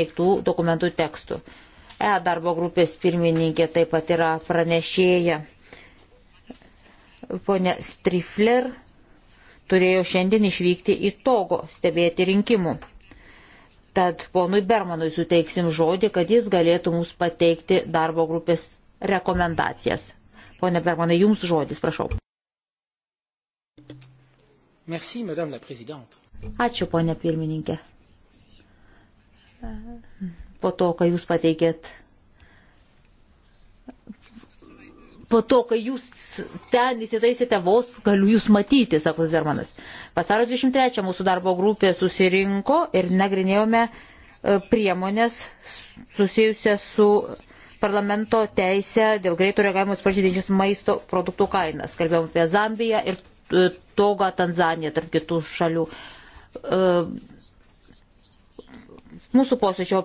teiktų dokumentų tekstų. E darbo grupės pirmininkė taip pat yra pranešėja. Pone Strifler turėjo šiandien išvykti į Togo stebėti rinkimų. Tad ponui Bermanui suteiksim žodį, kad jis galėtų mums pateikti darbo grupės rekomendacijas. Pone Bermanai, jums žodis, prašau. Merci, Ačiū, ponė pirmininkė po to, kai jūs pateikėt, po to, kai jūs ten įsitaisėte vos, galiu jūs matyti, sako Zermanas. Vasario 23 mūsų darbo grupė susirinko ir nagrinėjome e, priemonės susijusias su parlamento teisę dėl greito reagavimo sparčydinčias maisto produktų kainas. Kalbėjom apie Zambiją ir e, Togą, Tanzaniją, tarp kitų šalių. E, Mūsų posėdžio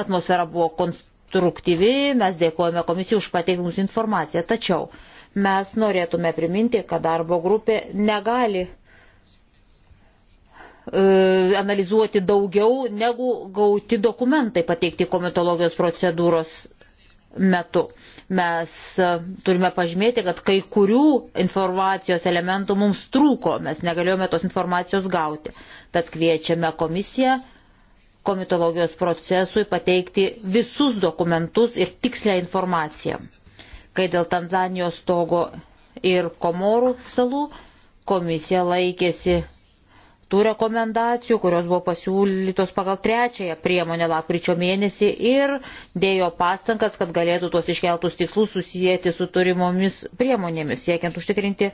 atmosfera buvo konstruktyvi, mes dėkojame komisijai už pateikimus informaciją, tačiau mes norėtume priminti, kad darbo grupė negali e, analizuoti daugiau negu gauti dokumentai pateikti komitologijos procedūros metu. Mes e, turime pažymėti, kad kai kurių informacijos elementų mums trūko, mes negalėjome tos informacijos gauti. Tad kviečiame komisiją komitologijos procesui pateikti visus dokumentus ir tikslę informaciją. Kai dėl Tanzanijos stogo ir Komorų salų komisija laikėsi tų rekomendacijų, kurios buvo pasiūlytos pagal trečiąją priemonę lapkričio mėnesį ir dėjo pastangas, kad galėtų tuos iškeltus tikslus susijęti su turimomis priemonėmis, siekiant užtikrinti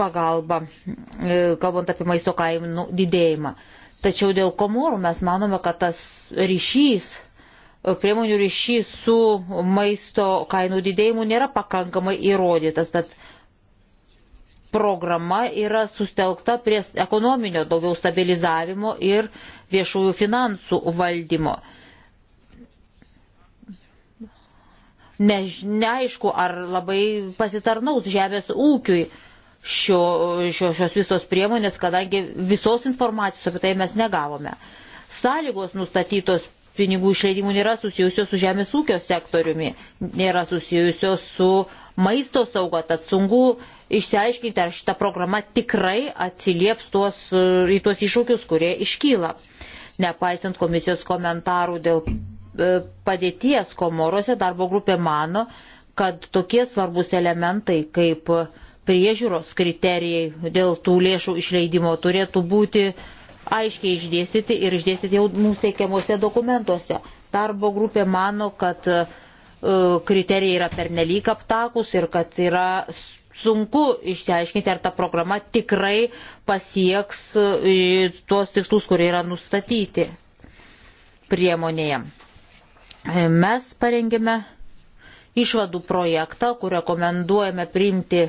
pagalbą, e, kalbant apie maisto kainų didėjimą. Tačiau dėl komorų mes manome, kad tas ryšys, priemonių ryšys su maisto kainų didėjimu nėra pakankamai įrodytas. Tad programa yra sustelkta prie ekonominio daugiau stabilizavimo ir viešųjų finansų valdymo. Ne, neaišku, ar labai pasitarnaus žemės ūkiui šio, šio, šios visos priemonės, kadangi visos informacijos apie tai mes negavome. Sąlygos nustatytos pinigų išleidimų nėra susijusios su žemės ūkio sektoriumi, nėra susijusios su maisto sauga, tad sunku išsiaiškinti, ar šita programa tikrai atsilieps tuos, į tuos iššūkius, kurie iškyla. Nepaisant komisijos komentarų dėl e, padėties komorose, darbo grupė mano, kad tokie svarbus elementai kaip uh, priežiūros kriterijai dėl tų lėšų išleidimo turėtų būti aiškiai išdėstyti ir išdėstyti jau mums teikiamuose dokumentuose. Darbo grupė mano, kad e, kriterijai yra pernelyg aptakus ir kad yra sunku išsiaiškinti, ar ta programa tikrai pasieks e, tuos tikslus, kurie yra nustatyti priemonėje. E, mes parengėme išvadų projektą, kur rekomenduojame priimti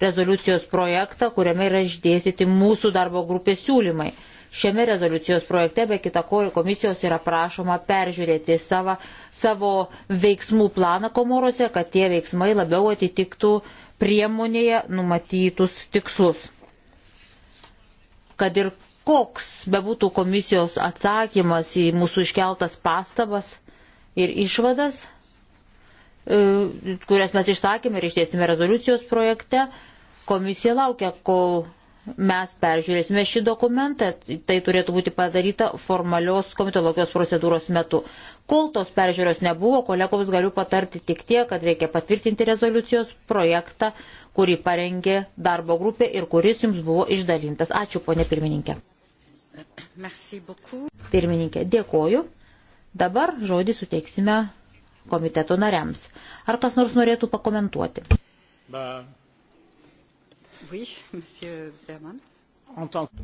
rezoliucijos projektą, kuriame yra išdėstyti mūsų darbo grupės siūlymai. Šiame rezoliucijos projekte be kita ko komisijos yra prašoma peržiūrėti savo, savo veiksmų planą komorose, kad tie veiksmai labiau atitiktų priemonėje numatytus tikslus. Kad ir koks bebūtų komisijos atsakymas į mūsų iškeltas pastabas ir išvadas, e, kurias mes išsakėme ir išdėstėme rezoliucijos projekte, Komisija laukia, kol mes peržiūrėsime šį dokumentą, tai turėtų būti padaryta formalios komitologijos procedūros metu. Kol tos peržiūros nebuvo, kolegoms galiu patarti tik tie, kad reikia patvirtinti rezoliucijos projektą, kurį parengė darbo grupė ir kuris jums buvo išdalintas. Ačiū, ponė pirmininkė. Pirmininkė, dėkoju. Dabar žodį suteiksime komiteto nariams. Ar kas nors norėtų pakomentuoti? Ba.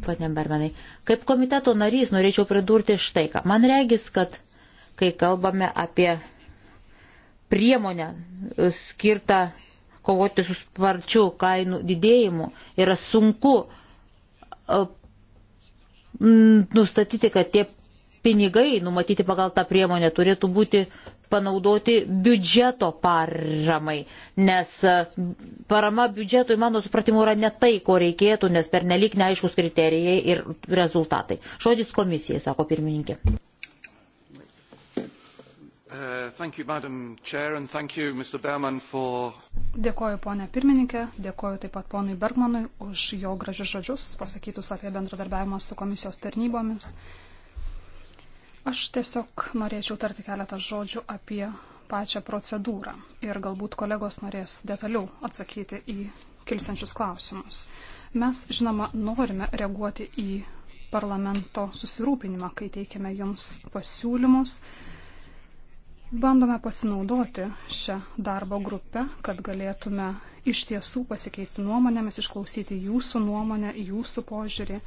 Pane Bermanai, kaip komiteto narys norėčiau pridurti štai ką. Man regis, kad kai kalbame apie priemonę skirtą kovoti su sparčiu kainų didėjimu, yra sunku e, nustatyti, kad tie pinigai numatyti pagal tą priemonę turėtų būti panaudoti biudžeto paramai, nes e, parama biudžetui, mano supratimu, yra ne tai, ko reikėtų, nes per nelik neaiškus kriterijai ir rezultatai. Žodis komisijai, sako pirmininkė. Uh, dėkoju ponė pirmininkė, dėkoju taip pat ponui Bergmanui už jo gražius žodžius pasakytus apie bendradarbiavimą su komisijos tarnybomis. Aš tiesiog norėčiau tarti keletą žodžių apie pačią procedūrą ir galbūt kolegos norės detaliau atsakyti į kilsančius klausimus. Mes, žinoma, norime reaguoti į parlamento susirūpinimą, kai teikiame jums pasiūlymus. Bandome pasinaudoti šią darbo grupę, kad galėtume iš tiesų pasikeisti nuomonėmis, išklausyti jūsų nuomonę, jūsų požiūrį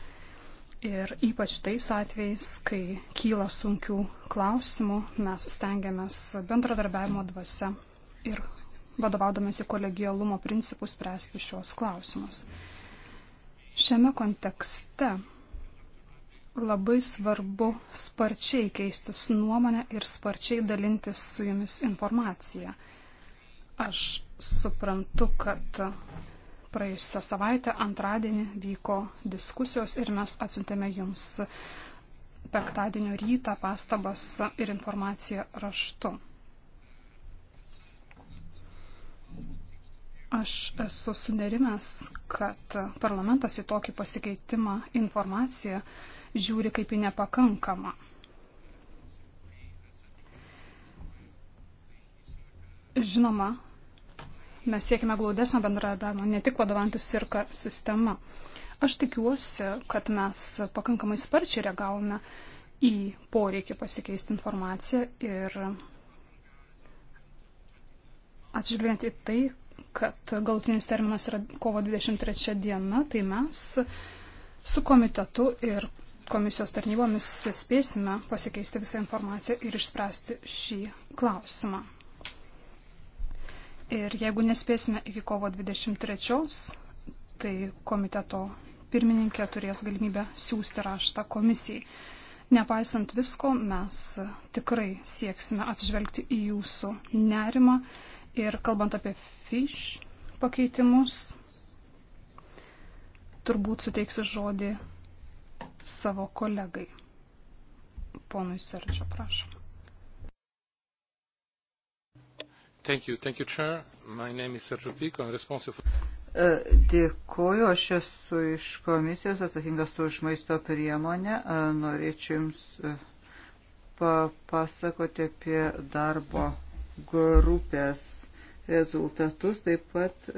Ir ypač tais atvejais, kai kyla sunkių klausimų, mes stengiamės bendradarbiavimo dvasia ir vadovaudomėsi kolegialumo principų spręsti šios klausimus. Šiame kontekste labai svarbu sparčiai keistis nuomonę ir sparčiai dalintis su jumis informaciją. Aš suprantu, kad Praėjusią savaitę antradienį vyko diskusijos ir mes atsintėme jums penktadienio rytą pastabas ir informaciją raštu. Aš esu sunerimęs, kad parlamentas į tokį pasikeitimą informaciją žiūri kaip į nepakankamą. Žinoma, mes siekime glaudesnio bendradarbiavimo, ne tik vadovantis sirka sistema. Aš tikiuosi, kad mes pakankamai sparčiai reagavome į poreikį pasikeisti informaciją ir atsižvelgiant į tai, kad galtinis terminas yra kovo 23 diena, tai mes su komitetu ir komisijos tarnybomis spėsime pasikeisti visą informaciją ir išspręsti šį klausimą. Ir jeigu nespėsime iki kovo 23, tai komiteto pirmininkė turės galimybę siūsti raštą komisijai. Nepaisant visko, mes tikrai sieksime atsižvelgti į jūsų nerimą ir kalbant apie fish pakeitimus, turbūt suteiksiu žodį savo kolegai. Ponui Serčio, prašom. Thank you. Thank you, Chair. My name is Sergio Pico. I'm responsible for... E, Dėkuoju, aš esu iš komisijos atsakingas už maisto priemonę. E, norėčiau Jums e, papasakoti apie darbo grupės rezultatus, taip pat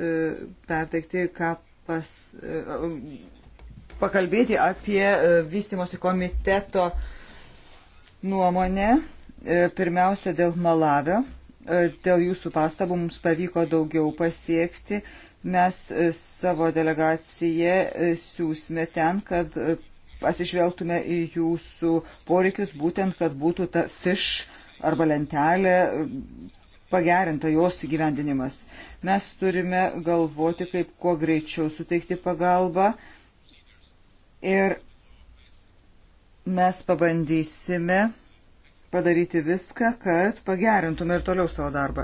perteikti, ką pas, pakalbėti apie vystimosi komiteto nuomonę, pirmiausia dėl Malavio. E, dėl jūsų pastabų mums pavyko daugiau pasiekti. Mes e, savo delegaciją e, siūsime ten, kad atsižvelgtume į jūsų poreikius, būtent, kad būtų ta fish arba lentelė pagerinta jos įgyvendinimas. Mes turime galvoti, kaip kuo greičiau suteikti pagalbą ir mes pabandysime padaryti viską, kad pagerintume ir toliau savo darbą.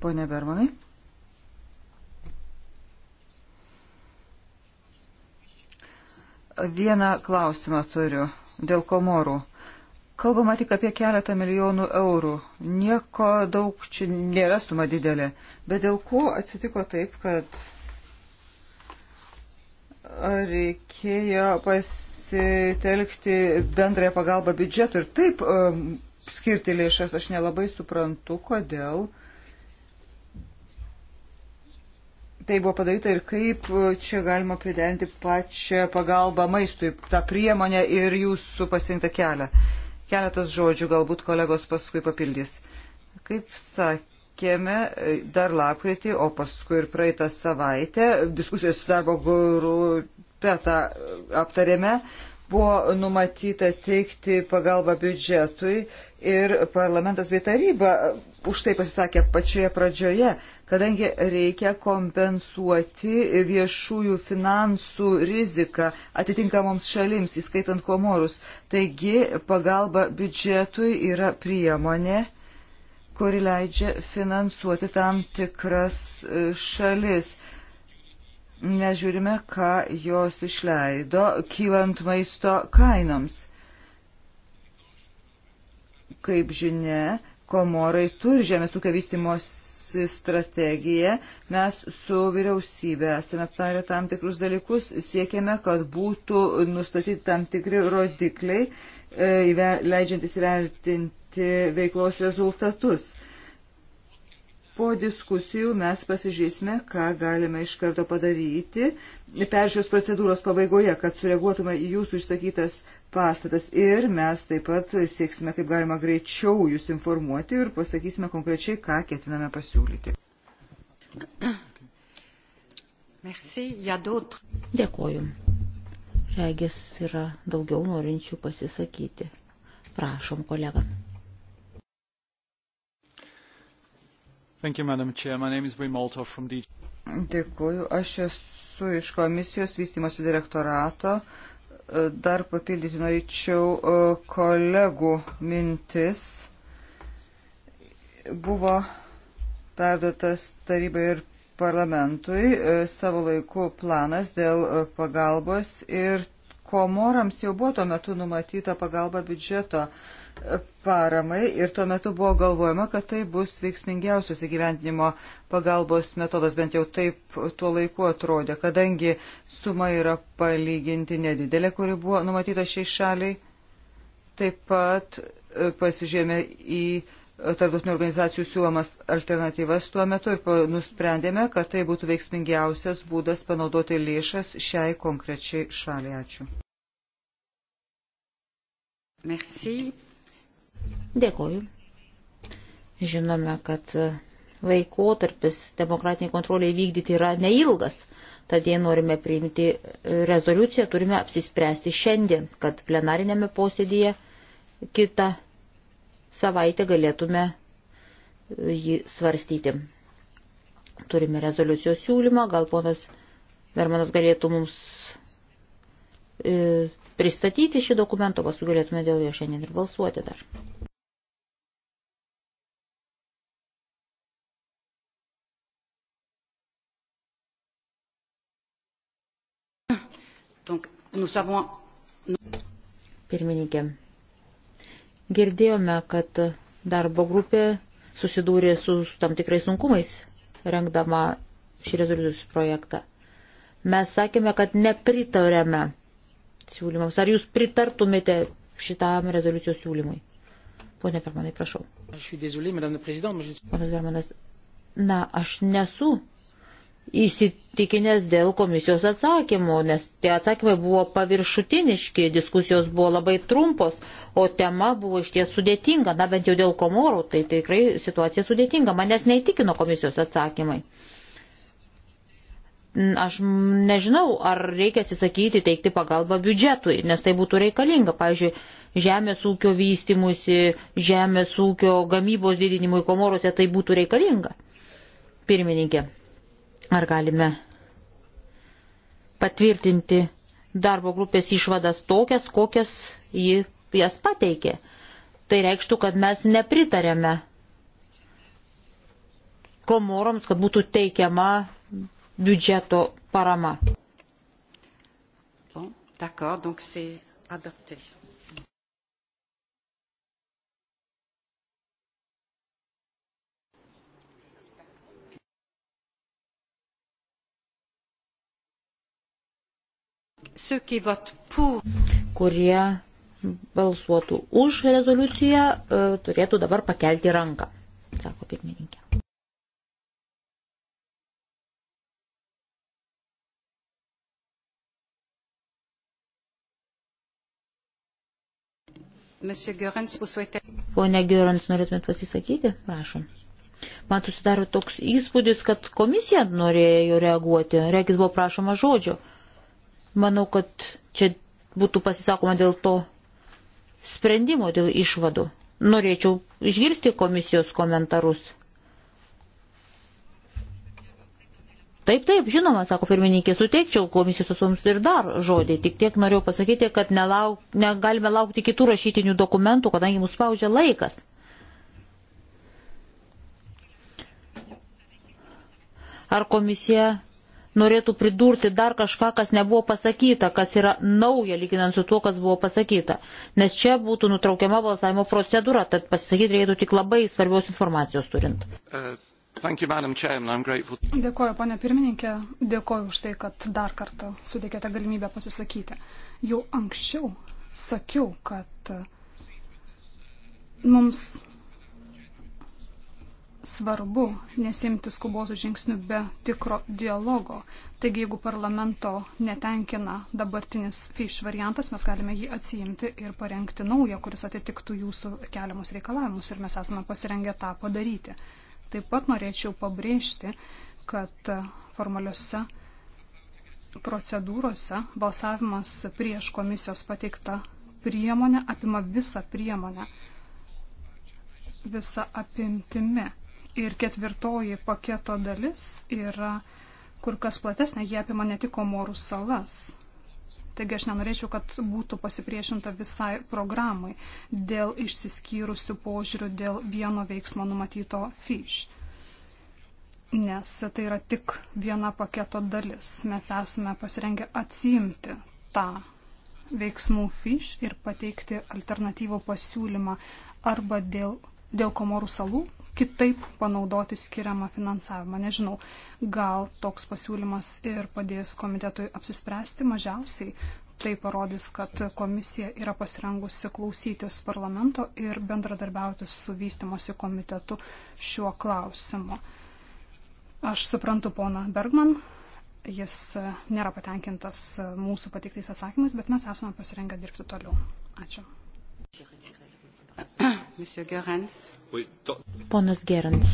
Pone Bermanai. Vieną klausimą turiu dėl komorų. Kalbama tik apie keletą milijonų eurų. Nieko daug čia nėra suma didelė. Bet dėl ko atsitiko taip, kad reikėjo pasitelkti bendrąją pagalbą biudžetu ir taip um, skirti lėšas. Aš nelabai suprantu, kodėl tai buvo padaryta ir kaip čia galima priderinti pačią pagalbą maistui, tą priemonę ir jūsų pasirinktą kelią. Keletas žodžių galbūt kolegos paskui papildys. Kaip sakė pasiekėme e, dar lapkritį, o paskui ir praeitą savaitę. Diskusijos su darbo grupė tą e, aptarėme. Buvo numatyta teikti pagalbą biudžetui ir parlamentas bei taryba e, už tai pasisakė pačioje pradžioje, kadangi reikia kompensuoti viešųjų finansų riziką atitinkamoms šalims, įskaitant komorus. Taigi pagalba biudžetui yra priemonė kuri leidžia finansuoti tam tikras e, šalis. Mes žiūrime, ką jos išleido kylant maisto kainoms. Kaip žinia, komorai turi žemės ūkio vystimos strategiją, mes su vyriausybė esame aptarę tam tikrus dalykus, siekiame, kad būtų nustatyti tam tikri rodikliai, e, leidžiantis įvertinti vertinti veiklos rezultatus. Po diskusijų mes pasižiūrėsime, ką galime iš karto padaryti peržiūros procedūros pabaigoje, kad sureaguotume į jūsų išsakytas pastatas ir mes taip pat sieksime kaip galima greičiau jūs informuoti ir pasakysime konkrečiai, ką ketiname pasiūlyti. Merci, Dėkoju. Regis yra daugiau norinčių pasisakyti. Prašom, kolega. Thank you, Madam Chair. My name is Wim Moltov from DG. Dėkuoju. Aš esu iš komisijos vystimosi direktorato. Dar papildyti norėčiau e, kolegų mintis. Buvo perduotas tarybai ir parlamentui e, savo laiku planas dėl e, pagalbos ir komorams jau buvo tuo metu numatyta pagalba biudžeto uh, paramai ir tuo metu buvo galvojama, kad tai bus veiksmingiausias įgyventinimo pagalbos metodas, bent jau taip tuo laiku atrodė, kadangi suma yra palyginti nedidelė, kuri buvo numatyta šiai šaliai. Taip pat e, pasižiūrėjome į e, tarptautinių organizacijų siūlomas alternatyvas tuo metu ir nusprendėme, kad tai būtų veiksmingiausias būdas panaudoti lėšas šiai konkrečiai šaliai. Ačiū. Merci. Dėkoju. Žinome, kad laikotarpis demokratiniai kontroliai vykdyti yra neilgas, tad jei norime priimti rezoliuciją, turime apsispręsti šiandien, kad plenarinėme posėdėje kitą savaitę galėtume jį svarstyti. Turime rezoliucijos siūlymą, gal ponas Vermanas galėtų mums e, pristatyti šį dokumentą, paskui galėtume dėl jo šiandien ir balsuoti dar. Donc, nous savons... Pirmininkė, girdėjome, kad darbo grupė susidūrė su tam tikrais sunkumais rengdama šį rezoliucijos projektą. Mes sakėme, kad nepritarėme siūlymams. Ar jūs pritartumėte šitam rezoliucijos siūlymui? Pone Permanai, prašau. Désolé, je... Ponas Permanas, na, aš nesu įsitikinęs dėl komisijos atsakymų, nes tie atsakymai buvo paviršutiniški, diskusijos buvo labai trumpos, o tema buvo iš ties sudėtinga, na bent jau dėl komorų, tai tikrai situacija sudėtinga, manęs neįtikino komisijos atsakymai. Aš nežinau, ar reikia atsisakyti teikti pagalbą biudžetui, nes tai būtų reikalinga, pavyzdžiui, žemės ūkio vystimusi, žemės ūkio gamybos didinimui komorose tai būtų reikalinga. Pirmininkė. Ar galime patvirtinti darbo grupės išvadas tokias, kokias ji jas pateikė? Tai reikštų, kad mes nepritarėme komoroms, kad būtų teikiama biudžeto parama. Bon, kurie balsuotų už rezoliuciją, e, turėtų dabar pakelti ranką, sako pirmininkė. Pone Gerans, norėtumėt pasisakyti? Prašom. Man susidaro toks įspūdis, kad komisija norėjo reaguoti. Reikis buvo prašoma žodžio. Manau, kad čia būtų pasisakoma dėl to sprendimo, dėl išvadų. Norėčiau išgirsti komisijos komentarus. Taip, taip, žinoma, sako pirmininkė, suteikčiau komisijos asoms ir dar žodį. Tik tiek norėjau pasakyti, kad nelauk, negalime laukti kitų rašytinių dokumentų, kadangi mus spaudžia laikas. Ar komisija norėtų pridurti dar kažką, kas nebuvo pasakyta, kas yra nauja lyginant su tuo, kas buvo pasakyta. Nes čia būtų nutraukiama balsavimo procedūra, tad pasisakyti reikėtų tik labai svarbios informacijos turint. Uh, you, dėkoju, ponė pirmininkė, dėkoju už tai, kad dar kartą sudėkėte galimybę pasisakyti. Jau anksčiau sakiau, kad uh, mums svarbu nesimti skubotų žingsnių be tikro dialogo. Taigi, jeigu parlamento netenkina dabartinis fiš variantas, mes galime jį atsijimti ir parengti naują, kuris atitiktų jūsų keliamus reikalavimus ir mes esame pasirengę tą padaryti. Taip pat norėčiau pabrėžti, kad formaliuose procedūrose balsavimas prieš komisijos pateiktą priemonę apima visą priemonę visą apimtimi ir ketvirtoji paketo dalis yra kur kas platesnė, jie apima ne tik Komorų salas. Taigi aš nenorėčiau, kad būtų pasipriešinta visai programai dėl išsiskyrusių požiūrių dėl vieno veiksmo numatyto fish. Nes tai yra tik viena paketo dalis. Mes esame pasirengę atsiimti tą veiksmų fish ir pateikti alternatyvų pasiūlymą arba dėl, dėl komorų salų kitaip panaudoti skiriamą finansavimą. Nežinau, gal toks pasiūlymas ir padės komitetui apsispręsti mažiausiai. Tai parodys, kad komisija yra pasirengusi klausytis parlamento ir bendradarbiauti su vystimosi komitetu šiuo klausimu. Aš suprantu poną Bergman, jis nėra patenkintas mūsų pateiktais atsakymais, bet mes esame pasirengę dirbti toliau. Ačiū. Čia, čia. Ponas Gerans.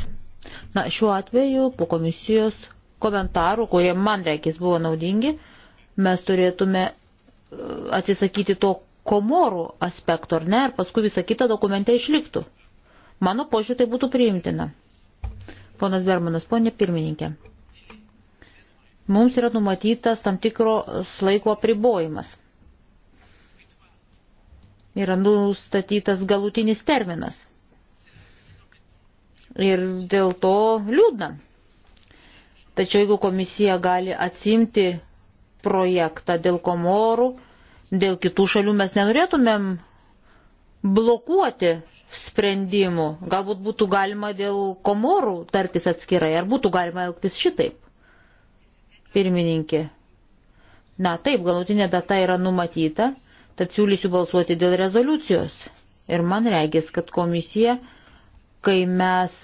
Na, šiuo atveju po komisijos komentarų, kurie man reikės buvo naudingi, mes turėtume e, atsisakyti to komorų aspekto, ar ne, ir paskui visą kitą dokumente išliktų. Mano požiūrė tai būtų priimtina. Ponas Bermanas, ponė pirmininkė. Mums yra numatytas tam tikros laiko apribojimas yra nustatytas galutinis terminas. Ir dėl to liūdna. Tačiau jeigu komisija gali atsimti projektą dėl komorų, dėl kitų šalių mes nenorėtumėm blokuoti sprendimų. Galbūt būtų galima dėl komorų tartis atskirai, ar būtų galima elgtis šitaip. Pirmininkė. Na taip, galutinė data yra numatyta. Tad siūlysiu balsuoti dėl rezoliucijos. Ir man regis, kad komisija, kai mes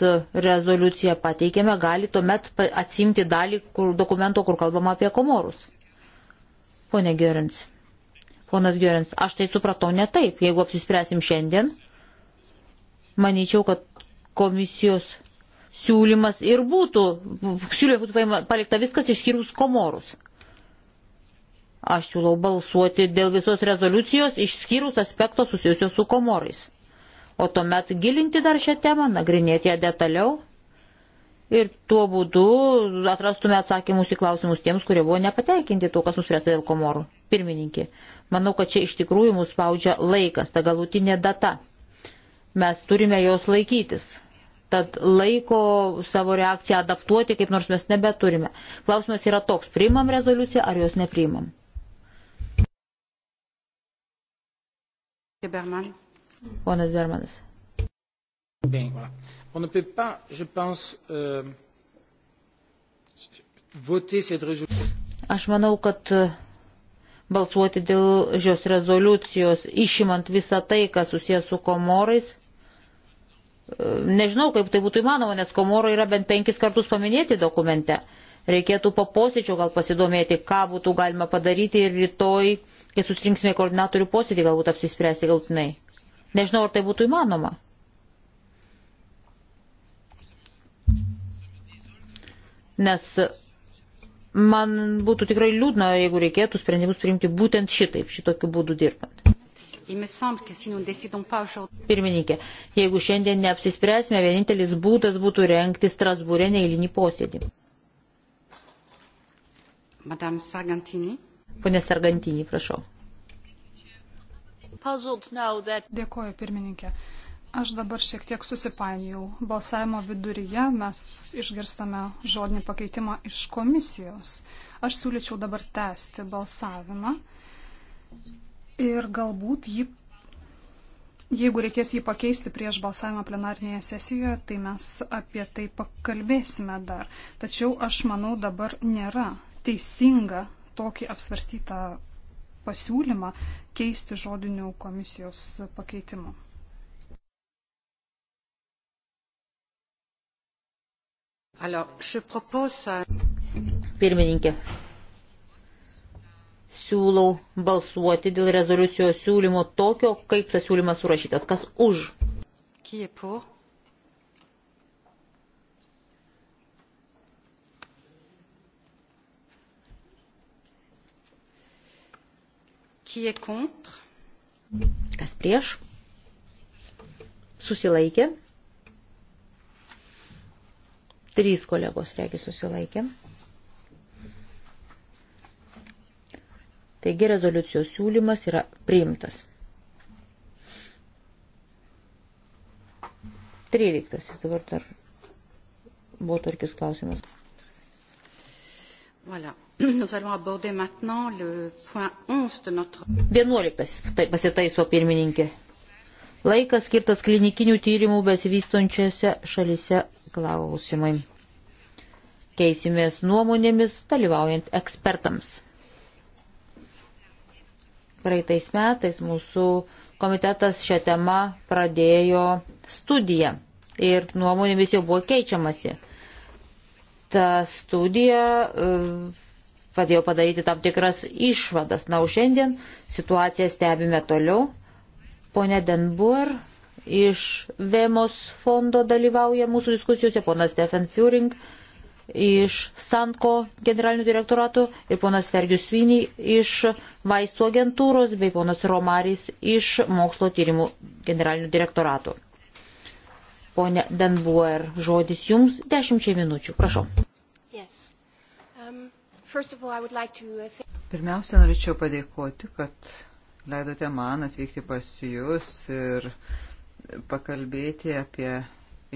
rezoliuciją pateikėme, gali tuomet atsimti dalį kur, dokumento, kur kalbama apie komorus. Pone Gerins. Ponas Gerins, aš tai supratau ne taip. Jeigu apsispręsim šiandien, manyčiau, kad komisijos siūlymas ir būtų, siūlymai būtų palikta viskas išskyrus komorus. Aš siūlau balsuoti dėl visos rezoliucijos išskyrus aspekto susijusio su komorais. O tuomet gilinti dar šią temą, nagrinėti ją detaliau ir tuo būdu atrastume atsakymus į klausimus tiems, kurie buvo nepatenkinti tuo, kas nuspręsta dėl komorų. Pirmininkė, manau, kad čia iš tikrųjų mus spaudžia laikas, ta galutinė data. Mes turime jos laikytis tad laiko savo reakciją adaptuoti kaip nors mes nebeturime. Klausimas yra toks, priimam rezoliuciją ar jos nepriimam. Berman. Ponas Bermanas. Bien, voilà. On ne peut pas, je pense, euh, voter cette résolution. Aš manau, kad e, balsuoti dėl šios rezoliucijos, išimant visą tai, kas susijęs su komorais, e, nežinau, kaip tai būtų įmanoma, nes komorai yra bent penkis kartus paminėti dokumente. Reikėtų po posėdžio gal pasidomėti, ką būtų galima padaryti ir rytoj, kai susirinksime koordinatorių posėdį, galbūt apsispręsti galtinai. Nežinau, ar tai būtų įmanoma. Nes man būtų tikrai liūdna, jeigu reikėtų sprendimus priimti būtent šitaip, šitokiu būdu dirbant. Pirmininkė, jeigu šiandien neapsispręsime, vienintelis būdas būtų renkti Strasbūrė neįlinį posėdį. Madame Sargantini. Pone Sargantini, prašau. Dėkuoju, pirmininkė. Aš dabar šiek tiek susipainijau. Balsavimo viduryje mes išgirstame žodinį pakeitimą iš komisijos. Aš siūlyčiau dabar tęsti balsavimą ir galbūt jį, jeigu reikės jį pakeisti prieš balsavimą plenarnėje sesijoje, tai mes apie tai pakalbėsime dar. Tačiau aš manau dabar nėra teisinga tokį apsvarstytą pasiūlymą keisti žodinių komisijos pakeitimu. Pirmininkė, siūlau balsuoti dėl rezoliucijos siūlymo tokio, kaip tas siūlymas surašytas. Kas už? Qui est pour? Kas prieš? Susilaikė. Trys kolegos regi susilaikė. Taigi rezoliucijos siūlymas yra priimtas. 13. Dabar dar buvo turkis klausimas. Voilà. Nous allons aborder maintenant le point 11 de notre. 11. Tai pasitaiso pirmininkė. Laikas skirtas klinikinių tyrimų besivystančiose šalise klausimai. Keisimės nuomonėmis dalyvaujant ekspertams. Praeitais metais mūsų komitetas šią temą pradėjo studiją ir nuomonėmis jau buvo keičiamasi. Ta studija. Uh, padėjo padaryti tam tikras išvadas. Na, o šiandien situaciją stebime toliau. Pone Denbuer iš Vemos fondo dalyvauja mūsų diskusijose, ponas Stefan Füring iš Sanko generalinių direktoratų ir ponas Fergius Svinį iš vaistų agentūros bei ponas Romaris iš mokslo tyrimų generalinių direktoratų. Pone Denbuer, žodis jums dešimčiai minučių. Prašau. Yes. Um... Uh, Pirmiausia, norėčiau padėkoti, kad leidote man atvykti pas Jūs ir pakalbėti apie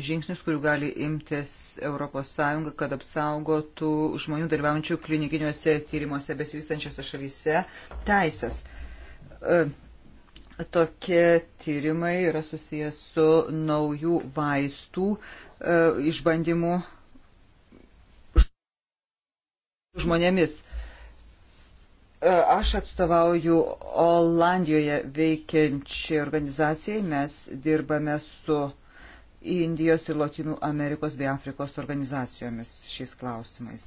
žingsnius, kurių gali imtis ES, kad apsaugotų žmonių dalyvaujančių klinikiniuose tyrimuose besivystančiose šalyse teisės. E, tokie tyrimai yra susijęs su naujų vaistų e, išbandymu žmonėmis. E, aš atstovauju Olandijoje veikiančiai organizacijai. Mes dirbame su Indijos ir Latinų Amerikos bei Afrikos organizacijomis šiais klausimais.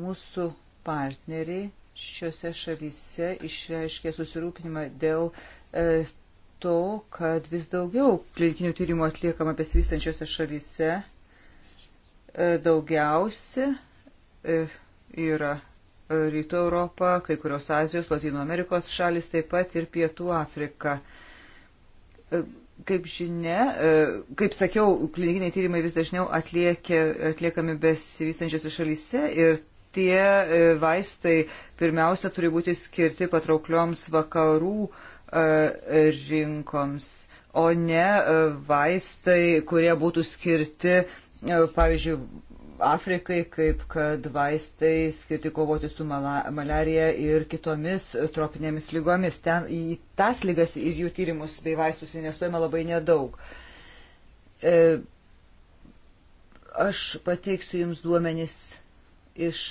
Mūsų partneriai šiuose šalyse išreiškė susirūpinimą dėl e, to, kad vis daugiau klinikinių tyrimų atliekama besivystančiose šalyse E, Daugiausia e, yra e, Rytų Europa, kai kurios Azijos, Latino Amerikos šalis, taip pat ir Pietų Afrika. Kaip žinia, kaip sakiau, klinikiniai tyrimai vis dažniau atliekia, atliekami besivystančiose šalyse ir tie vaistai pirmiausia turi būti skirti patrauklioms vakarų rinkoms, o ne vaistai, kurie būtų skirti E, pavyzdžiui, Afrikai, kaip kad vaistai skirti kovoti su malarija ir kitomis tropinėmis lygomis. Ten į tas lygas ir jų tyrimus bei vaistus investuojama labai nedaug. E, aš pateiksiu Jums duomenys iš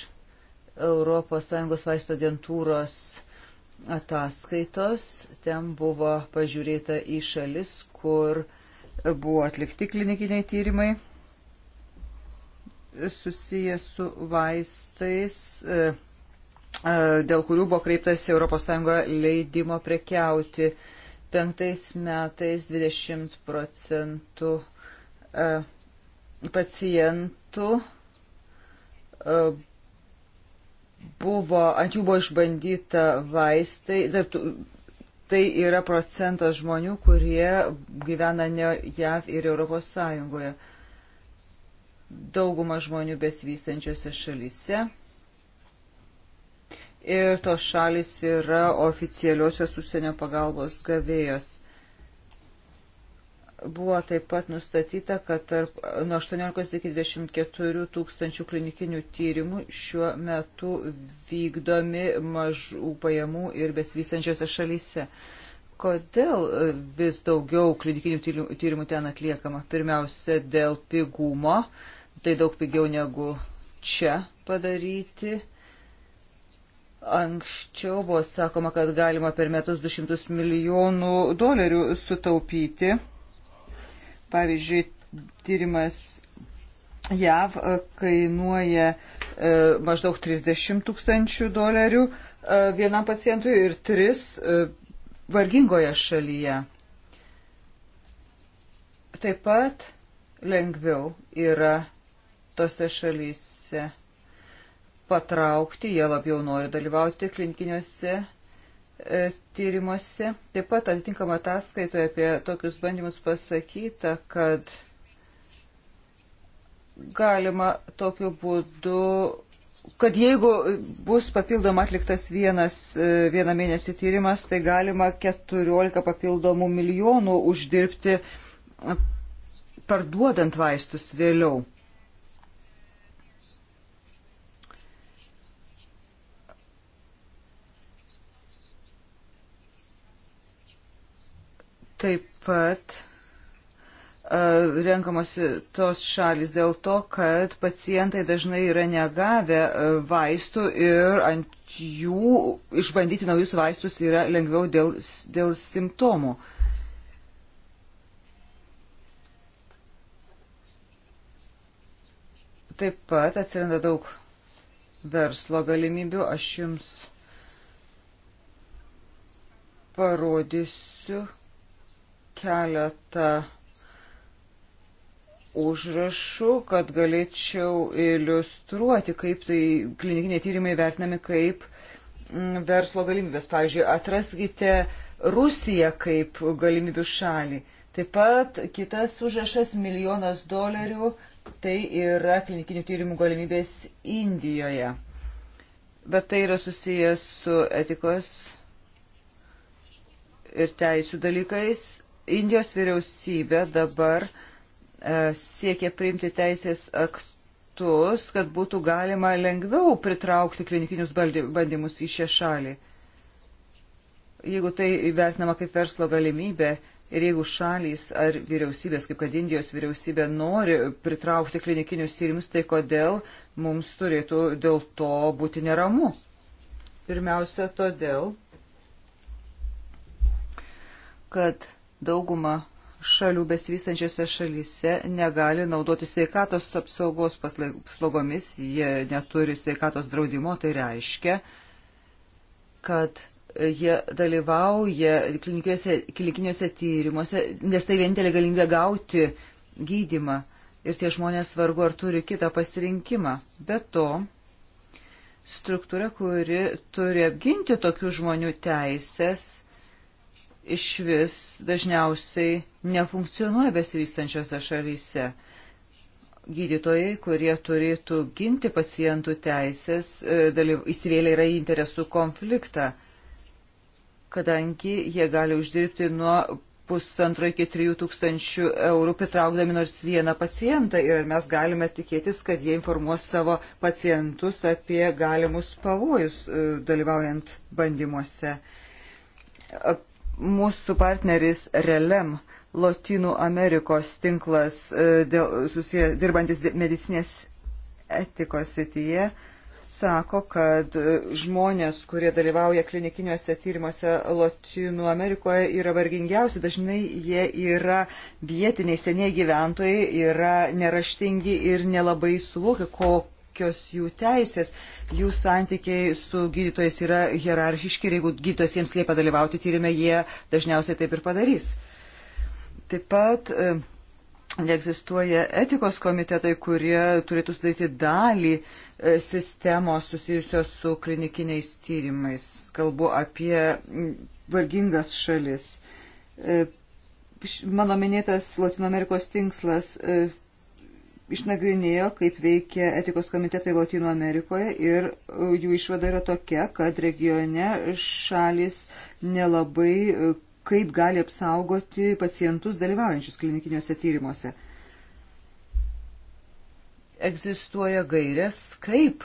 ES vaisto agentūros ataskaitos. Ten buvo pažiūrėta į šalis, kur buvo atlikti klinikiniai tyrimai susijęs su vaistais, e, e, dėl kurių buvo kreiptas ES leidimo prekiauti. Penktais metais 20 procentų e, pacientų buvo, ant jų buvo išbandyta vaistai, tai yra procentas žmonių, kurie gyvena ne JAV ir ES dauguma žmonių besivystančiose šalyse. Ir tos šalis yra oficialiosios užsienio pagalbos gavėjos. Buvo taip pat nustatyta, kad tarp, nuo 18 iki 24 tūkstančių klinikinių tyrimų šiuo metu vykdomi mažų pajamų ir besivystančiose šalyse. Kodėl vis daugiau klinikinių tyrimų ten atliekama? Pirmiausia, dėl pigumo. Uh, tai daug pigiau negu čia padaryti. Anksčiau buvo sakoma, kad galima per metus 200 milijonų dolerių sutaupyti. Pavyzdžiui, tyrimas JAV e, kainuoja e, maždaug 30 tūkstančių dolerių e, vienam pacientui ir 3 vargingoje šalyje. Taip pat lengviau yra tose šalyse patraukti, jie labiau nori dalyvauti klinikiniuose e, tyrimuose. Taip pat atitinkama ataskaitoje apie tokius bandymus pasakyta, kad galima tokiu būdu, kad jeigu bus papildoma atliktas vienas, e, vieną mėnesį tyrimas, tai galima 14 papildomų milijonų uždirbti e, parduodant vaistus vėliau. Taip pat renkamosi tos šalis dėl to, kad pacientai dažnai yra negavę vaistų ir ant jų išbandyti naujus vaistus yra lengviau dėl, dėl simptomų. Taip pat atsiranda daug verslo galimybių. Aš jums parodysiu keletą užrašų, kad galėčiau iliustruoti, kaip tai klinikiniai tyrimai vertinami kaip mm, verslo galimybės. Pavyzdžiui, atraskite Rusiją kaip galimybių šalį. Taip pat kitas užrašas milijonas dolerių, tai yra klinikinių tyrimų galimybės Indijoje. Bet tai yra susijęs su etikos ir teisų dalykais Indijos vyriausybė dabar e, siekia priimti teisės aktus, kad būtų galima lengviau pritraukti klinikinius bandymus į šią šalį. Jeigu tai vertinama kaip verslo galimybė ir jeigu šalys ar vyriausybės, kaip kad Indijos vyriausybė, nori pritraukti klinikinius tyrimus, tai kodėl mums turėtų dėl to būti neramu? Pirmiausia, todėl, kad dauguma šalių besivystančiose šalyse negali naudoti sveikatos apsaugos paslaugomis, jie neturi sveikatos draudimo, tai reiškia, kad jie dalyvauja klinikiniuose tyrimuose, nes tai vienintelė galimybė gauti gydimą ir tie žmonės vargu ar turi kitą pasirinkimą. Be to, struktūra, kuri turi apginti tokių žmonių teisės, iš vis dažniausiai nefunkcionuoja besivystančiose šalyse. Gydytojai, kurie turėtų ginti pacientų teisės, e, įsivėlė yra į interesų konfliktą, kadangi jie gali uždirbti nuo pusantro iki trijų tūkstančių eurų, pritraukdami nors vieną pacientą ir mes galime tikėtis, kad jie informuos savo pacientus apie galimus pavojus e, dalyvaujant bandymuose mūsų partneris Relem, Lotynų Amerikos tinklas e, dėl, susiję, dirbantis medicinės etikos sityje, sako, kad e, žmonės, kurie dalyvauja klinikiniuose tyrimuose Lotynų Amerikoje, yra vargingiausi. Dažnai jie yra vietiniai seniai gyventojai, yra neraštingi ir nelabai suvokia, ko kokios jų teisės. Jų santykiai su gydytojais yra hierarchiški ir jeigu gydytojas jiems liepia dalyvauti tyrimė, jie dažniausiai taip ir padarys. Taip pat e, neegzistuoja etikos komitetai, kurie turėtų sudaryti dalį e, sistemos susijusios su klinikiniais tyrimais. Kalbu apie vargingas šalis. E, mano minėtas Latino Amerikos tinkslas išnagrinėjo, kaip veikia etikos komitetai Latino Amerikoje ir e, jų išvada yra tokia, kad regione šalis nelabai e, kaip gali apsaugoti pacientus dalyvaujančius klinikiniuose tyrimuose. Egzistuoja gairės, kaip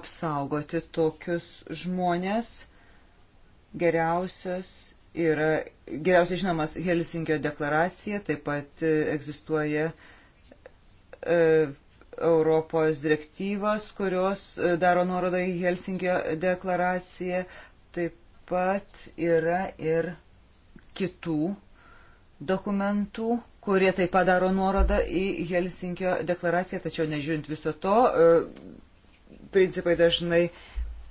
apsaugoti tokius žmonės. Geriausios yra, geriausiai žinomas Helsinkio deklaracija, taip pat e, egzistuoja uh, E, Europos direktyvos, kurios e, daro nuorodą į Helsinkio deklaraciją. Taip pat yra ir kitų dokumentų, kurie taip pat daro nuorodą į Helsinkio deklaraciją, tačiau nežiūrint viso to, e, principai dažnai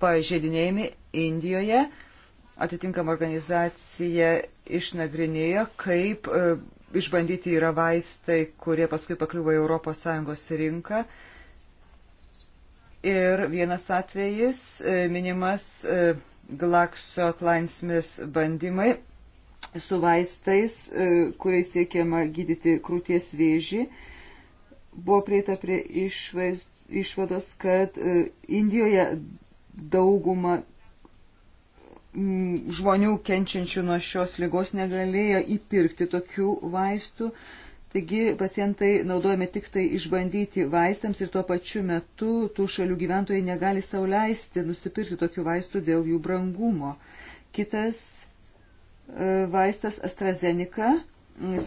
pažeidinėjami Indijoje. Atitinkama organizacija išnagrinėjo, kaip išbandyti yra vaistai, kurie paskui pakliuvo į ES rinką. Ir vienas atvejis e, minimas e, Glaxo Kleinsmith bandymai su vaistais, e, kuriais siekiama gydyti krūties vėžį. Buvo prieita prie išvaizd, išvados, kad Indijoje dauguma Mm, žmonių kenčiančių nuo šios lygos negalėjo įpirkti tokių vaistų. Taigi pacientai naudojami tik tai išbandyti vaistams ir tuo pačiu metu tų šalių gyventojai negali sauliaisti nusipirkti tokių vaistų dėl jų brangumo. Kitas e, vaistas AstraZeneca,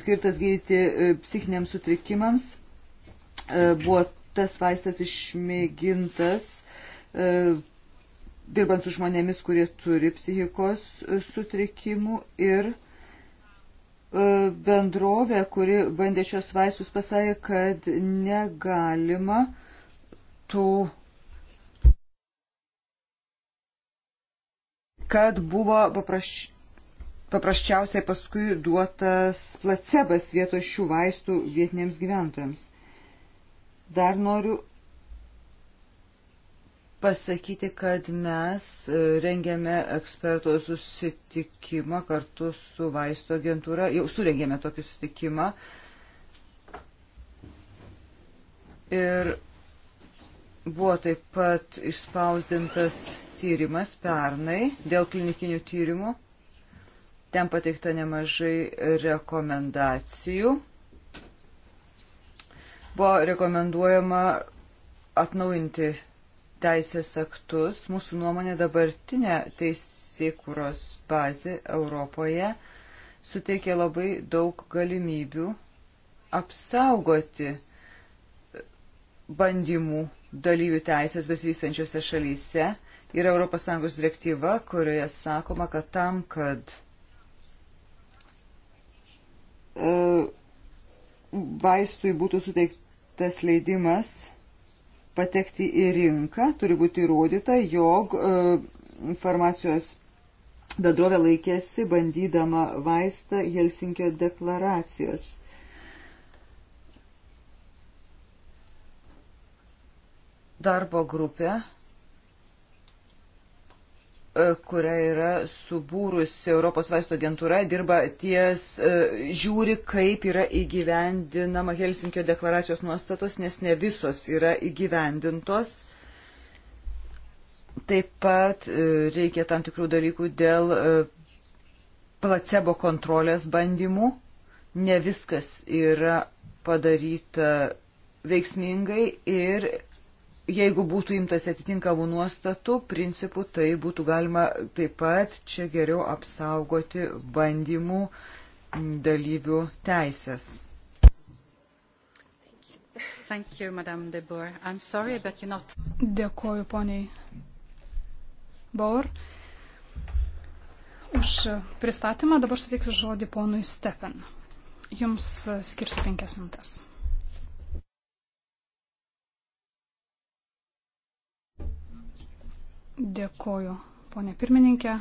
skirtas gydyti e, psichiniams sutrikimams, e, buvo tas vaistas išmėgintas dirbant su žmonėmis, kurie turi psichikos e, sutrikimų ir e, bendrovė, kuri bandė šios vaistus, pasakė, kad negalima tų kad buvo papraš... paprasčiausiai paskui duotas placebas vietoj šių vaistų vietiniams gyventojams. Dar noriu pasakyti, kad mes e, rengėme eksperto susitikimą kartu su vaisto agentūra, jau surengėme tokį susitikimą. Ir buvo taip pat išspausdintas tyrimas pernai dėl klinikinių tyrimų. Ten pateikta nemažai rekomendacijų. Buvo rekomenduojama atnaujinti teisės aktus, mūsų nuomonė dabartinė teisėkūros bazė Europoje suteikia labai daug galimybių apsaugoti bandymų dalyvių teisės besivystančiose šalyse. Yra ES direktyva, kurioje sakoma, kad tam, kad e, vaistui būtų suteiktas leidimas, patekti į rinką, turi būti įrodyta, jog e, farmacijos bendrovė laikėsi bandydama vaistą Helsinkio deklaracijos. Darbo grupė E, kuria yra subūrusi Europos vaisto agentūra, dirba ties, e, žiūri, kaip yra įgyvendinama Helsinkio deklaracijos nuostatos, nes ne visos yra įgyvendintos. Taip pat e, reikia tam tikrų dalykų dėl placebo kontrolės bandymų. Ne viskas yra padaryta veiksmingai ir jeigu būtų imtas atitinkamų nuostatų, principų, tai būtų galima taip pat čia geriau apsaugoti bandymų dalyvių teisės. Thank you, Madame de Boer. I'm sorry, but you're not. Dėkoju, poniai Boer, už pristatymą. Dabar suteiksiu žodį ponui Stefan. Jums skirsiu penkias minutės. Dėkoju, ponė pirmininkė.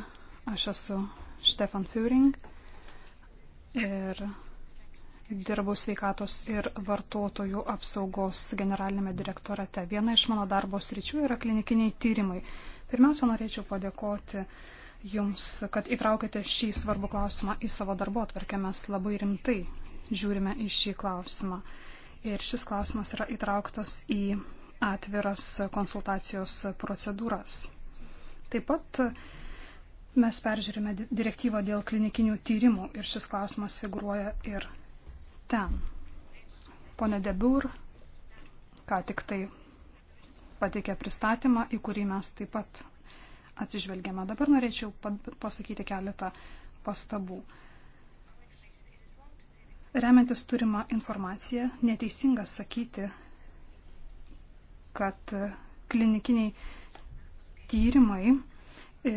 Aš esu Stefan Führing ir dirbau sveikatos ir vartotojų apsaugos generalinėme direktorate. Viena iš mano darbo sričių yra klinikiniai tyrimai. Pirmiausia, norėčiau padėkoti Jums, kad įtraukėte šį svarbų klausimą į savo darbo atvarkę. Mes labai rimtai žiūrime į šį klausimą. Ir šis klausimas yra įtrauktas į atviras konsultacijos procedūras. Taip pat mes peržiūrime direktyvą dėl klinikinių tyrimų ir šis klausimas figuruoja ir ten. Pone Debur ką tik tai pateikė pristatymą, į kurį mes taip pat atsižvelgiame. Dabar norėčiau pasakyti keletą pastabų. Remiantis turimą informaciją, neteisinga sakyti, kad klinikiniai tyrimai e,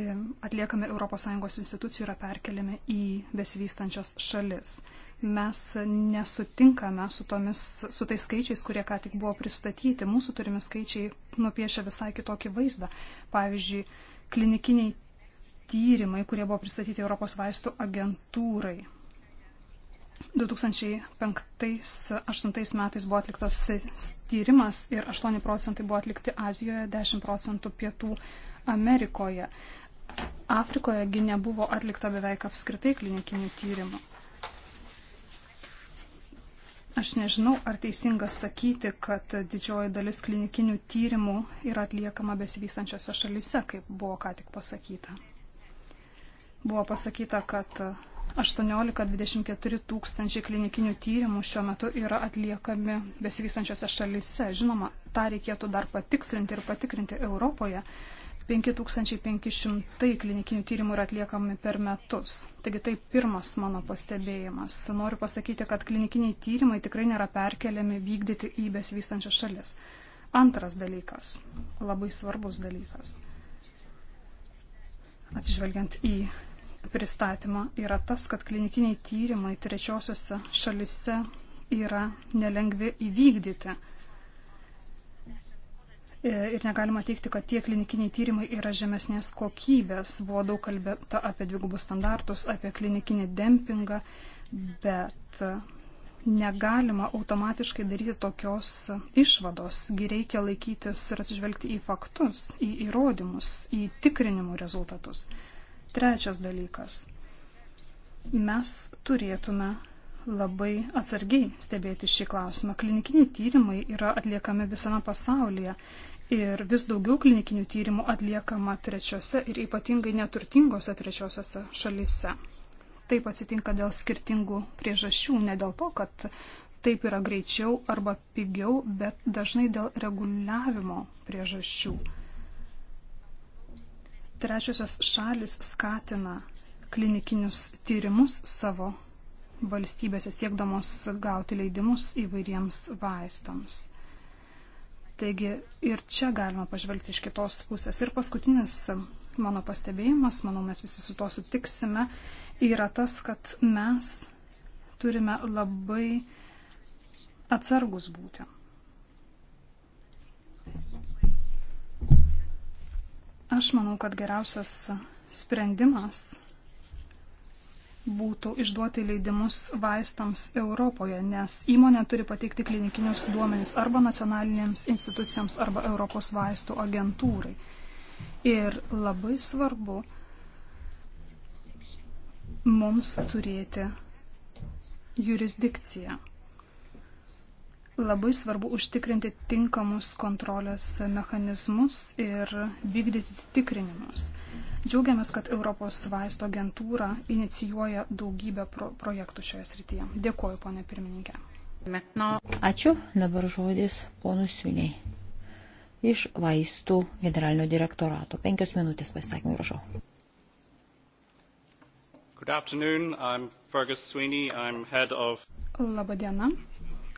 atliekami ES institucijų yra perkeliami į besivystančias šalis. Mes nesutinkame su, tomis, su tais skaičiais, kurie ką tik buvo pristatyti. Mūsų turimi skaičiai nupiešia visai kitokį vaizdą. Pavyzdžiui, klinikiniai tyrimai, kurie buvo pristatyti Europos vaistų agentūrai. 2005-2008 metais buvo atliktas tyrimas ir 8 procentai buvo atlikti Azijoje, 10 procentų Pietų Amerikoje. Afrikoje nebuvo atlikta beveik apskritai klinikinių tyrimų. Aš nežinau, ar teisinga sakyti, kad didžioji dalis klinikinių tyrimų yra atliekama besivystančiose šalise, kaip buvo ką tik pasakyta. Buvo pasakyta, kad 18-24 tūkstančiai klinikinių tyrimų šiuo metu yra atliekami besivystančiose šalyse. Žinoma, tą reikėtų dar patikslinti ir patikrinti Europoje. 5500 klinikinių tyrimų yra atliekami per metus. Taigi tai pirmas mano pastebėjimas. Noriu pasakyti, kad klinikiniai tyrimai tikrai nėra perkeliami vykdyti į besivystančias šalis. Antras dalykas, labai svarbus dalykas. Atsižvelgiant į pristatymo yra tas, kad klinikiniai tyrimai trečiosiuose šalise yra nelengvi įvykdyti. E, ir negalima teikti, kad tie klinikiniai tyrimai yra žemesnės kokybės. Buvo daug kalbėta apie dvigubus standartus, apie klinikinį dempingą, bet negalima automatiškai daryti tokios išvados. Gi reikia laikytis ir atsižvelgti į faktus, į įrodymus, į tikrinimų rezultatus. Trečias dalykas. Mes turėtume labai atsargiai stebėti šį klausimą. Klinikiniai tyrimai yra atliekami visame pasaulyje ir vis daugiau klinikinių tyrimų atliekama trečiose ir ypatingai neturtingose trečiosiose šalise. Taip atsitinka dėl skirtingų priežasčių, ne dėl to, kad taip yra greičiau arba pigiau, bet dažnai dėl reguliavimo priežasčių trečiosios šalis skatina klinikinius tyrimus savo valstybėse siekdamos gauti leidimus įvairiems vaistams. Taigi ir čia galima pažvelgti iš kitos pusės. Ir paskutinis mano pastebėjimas, manau mes visi su to sutiksime, yra tas, kad mes turime labai atsargus būti. Aš manau, kad geriausias sprendimas būtų išduoti leidimus vaistams Europoje, nes įmonė turi pateikti klinikinius duomenys arba nacionalinėms institucijoms, arba Europos vaistų agentūrai. Ir labai svarbu mums turėti jurisdikciją. Labai svarbu užtikrinti tinkamus kontrolės mechanizmus ir vykdyti tikrinimus. Džiaugiamės, kad Europos vaisto agentūra inicijuoja daugybę pro projektų šioje srityje. Dėkuoju, ponė pirmininkė. Ačiū. Dabar žodis ponus Siūniai. Iš vaistų generalinio direktorato. Penkios minutės pasisakymų rašau. Good afternoon, I'm Fergus Sweeney, I'm head of... Labadiena,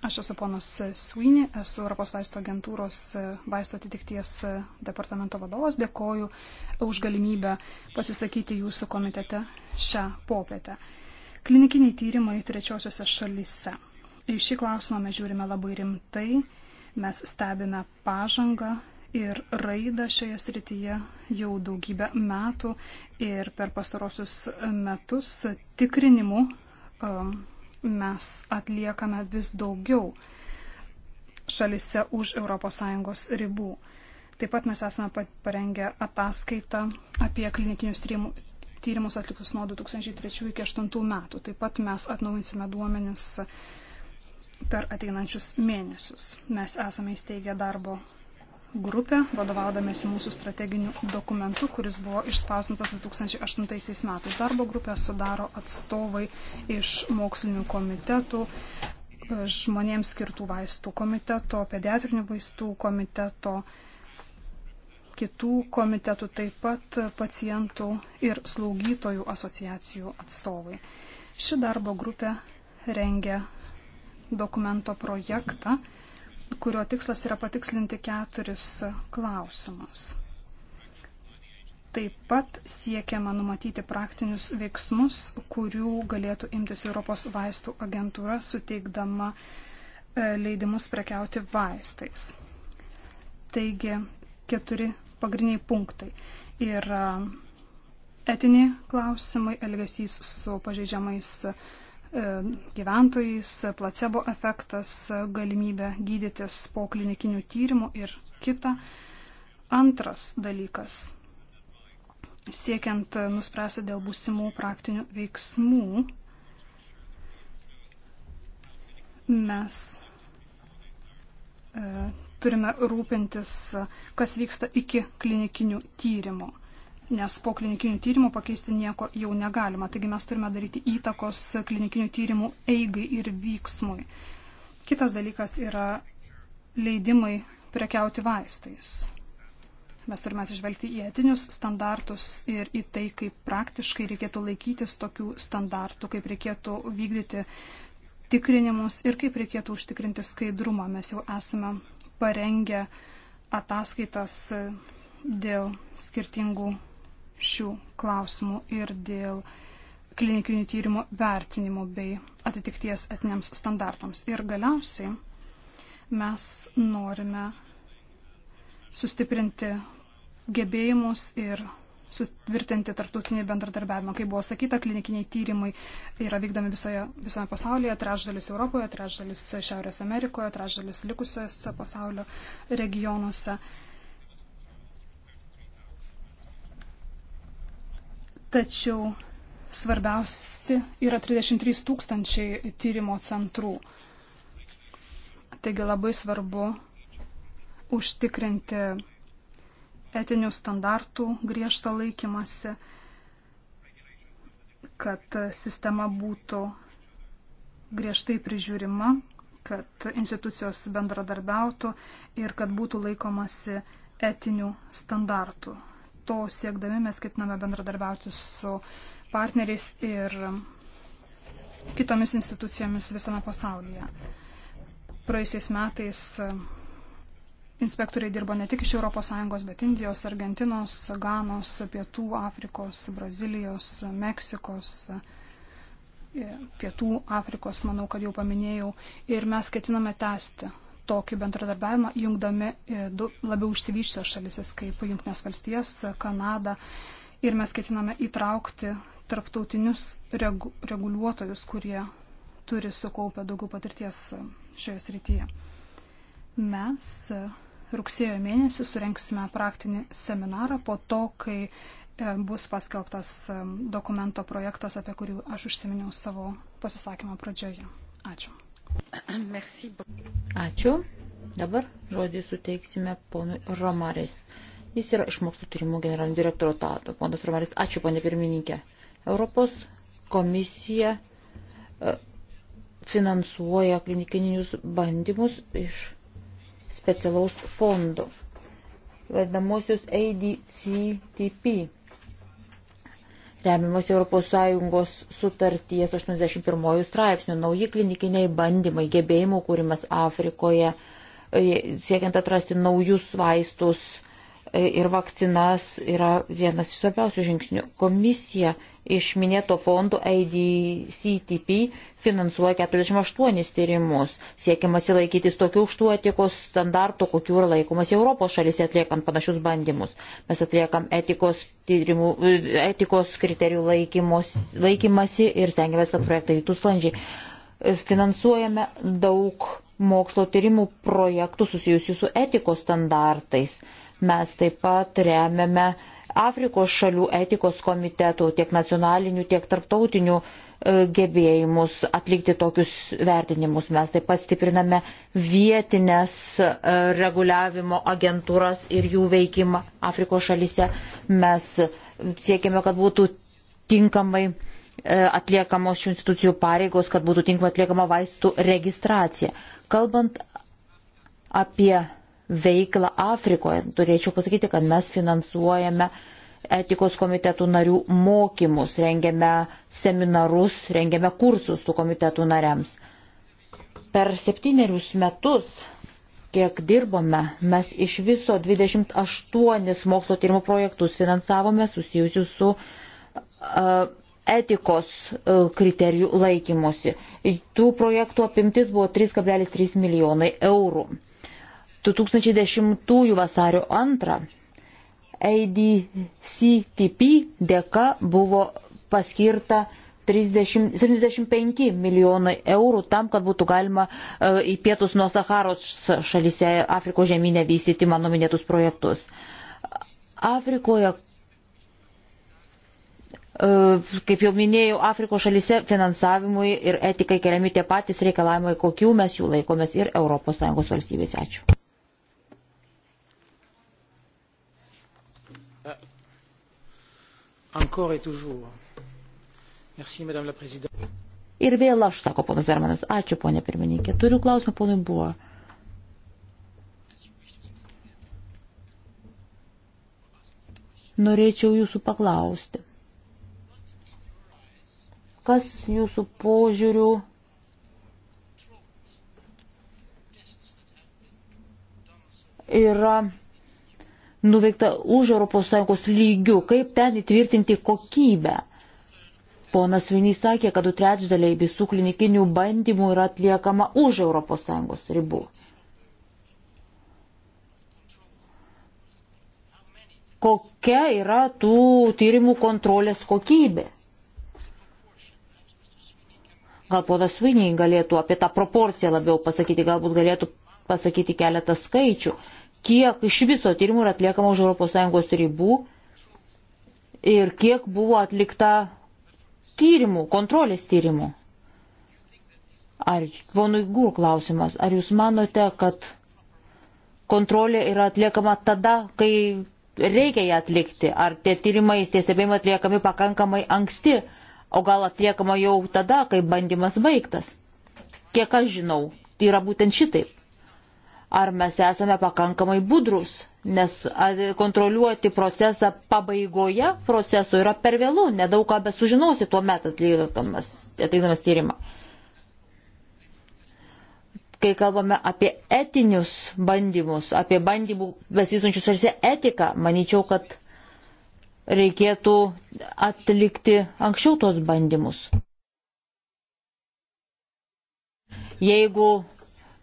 Aš esu ponas Svinį, esu Europos vaisto agentūros e, vaisto atitikties e, departamento vadovas. Dėkoju už galimybę pasisakyti jūsų komitete šią popietę. Klinikiniai tyrimai trečiosiuose šalyse. Į šį klausimą mes žiūrime labai rimtai, mes stebime pažangą ir raidą šioje srityje jau daugybę metų ir per pastarosius metus tikrinimu um, mes atliekame vis daugiau šalise už ES ribų. Taip pat mes esame parengę ataskaitą apie klinikinius tyrimus atliktus nuo 2003 iki 2008 metų. Taip pat mes atnaujinsime duomenis per ateinančius mėnesius. Mes esame įsteigę darbo grupę, vadovaudamėsi mūsų strateginiu dokumentu, kuris buvo išspausintas 2008 metais. Darbo grupę sudaro atstovai iš mokslinių komitetų, žmonėms skirtų vaistų komiteto, pediatrinių vaistų komiteto, kitų komitetų, taip pat pacientų ir slaugytojų asociacijų atstovai. Ši darbo grupė rengia dokumento projektą kurio tikslas yra patikslinti keturis klausimus. Taip pat siekiama numatyti praktinius veiksmus, kurių galėtų imtis Europos vaistų agentūra, suteikdama e, leidimus prekiauti vaistais. Taigi, keturi pagrindiniai punktai yra etiniai klausimai, elgesys su pažeidžiamais E, gyventojais, placebo efektas, galimybė gydytis po klinikinių tyrimų ir kita. Antras dalykas. Siekiant nuspręsti dėl būsimų praktinių veiksmų, mes e, turime rūpintis, kas vyksta iki klinikinių tyrimų nes po klinikinių tyrimų pakeisti nieko jau negalima. Taigi mes turime daryti įtakos klinikinių tyrimų eigai ir vyksmui. Kitas dalykas yra leidimai prekiauti vaistais. Mes turime atsižvelgti į etinius standartus ir į tai, kaip praktiškai reikėtų laikytis tokių standartų, kaip reikėtų vykdyti tikrinimus ir kaip reikėtų užtikrinti skaidrumą. Mes jau esame parengę ataskaitas dėl skirtingų šių klausimų ir dėl klinikinių tyrimų vertinimo bei atitikties etiniams standartams. Ir galiausiai mes norime sustiprinti gebėjimus ir sutvirtinti tarptautinį bendradarbiavimą. Kaip buvo sakyta, klinikiniai tyrimai yra vykdomi visoje, visame pasaulyje, trečdalis Europoje, trečdalis Šiaurės Amerikoje, trečdalis likusiuose pasaulio regionuose. tačiau svarbiausi yra 33 tūkstančiai tyrimo centrų. Taigi labai svarbu užtikrinti etinių standartų griežtą laikymasi, kad sistema būtų griežtai prižiūrima, kad institucijos bendradarbiautų ir kad būtų laikomasi etinių standartų to siekdami mes ketiname bendradarbiauti su partneriais ir kitomis institucijomis visame pasaulyje. Praėjusiais metais inspektoriai dirbo ne tik iš ES, bet Indijos, Argentinos, Ganos, Pietų Afrikos, Brazilijos, Meksikos, Pietų Afrikos, manau, kad jau paminėjau, ir mes ketiname tęsti tokį bendradarbiavimą, jungdami e, du labiau užsivyščios šalisis kaip Junktinės valstijas, Kanada. Ir mes ketiname įtraukti tarptautinius regu, reguliuotojus, kurie turi sukaupę daugiau patirties e, šioje srityje. Mes e, rugsėjo mėnesį surenksime praktinį seminarą po to, kai bus paskelbtas dokumento projektas, apie kurį aš užsiminiau savo pasisakymą pradžioje. Ačiū. Ačiū. Dabar žodį suteiksime ponui Romaris. Jis yra iš mokslo tyrimų generalinio direktoro tato. Ponas Romaris, ačiū, ponė pirmininkė. Europos komisija e, finansuoja klinikinius bandymus iš specialaus fondo, vadinamosius ADCTP remiamas ES sutarties 81 straipsnių, nauji klinikiniai bandymai, gebėjimų kūrimas Afrikoje, e, siekiant atrasti naujus vaistus e, ir vakcinas yra vienas iš svarbiausių žingsnių. Komisija iš minėto fondo ADCTP finansuoja 48 tyrimus. Siekiamas įlaikytis tokių aukštų etikos standartų, kokių yra laikomas Europos šalyse atliekant panašius bandymus. Mes atliekam etikos, tyrimų, etikos kriterijų laikymos, laikymasi ir stengiamės, kad projektai vyktų sklandžiai. Finansuojame daug mokslo tyrimų projektų susijusių su etikos standartais. Mes taip pat remiame uh, Afrikos šalių etikos komitetų, tiek nacionalinių, tiek tarptautinių e, gebėjimus atlikti tokius vertinimus. Mes taip pat stipriname vietinės e, reguliavimo agentūras ir jų veikimą Afrikos šalyse. Mes siekime, kad būtų tinkamai e, atliekamos šių institucijų pareigos, kad būtų tinkamai atliekama vaistų registracija. Kalbant apie veiklą Afrikoje. Turėčiau pasakyti, kad mes finansuojame etikos komitetų narių mokymus, rengiame seminarus, rengiame kursus tų komitetų nariams. Per septynerius metus, kiek dirbome, mes iš viso 28 mokslo tyrimų projektus finansavome susijusius su uh, etikos uh, kriterijų laikymusi. Tų projektų apimtis buvo 3,3 milijonai eurų. Uh, 2010 vasario 2 ADCTP dėka buvo paskirta 30, 75 milijonai eurų tam, kad būtų galima uh, į pietus nuo Saharos šalyse Afrikos žemynę vystyti mano minėtus projektus. Afrikoje, uh, kaip jau minėjau, Afrikos šalyse finansavimui ir etikai keliami tie patys reikalavimai, kokių mes jų laikomės ir ES valstybės. Ačiū. encore et toujours. Merci, Madame la Présidente. Ir vėl aš, sako ponas Bermanas, ačiū ponė pirmininkė. Turiu klausimą ponui Buvo. Norėčiau jūsų paklausti. Kas jūsų požiūrių yra nuveikta už ES lygių, kaip ten įtvirtinti kokybę. Ponas Vinys sakė, kad du trečdaliai visų klinikinių bandymų yra atliekama už ES ribų. Kokia yra tų tyrimų kontrolės kokybė? Gal ponas Viniai galėtų apie tą proporciją labiau pasakyti, galbūt galėtų pasakyti keletą skaičių kiek iš viso tyrimų yra atliekama už ES ribų ir kiek buvo atlikta tyrimų, kontrolės tyrimų. Ar, ponui Gūr klausimas, ar jūs manote, kad kontrolė yra atliekama tada, kai reikia ją atlikti? Ar tie tyrimai, tie stebėjimai atliekami pakankamai anksti, o gal atliekama jau tada, kai bandymas baigtas? Kiek aš žinau, tai yra būtent šitaip ar mes esame pakankamai budrus, nes kontroliuoti procesą pabaigoje proceso yra per vėlų, nedaug ką besužinosi tuo metu atlikdamas, atlikdamas tyrimą. Kai kalbame apie etinius bandymus, apie bandymų besisunčius arse etiką, manyčiau, kad reikėtų atlikti anksčiau tos bandymus. Jeigu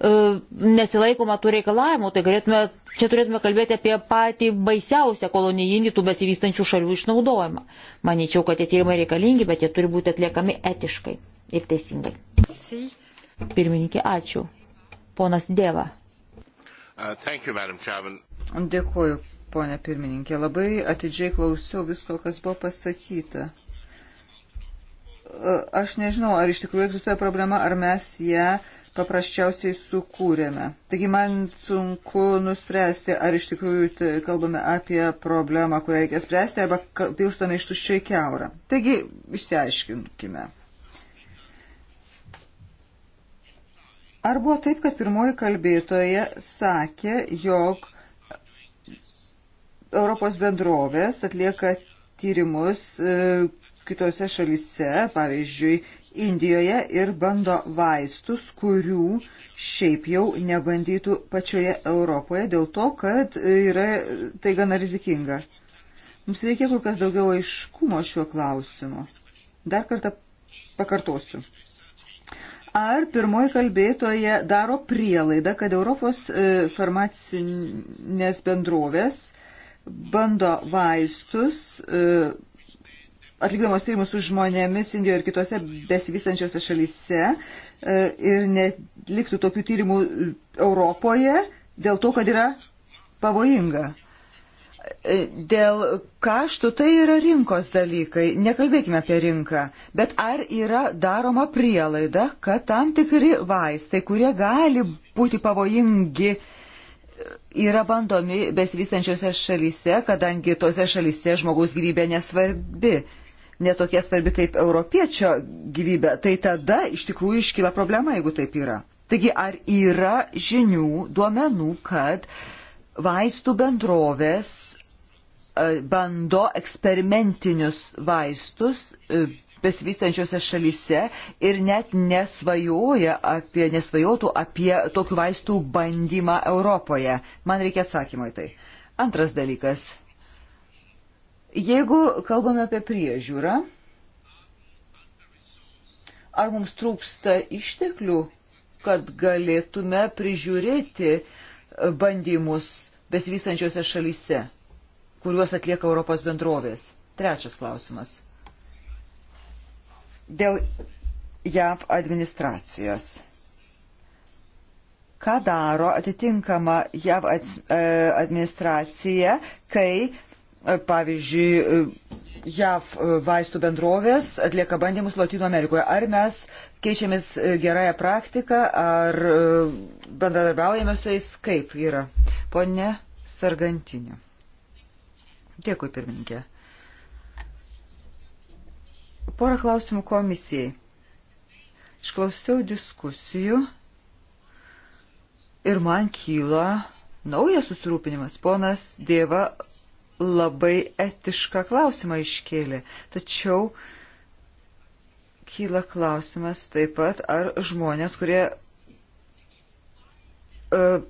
E, nesilaikoma tų reikalavimų, tai galėtume, čia turėtume kalbėti apie patį baisiausią kolonijinį tų besivystančių šalių išnaudojimą. Maničiau, kad tie tyrimai reikalingi, bet jie turi būti atliekami etiškai ir teisingai. Pirmininkė, ačiū. Ponas Dėva. Uh, Dėkuoju, ponė pirmininkė. Labai atidžiai klausiau visko, kas buvo pasakyta uh, aš nežinau, ar iš tikrųjų egzistuoja problema, ar mes ją paprasčiausiai sukūrėme. Taigi man sunku nuspręsti, ar iš tikrųjų tai kalbame apie problemą, kurią reikia spręsti, arba pilstame iš tuščio į keurą. Taigi išsiaiškinkime. Ar buvo taip, kad pirmoji kalbėtoja sakė, jog Europos bendrovės atlieka tyrimus e, kitose šalyse, pavyzdžiui, Indijoje ir bando vaistus, kurių šiaip jau nebandytų pačioje Europoje dėl to, kad yra tai gana rizikinga. Mums reikia kur kas daugiau aiškumo šiuo klausimu. Dar kartą pakartosiu. Ar pirmoji kalbėtoja daro prielaidą, kad Europos e, farmacinės bendrovės bando vaistus e, atlikdamos tyrimus su žmonėmis Indijoje ir kitose besivystančiose šalyse e, ir netliktų tokių tyrimų e, Europoje dėl to, kad yra pavojinga. E, dėl kaštų tai yra rinkos dalykai, nekalbėkime apie rinką, bet ar yra daroma prielaida, kad tam tikri vaistai, kurie gali būti pavojingi, yra bandomi besivystančiose šalyse, kadangi tose šalyse žmogaus gyvybė nesvarbi netokia svarbi kaip europiečio gyvybė, tai tada iš tikrųjų iškyla problema, jeigu taip yra. Taigi, ar yra žinių, duomenų, kad vaistų bendrovės e, bando eksperimentinius vaistus e, besivystančiose šalyse ir net nesvajoja apie, nesvajotų apie tokių vaistų bandymą Europoje? Man reikia atsakymą į tai. Antras dalykas Jeigu kalbame apie priežiūrą, ar mums trūksta išteklių, kad galėtume prižiūrėti bandymus besivystančiose šalyse, kuriuos atlieka Europos bendrovės? Trečias klausimas. Dėl JAV administracijos. Ką daro atitinkama JAV e, administracija, kai E, pavyzdžiui, e, JAV e, vaistų bendrovės atlieka bandymus Latino Amerikoje. Ar mes keičiamės gerąją praktiką, ar bendradarbiaujame su jais, kaip yra. Pone Sargantiniu. Dėkui, pirmininkė. Porą klausimų komisijai. Išklausiau diskusijų ir man kyla naujas susirūpinimas. Ponas Dėva labai etišką klausimą iškėlė. Tačiau kyla klausimas taip pat, ar žmonės, kurie uh,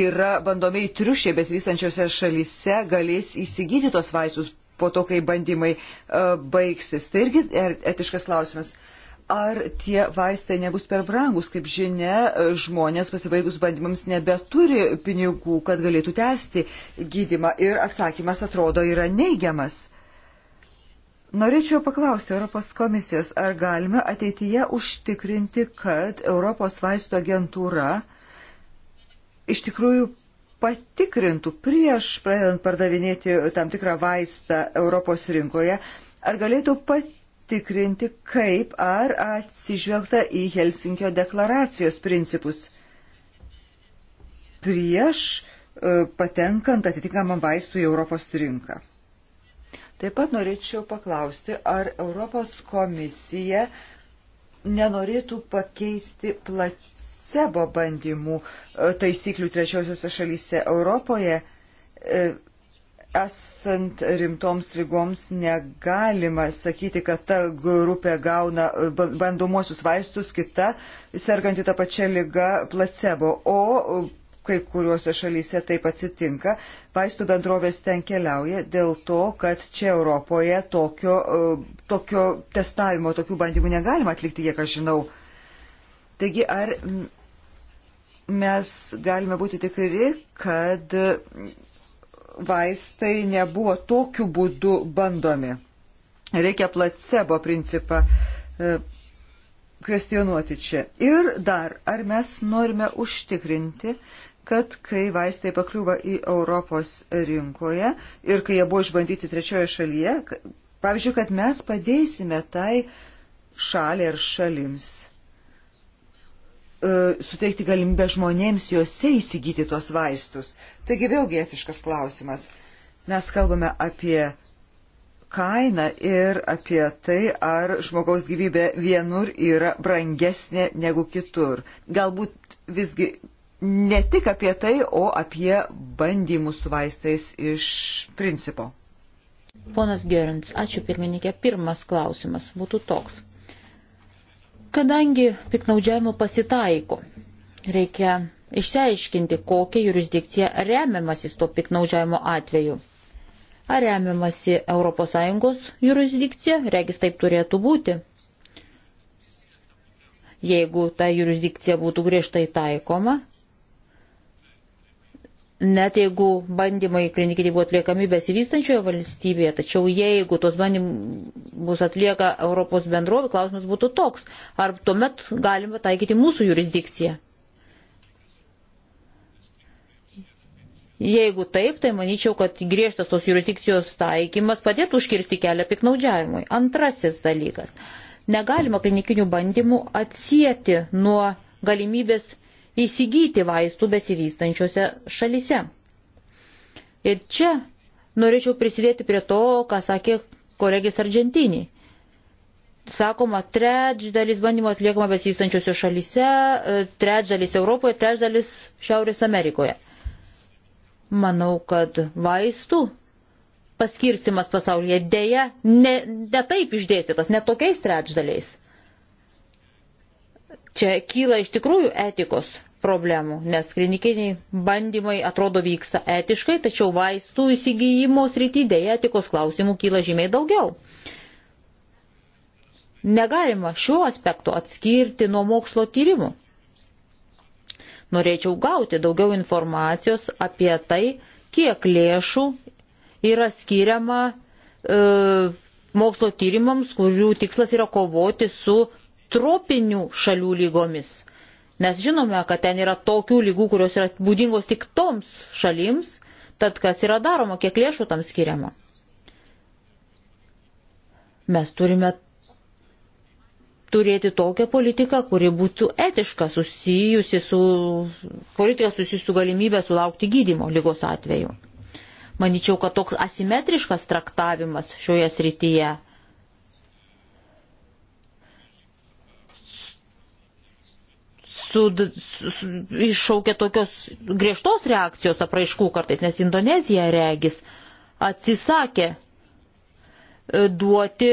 yra bandomiai triušiai besivystančiose šalyse, galės įsigyti tos vaistus po to, kai bandymai uh, baigsis. Tai irgi er, etiškas klausimas. Uh, ar tie vaistai nebus per brangus. Kaip žinia, žmonės pasibaigus bandymams nebeturi pinigų, kad galėtų tęsti gydimą ir atsakymas atrodo yra neigiamas. Norėčiau paklausti Europos komisijos, ar galime ateityje užtikrinti, kad Europos vaisto agentūra iš tikrųjų patikrintų prieš pradedant pardavinėti tam tikrą vaistą Europos rinkoje, ar galėtų patikrinti tikrinti, kaip ar atsižvelgta į Helsinkio deklaracijos principus prieš e, patenkant atitinkamam vaistų į Europos rinką. Taip pat norėčiau paklausti, ar Europos komisija nenorėtų pakeisti placebo bandymų e, taisyklių trečiosiuose šalyse Europoje e, esant rimtoms lygoms negalima sakyti, kad ta grupė gauna e, bandomuosius vaistus, kita serganti tą pačią lygą placebo. O e, kai kuriuose šalyse taip atsitinka, vaistų bendrovės ten keliauja dėl to, kad čia Europoje tokio, e, tokio testavimo, tokių bandymų negalima atlikti, kiek aš žinau. Taigi, ar mes galime būti tikri, kad vaistai nebuvo tokiu būdu bandomi. Reikia placebo principą e, kvestionuoti čia. Ir dar, ar mes norime užtikrinti, kad kai vaistai pakliūva į Europos rinkoje ir kai jie buvo išbandyti trečioje šalyje, pavyzdžiui, kad mes padėsime tai šaliai ar šalims e, suteikti galimybę žmonėms juose įsigyti tuos vaistus. Taigi vėlgi etiškas klausimas. Mes kalbame apie kainą ir apie tai, ar žmogaus gyvybė vienur yra brangesnė negu kitur. Galbūt visgi ne tik apie tai, o apie bandymus su vaistais iš principo. Ponas Gerins, ačiū pirmininkė. Pirmas klausimas būtų toks. Kadangi piknaudžiavimo pasitaiko, reikia išsiaiškinti, kokią jurisdikciją remiamasi to piknaudžiavimo atveju. Ar remiamasi ES jurisdikcija, regis taip turėtų būti. Jeigu ta jurisdikcija būtų griežtai taikoma, net jeigu bandymai klinikiniai buvo atliekami besivystančioje valstybėje, tačiau jeigu tos bandymus atlieka Europos bendrovė, klausimas būtų toks, ar tuomet galima taikyti mūsų jurisdikciją. Jeigu taip, tai manyčiau, kad griežtas tos jurisdikcijos taikymas padėtų užkirsti kelią piknaudžiavimui. Antrasis dalykas. Negalima klinikinių bandymų atsijėti nuo galimybės įsigyti vaistų besivystančiose šalise. Ir čia norėčiau prisidėti prie to, ką sakė kolegės Argentiniai. Sakoma, trečdalis bandymų atliekama besivystančiose šalise, e, trečdalis Europoje, trečdalis Šiaurės Amerikoje. Manau, kad vaistų paskirstimas pasaulyje dėja ne, ne taip išdėstytas, ne tokiais trečdaliais. Čia kyla iš tikrųjų etikos problemų, nes klinikiniai bandymai atrodo vyksta etiškai, tačiau vaistų įsigijimo srity dėja etikos klausimų kyla žymiai daugiau. Negalima šiuo aspektu atskirti nuo mokslo tyrimų. Norėčiau gauti daugiau informacijos apie tai, kiek lėšų yra skiriama e, mokslo tyrimams, kurių tikslas yra kovoti su tropinių šalių lygomis. Nes žinome, kad ten yra tokių lygų, kurios yra būdingos tik toms šalims, tad kas yra daroma, kiek lėšų tam skiriama. Mes turime turėti tokią politiką, kuri būtų etiška susijusi su, politika susijusi su galimybė sulaukti gydimo lygos atveju. Maničiau, kad toks asimetriškas traktavimas šioje srityje su, su, su, iššaukia tokios griežtos reakcijos apraiškų kartais, nes Indonezija regis atsisakė e, duoti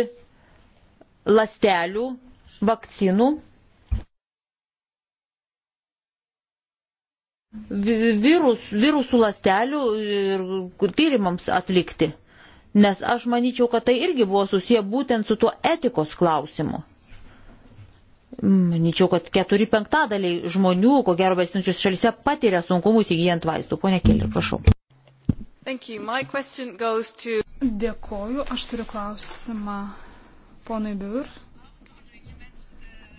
lastelių vakcinų virus, virusų lastelių ir tyrimams atlikti. Nes aš manyčiau, kad tai irgi buvo susiję būtent su tuo etikos klausimu. Manyčiau, kad keturi penktadaliai žmonių, ko gero besinčius šalise, patiria sunkumus įgyjant vaistų. Pone Keli, prašau. To... Dėkoju, aš turiu klausimą ponui Biur.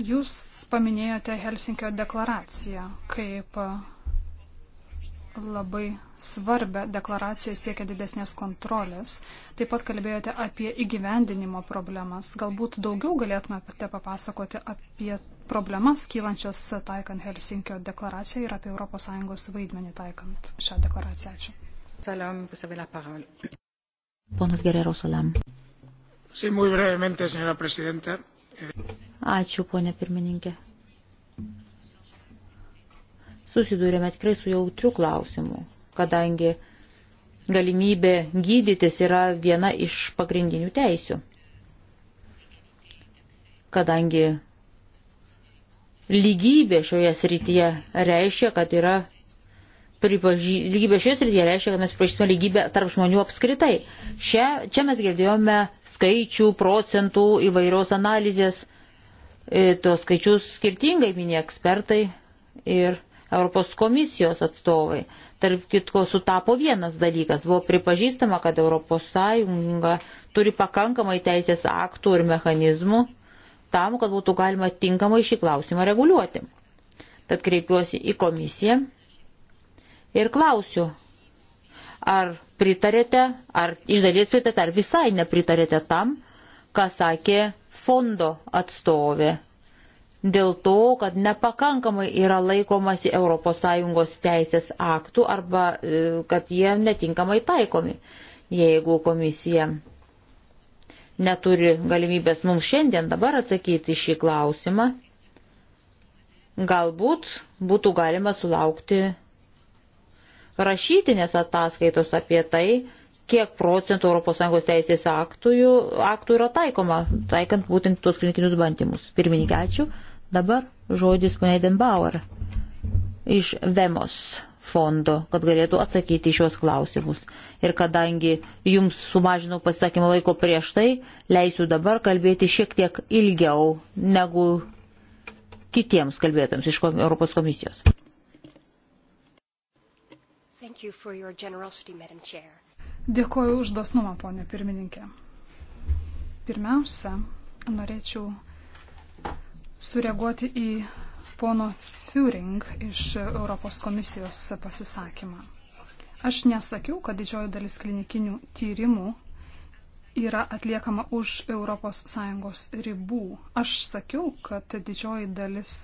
Jūs paminėjote Helsinkio deklaraciją kaip labai svarbę deklaraciją siekia didesnės kontrolės. Taip pat kalbėjote apie įgyvendinimo problemas. Galbūt daugiau galėtumėte papasakoti apie problemas kylančias taikant Helsinkio deklaraciją ir apie ES vaidmenį taikant šią deklaraciją. Ačiū. Salam, vous avez la parole. Ponas Gerero Salam. Sí, muy brevemente, señora presidenta. Ačiū, ponė pirmininkė. Susidūrėme tikrai su jautriu klausimu, kadangi galimybė gydytis yra viena iš pagrindinių teisių. Kadangi lygybė šioje srityje reiškia, kad yra pripaži... lygybė šioje srityje reiškia, kad mes pripažįstame lygybę tarp žmonių apskritai. Šia, čia mes girdėjome skaičių, procentų, įvairios analizės, E, tuos skaičius skirtingai minė ekspertai ir Europos komisijos atstovai. Tarp kitko sutapo vienas dalykas. Buvo pripažįstama, kad ES turi pakankamai teisės aktų ir mechanizmų tam, kad būtų galima tinkamai šį klausimą reguliuoti. Tad kreipiuosi į komisiją ir klausiu, ar pritarėte, ar iš dalies pritarėte, ar visai nepritarėte tam, ką sakė fondo atstovė dėl to, kad nepakankamai yra laikomasi ES teisės aktų arba e, kad jie netinkamai taikomi. Jeigu komisija neturi galimybės mums šiandien dabar atsakyti šį klausimą, galbūt būtų galima sulaukti rašytinės ataskaitos apie tai, kiek procentų ES teisės aktų, aktų yra taikoma, taikant būtent tuos klinikinius bandymus. Pirmininkė, ačiū. Dabar žodis ponai Denbauer iš Vemos fondo, kad galėtų atsakyti į šios klausimus. Ir kadangi jums sumažinau pasisakymo laiko prieš tai, leisiu dabar kalbėti šiek tiek ilgiau negu kitiems kalbėtams iš Europos komisijos. Thank you for your generosity, Madam Chair. Dėkuoju už dosnumą, ponė pirmininkė. Pirmiausia, norėčiau sureaguoti į pono Füring iš Europos komisijos pasisakymą. Aš nesakiau, kad didžioji dalis klinikinių tyrimų yra atliekama už ES ribų. Aš sakiau, kad didžioji dalis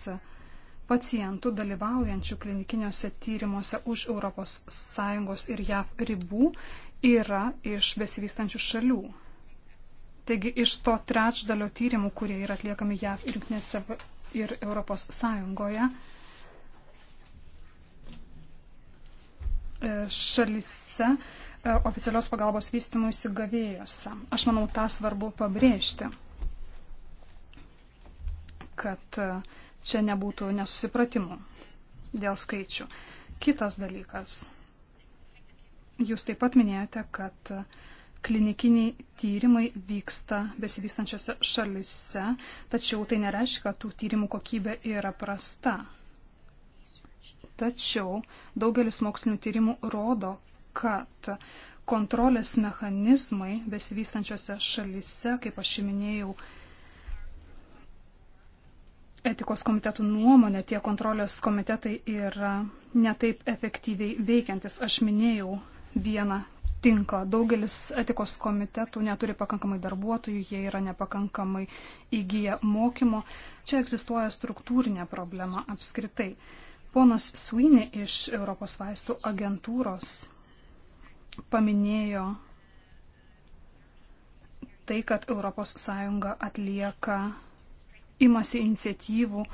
pacientų dalyvaujančių klinikiniuose tyrimuose už ES ir JAV ribų yra iš besivystančių šalių. Taigi iš to trečdalio tyrimų, kurie yra atliekami JAV ir Junktinėse ir Europos Sąjungoje, e, šalise e, oficialios pagalbos vystymų įsigavėjose. Aš manau, tą svarbu pabrėžti, kad e, čia nebūtų nesusipratimų dėl skaičių. Kitas dalykas Jūs taip pat minėjote, kad klinikiniai tyrimai vyksta besivystančiose šalise, tačiau tai nereiškia, kad tų tyrimų kokybė yra prasta. Tačiau daugelis mokslinių tyrimų rodo, kad kontrolės mechanizmai besivystančiose šalise, kaip aš minėjau, etikos komitetų nuomonė, tie kontrolės komitetai yra netaip efektyviai veikiantis. Aš minėjau vieną tinka. Daugelis etikos komitetų neturi pakankamai darbuotojų, jie yra nepakankamai įgyję mokymo. Čia egzistuoja struktūrinė problema apskritai. Ponas Suini iš Europos vaistų agentūros paminėjo tai, kad ES atlieka, imasi iniciatyvų,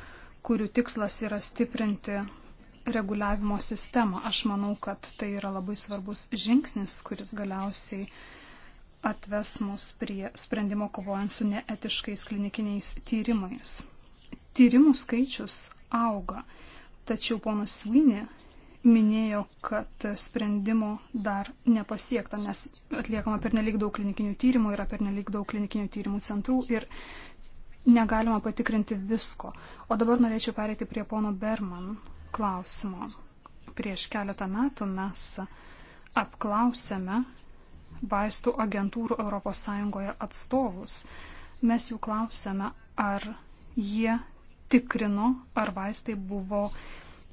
kurių tikslas yra stiprinti reguliavimo sistemą. Aš manau, kad tai yra labai svarbus žingsnis, kuris galiausiai atves mus prie sprendimo kovojant su neetiškais klinikiniais tyrimais. Tyrimų skaičius auga, tačiau ponas Svinė minėjo, kad sprendimo dar nepasiekta, nes atliekama per nelik daug klinikinių tyrimų, yra per nelik daug klinikinių tyrimų centrų ir negalima patikrinti visko. O dabar norėčiau pereiti prie pono Berman klausimo. Prieš keletą metų mes apklausėme vaistų agentūrų ES atstovus. Mes jų klausėme, ar jie tikrino, ar vaistai buvo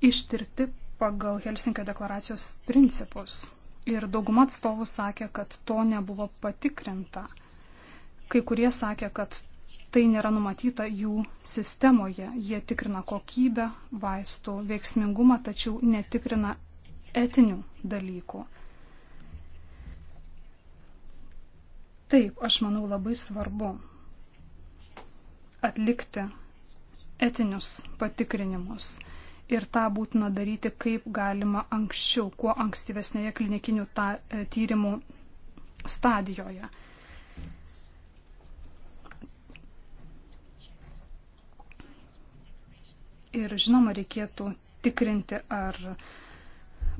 ištirti pagal Helsinkio deklaracijos principus. Ir dauguma atstovų sakė, kad to nebuvo patikrinta. Kai kurie sakė, kad tai nėra numatyta jų sistemoje. Jie tikrina kokybę, vaistų veiksmingumą, tačiau netikrina etinių dalykų. Taip, aš manau labai svarbu atlikti etinius patikrinimus ir tą būtina daryti kaip galima anksčiau, kuo ankstyvesnėje klinikinių ta, e, tyrimų stadijoje. Ir žinoma, reikėtų tikrinti, ar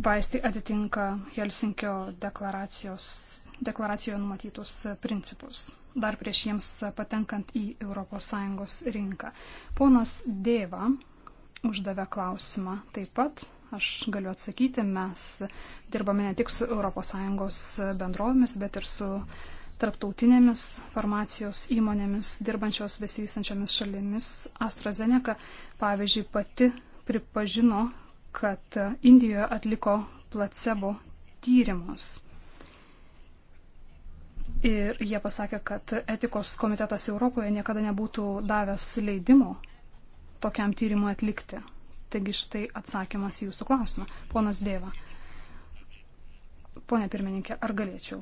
vaistai atitinka Helsinkio deklaracijoje numatytus principus dar prieš jiems patenkant į ES rinką. Ponas Dėva uždavė klausimą taip pat. Aš galiu atsakyti, mes dirbame ne tik su ES bendrovėmis, bet ir su tarptautinėmis farmacijos įmonėmis, dirbančios besivystančiomis šalimis. AstraZeneca pavyzdžiui, pati pripažino, kad Indijoje atliko placebo tyrimus. Ir jie pasakė, kad etikos komitetas Europoje niekada nebūtų davęs leidimo tokiam tyrimui atlikti. Taigi štai atsakymas į jūsų klausimą. Ponas Dėva. Pone pirmininkė, ar galėčiau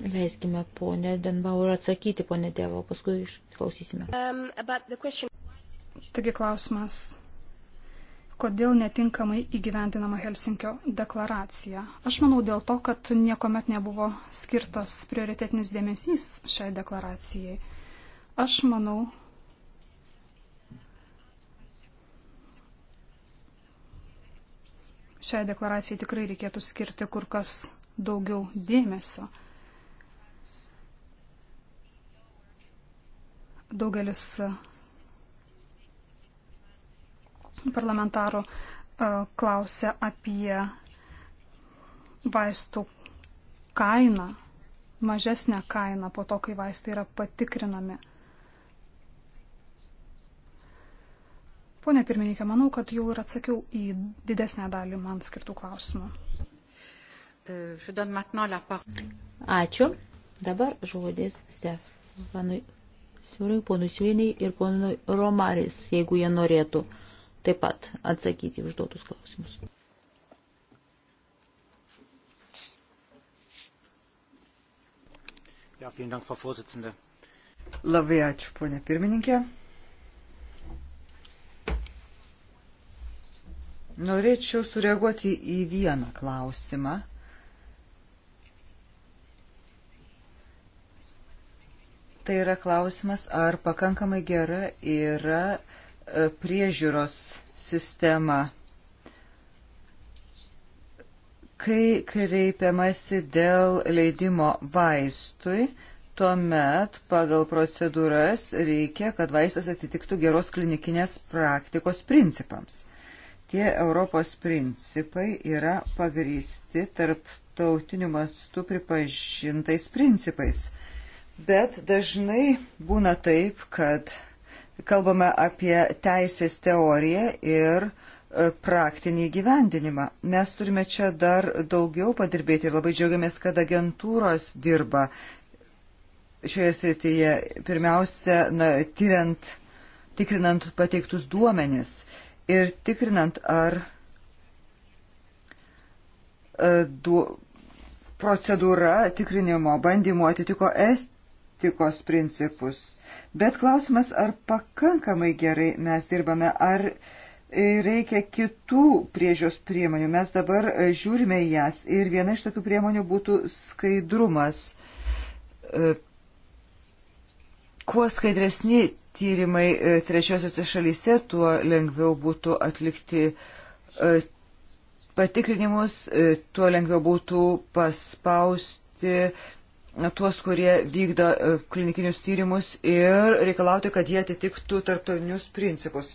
Leiskime ponę Denbauer atsakyti, ponė Dievo, paskui išklausysime. Um, Taigi klausimas, kodėl netinkamai įgyvendinama Helsinkio deklaracija? Aš manau dėl to, kad niekuomet nebuvo skirtas prioritetinis dėmesys šiai deklaracijai. Aš manau, šiai deklaracijai tikrai reikėtų skirti kur kas daugiau dėmesio. Daugelis uh, parlamentarų uh, klausia apie vaistų kainą, mažesnę kainą po to, kai vaistai yra patikrinami. Pone pirmininkė, manau, kad jau ir atsakiau į didesnę dalį man skirtų klausimų. Euh, ačiū. Dabar žodis Stefanui Siūrai, ponui Siūriniai ir ponui Romaris, jeigu jie norėtų taip pat atsakyti užduotus klausimus. Ja, Dank, Frau Labai ačiū, ponė pirmininkė. Norėčiau sureaguoti į vieną klausimą Tai yra klausimas, ar pakankamai gera yra e, priežiūros sistema. Kai kreipiamasi dėl leidimo vaistui, tuomet pagal procedūras reikia, kad vaistas atitiktų geros klinikinės praktikos principams. Tie Europos principai yra pagrysti tarptautiniu mastu pripažintais principais. Bet dažnai būna taip, kad kalbame apie teisės teoriją ir e, praktinį gyvendinimą. Mes turime čia dar daugiau padirbėti ir labai džiaugiamės, kad agentūros dirba šioje srityje, pirmiausia, na, tyriant, tikrinant pateiktus duomenis ir tikrinant, ar e, du, procedūra tikrinimo bandymo atitiko es, politikos principus. Bet klausimas, ar pakankamai gerai mes dirbame, ar e, reikia kitų priežios priemonių. Mes dabar e, žiūrime į jas ir viena iš tokių priemonių būtų skaidrumas. E, kuo skaidresni tyrimai trečiosiuose šalyse, tuo lengviau būtų atlikti patikrinimus, tuo lengviau būtų paspausti tuos, kurie vykdo e, klinikinius tyrimus ir reikalauti, kad jie atitiktų tarptautinius principus.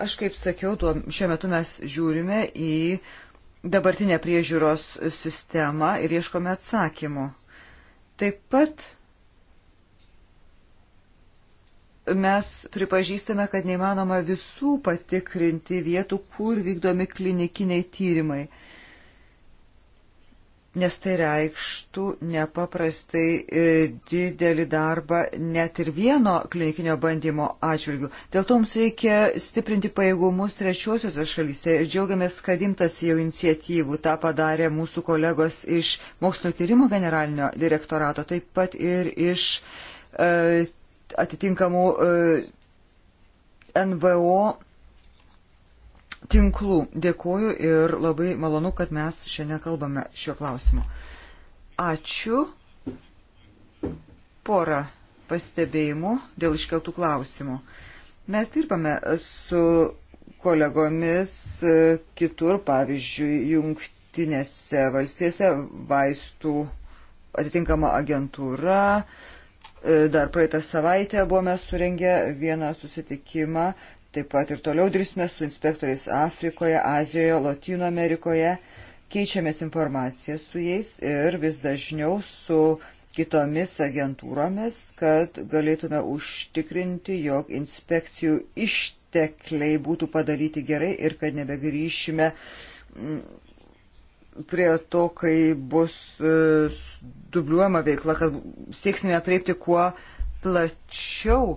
Aš kaip sakiau, tuo, šiuo metu mes žiūrime į dabartinę priežiūros sistemą ir ieškome atsakymų. Taip pat mes pripažįstame, kad neįmanoma visų patikrinti vietų, kur vykdomi klinikiniai tyrimai nes tai reikštų nepaprastai e, didelį darbą net ir vieno klinikinio bandymo atžvilgių. Dėl to mums reikia stiprinti pajėgumus trečiosiuose šalyse ir džiaugiamės, kad imtas jau iniciatyvų. Ta padarė mūsų kolegos iš mokslinio tyrimo generalinio direktorato, taip pat ir iš e, atitinkamų e, NVO tinklų. Dėkuoju ir labai malonu, kad mes šiandien kalbame šiuo klausimu. Ačiū. Porą pastebėjimų dėl iškeltų klausimų. Mes dirbame su kolegomis kitur, pavyzdžiui, jungtinėse valstijose vaistų atitinkama agentūra. Dar praeitą savaitę buvome surengę vieną susitikimą Taip pat ir toliau dirbsime su inspektoriais Afrikoje, Azijoje, Latino Amerikoje, keičiamės informaciją su jais ir vis dažniau su kitomis agentūromis, kad galėtume užtikrinti, jog inspekcijų ištekliai būtų padaryti gerai ir kad nebegrįšime mm, prie to, kai bus e, dubliuojama veikla, kad sieksime prieipti kuo plačiau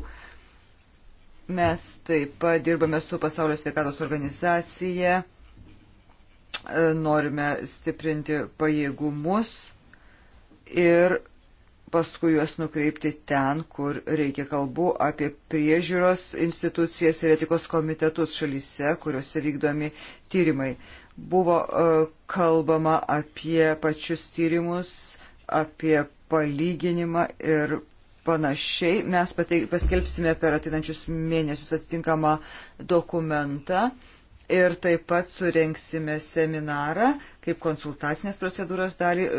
Mes taip pat dirbame su Pasaulio sveikatos organizacija, e, norime stiprinti pajėgumus ir paskui juos nukreipti ten, kur reikia kalbų apie priežiūros institucijas ir etikos komitetus šalyse, kuriuose vykdomi tyrimai. Buvo e, kalbama apie pačius tyrimus, apie palyginimą ir panašiai. Mes pateik, paskelbsime per ateinančius mėnesius atitinkamą dokumentą ir taip pat surenksime seminarą kaip konsultacinės procedūros dalį.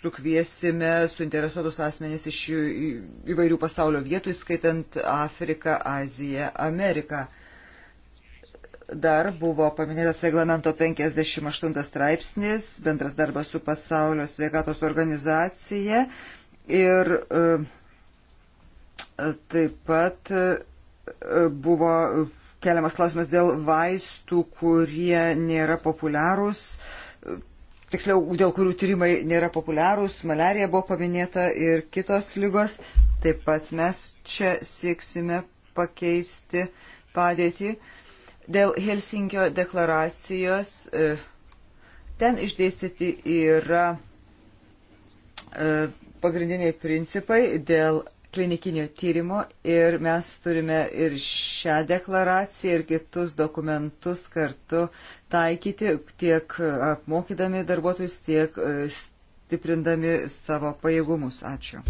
Sukviesime suinteresuotus asmenys iš įvairių pasaulio vietų, įskaitant Afriką, Aziją, Ameriką dar buvo paminėtas reglamento 58 straipsnis, bendras darbas su pasaulio sveikatos organizacija ir e, Taip pat e, buvo keliamas klausimas dėl vaistų, kurie nėra populiarūs, e, tiksliau, dėl kurių tyrimai nėra populiarūs, malerija buvo paminėta ir kitos lygos. Taip pat mes čia sieksime pakeisti padėtį. Dėl Helsinkio deklaracijos e, ten išdėstyti yra pagrindiniai principai dėl klinikinio tyrimo ir mes turime ir šią deklaraciją ir kitus dokumentus kartu taikyti tiek apmokydami darbuotojus, tiek e, stiprindami savo pajėgumus. Ačiū.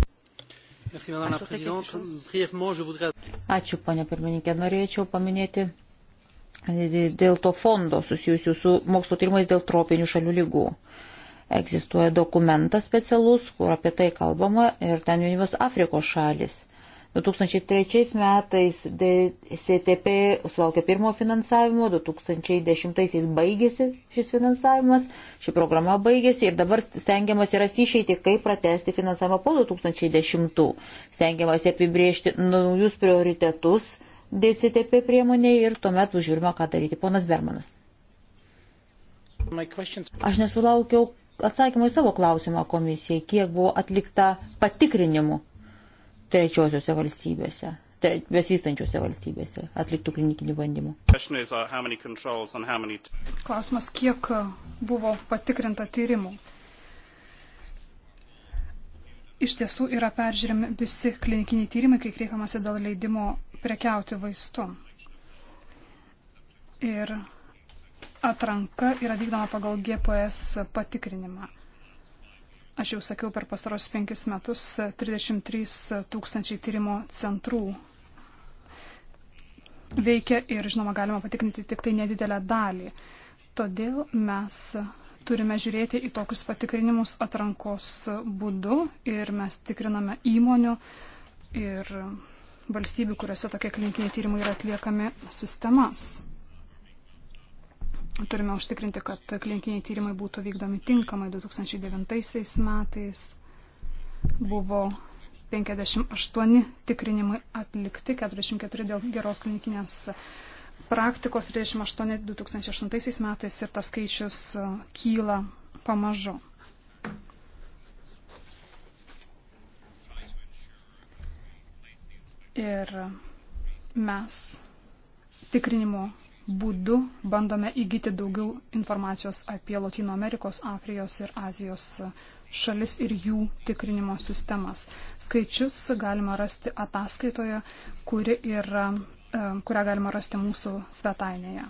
Ačiū, ponė pirmininkė. Norėčiau paminėti dėl to fondo susijusių su mokslo tyrimais dėl tropinių šalių lygų. Uh, Egzistuoja dokumentas specialus, kur apie tai kalbama ir ten minimas Afrikos šalis. 2003 metais CTP sulaukė pirmo finansavimo, 2010 baigėsi šis finansavimas, ši programa baigėsi ir dabar stengiamas yra išeiti, kaip pratesti finansavimą po 2010. Stengiamas apibriežti naujus prioritetus DCTP priemonėje ir tuomet užžiūrima, ką daryti. Ponas Bermanas. Aš nesulaukiau atsakymą į savo klausimą komisijai, kiek buvo atlikta patikrinimų trečiosiuose valstybėse, tre, besistančiuose valstybėse atliktų klinikinių bandymų. Uh, Klausimas, kiek uh, buvo patikrinta tyrimų? Iš tiesų yra peržiūrimi visi klinikiniai tyrimai, kai kreipiamasi dėl leidimo prekiauti vaistu. Ir atranka yra vykdoma pagal GPS patikrinimą. Aš jau sakiau, per pastaros penkis metus 33 tūkstančiai tyrimo centrų veikia ir, žinoma, galima patikrinti tik tai nedidelę dalį. Todėl mes turime žiūrėti į tokius patikrinimus atrankos būdu ir mes tikriname įmonių ir valstybių, kuriuose tokie klinikiniai tyrimai yra atliekami sistemas. Turime užtikrinti, kad klinikiniai tyrimai būtų vykdomi tinkamai. 2009 metais buvo 58 tikrinimai atlikti, 44 dėl geros klinikinės praktikos, 38 2008 metais ir tas skaičius e, kyla pamažu. Ir mes tikrinimo būdu bandome įgyti daugiau informacijos apie Latino Amerikos, Afrijos ir Azijos šalis ir jų tikrinimo sistemas. Skaičius galima rasti ataskaitoje, kuri yra, e, kurią galima rasti mūsų svetainėje.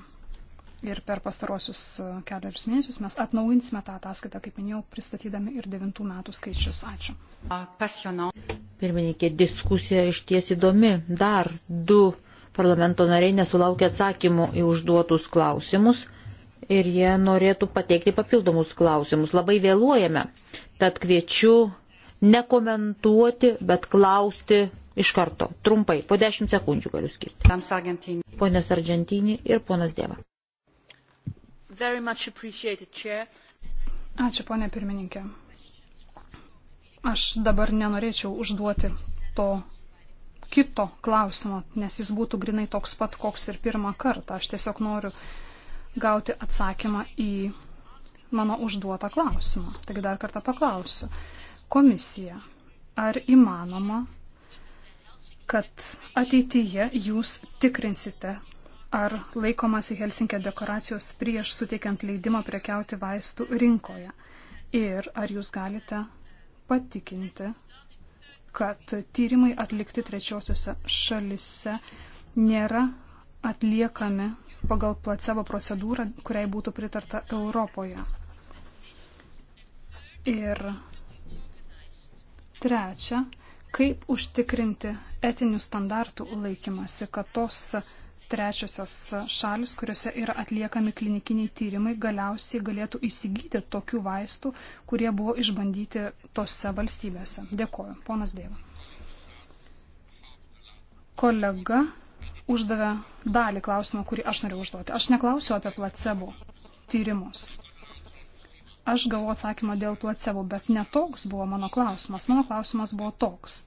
Ir per pastarosius e, keliarius mėnesius mes atnaujinsime tą ataskaitą, kaip minėjau, pristatydami ir devintų metų skaičius. Ačiū. Pirmininkė, diskusija iš ties įdomi. Dar du parlamento nariai nesulaukia atsakymų į užduotus klausimus ir jie norėtų pateikti papildomus klausimus. Labai vėluojame, tad kviečiu nekomentuoti, bet klausti iš karto, trumpai, po 10 sekundžių galiu skirti. Ponas Argentinį ir ponas Dėva. Ačiū, ponė pirmininkė. Aš dabar nenorėčiau užduoti to kito klausimo, nes jis būtų grinai toks pat, koks ir pirmą kartą. Aš tiesiog noriu gauti atsakymą į mano užduotą klausimą. Taigi dar kartą paklausiu. Komisija, ar įmanoma, kad ateityje jūs tikrinsite, ar laikomasi Helsinkė dekoracijos prieš suteikiant leidimą prekiauti vaistų rinkoje? Ir ar jūs galite patikinti kad tyrimai atlikti trečiosiuose šalise nėra atliekami pagal placebo procedūrą, kuriai būtų pritarta Europoje. Ir trečia, kaip užtikrinti etinių standartų laikymasi, kad tos trečiosios šalis, kuriuose yra atliekami klinikiniai tyrimai, galiausiai galėtų įsigyti tokių vaistų, kurie buvo išbandyti tose valstybėse. Dėkoju. Ponas Dėva. Kolega uždavė dalį klausimą, kurį aš noriu užduoti. Aš neklausiu apie placebo tyrimus. Aš gavau atsakymą dėl placebo, bet netoks buvo mano klausimas. Mano klausimas buvo toks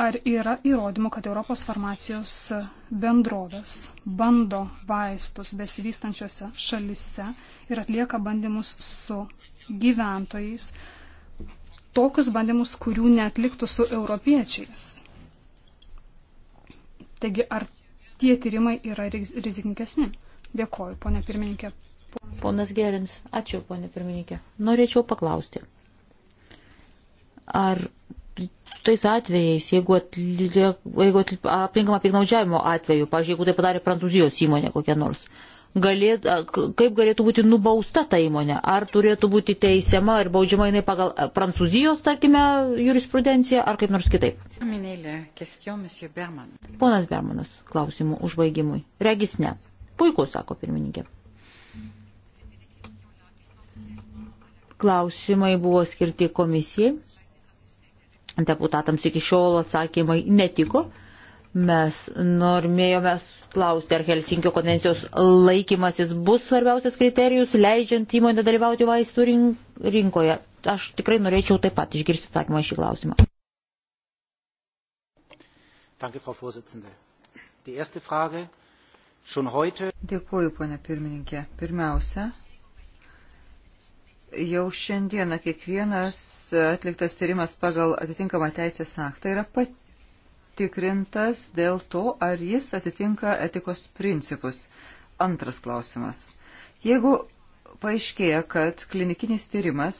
ar yra įrodymų, kad Europos farmacijos bendrovės bando vaistus besivystančiose šalise ir atlieka bandymus su gyventojais, tokius bandymus, kurių netliktų su europiečiais. Taigi, ar tie tyrimai yra rizikingesni? Dėkoju, ponė pirmininkė. Ponas Gerins, ačiū, ponė pirmininkė. Norėčiau paklausti, ar tais atvejais, jeigu, atlie, jeigu aplinkama piknaudžiavimo atveju, pažiūrėjau, jeigu tai padarė prancūzijos įmonė kokia nors, galėt, kaip galėtų būti nubausta ta įmonė? Ar turėtų būti teisiama ir baudžiama jinai pagal prancūzijos, tarkime, jurisprudenciją, ar kaip nors kitaip? Ponas Bermanas, klausimų užbaigimui. Regis ne. Puiku, sako pirmininkė. Klausimai buvo skirti komisijai Deputatams iki šiol atsakymai netiko. Mes normėjome klausti, ar Helsinkio konvencijos laikymasis bus svarbiausias kriterijus, leidžiant įmonę dalyvauti vaistų rinkoje. Aš tikrai norėčiau taip pat išgirsti atsakymą į šį klausimą. Danke, Frau Vorsitzende. Die erste Frage. Schon heute. Dėkuoju, ponia pirmininkė. Pirmiausia, jau šiandieną kiekvienas atliktas tyrimas pagal atitinkamą teisės aktą yra patikrintas dėl to, ar jis atitinka etikos principus. Antras klausimas. Jeigu paaiškėja, kad klinikinis tyrimas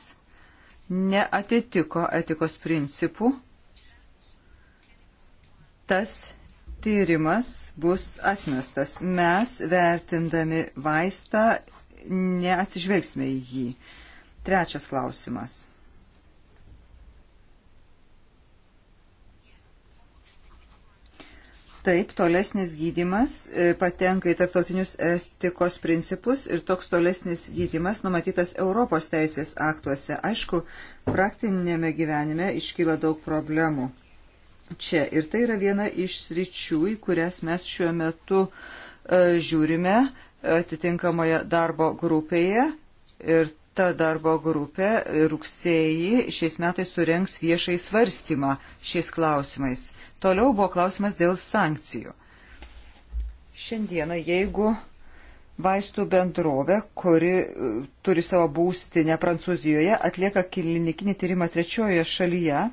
neatitiko etikos principų, tas tyrimas bus atmestas. Mes, vertindami vaistą, neatsižvelgsime į jį. Trečias klausimas. Taip, tolesnis gydimas e, patenka į tarptautinius etikos principus ir toks tolesnis gydimas numatytas Europos teisės aktuose. Aišku, praktinėme gyvenime iškyla daug problemų. Čia ir tai yra viena iš sričių, į kurias mes šiuo metu e, žiūrime atitinkamoje darbo grupėje ir ta darbo grupė rugsėjį šiais metais surenks viešai svarstymą šiais klausimais. Toliau buvo klausimas dėl sankcijų. Šiandieną, jeigu vaistų bendrovė, kuri e, turi savo būstinę Prancūzijoje, atlieka klinikinį tyrimą trečiojoje šalyje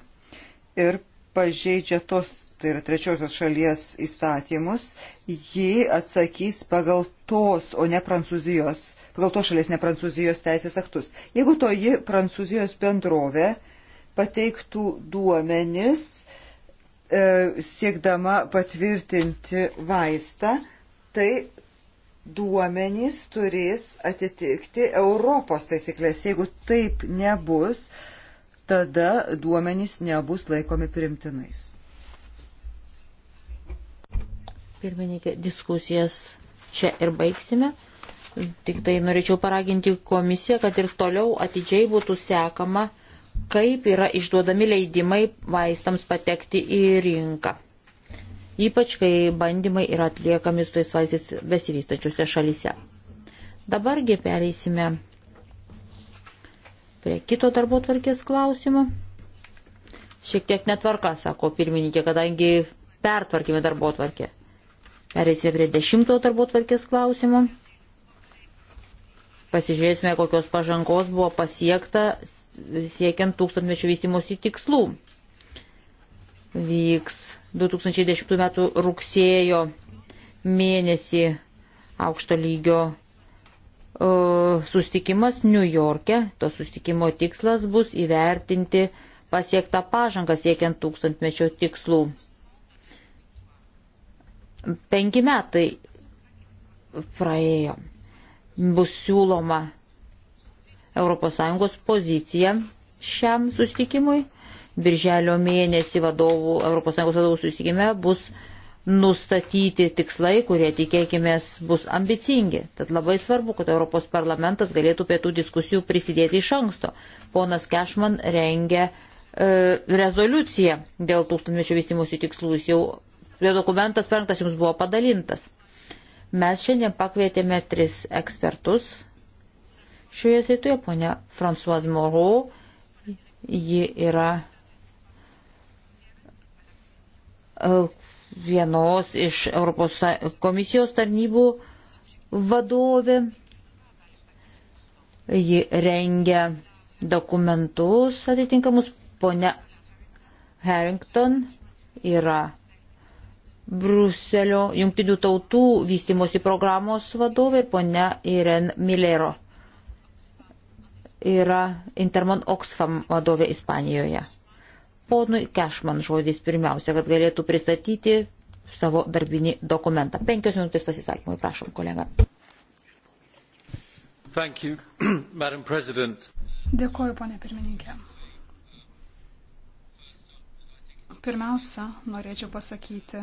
ir pažeidžia tos, tai yra trečiosios šalies įstatymus, ji atsakys pagal tos, o ne Prancūzijos pagal to šalies, ne Prancūzijos teisės aktus. Jeigu toji Prancūzijos bendrovė pateiktų duomenis e, siekdama patvirtinti vaistą, tai duomenys turės atitikti Europos taisyklės. Jeigu taip nebus, tada duomenys nebus laikomi primtinais. Pirmininkė, diskusijas čia ir baigsime. Tik tai norėčiau paraginti komisiją, kad ir toliau atidžiai būtų sekama, kaip yra išduodami leidimai vaistams patekti į rinką. Ypač, kai bandymai yra atliekami su tais vaistais besivystačiuose šalyse. Dabargi pereisime prie kito darbo tvarkės klausimo. Šiek tiek netvarka, sako pirmininkė, kadangi pertvarkime darbo tvarkę. Pereisime prie dešimtojo darbo tvarkės klausimo. Pasižiūrėsime, kokios pažangos buvo pasiekta siekiant tūkstantmečio vystimosi tikslų. Vyks 2010 m. rugsėjo mėnesį aukšto lygio uh, sustikimas New York'e. To sustikimo tikslas bus įvertinti pasiektą pažangą siekiant tūkstantmečio tikslų. Penki metai praėjo bus siūloma ES pozicija šiam sustikimui. Birželio mėnesį vadovų, ES vadovų susitikime bus nustatyti tikslai, kurie tikėkime bus ambicingi. Tad labai svarbu, kad Europos parlamentas galėtų prie tų diskusijų prisidėti iš anksto. Ponas Kešman rengia e, rezoliuciją dėl tūkstantmečio vystimusių tikslų. Jis jau, jo dokumentas penktas jums buvo padalintas. Mes šiandien pakvietėme tris ekspertus šioje srityje, ponia Françoise Moreau, ji yra e, vienos iš Europos komisijos tarnybų vadovė. Ji rengia dokumentus atitinkamus. Pone Harrington yra Bruselio jungtinių tautų vystimosi programos vadovė, ponia Iren Milero, yra Intermon Oxfam vadovė Ispanijoje. Ponui Kešman žodis pirmiausia, kad galėtų pristatyti savo darbinį dokumentą. Penkios minutės pasisakymui, prašom, kolega. You, Dėkuoju, ponė pirmininkė. Pirmiausia, norėčiau pasakyti,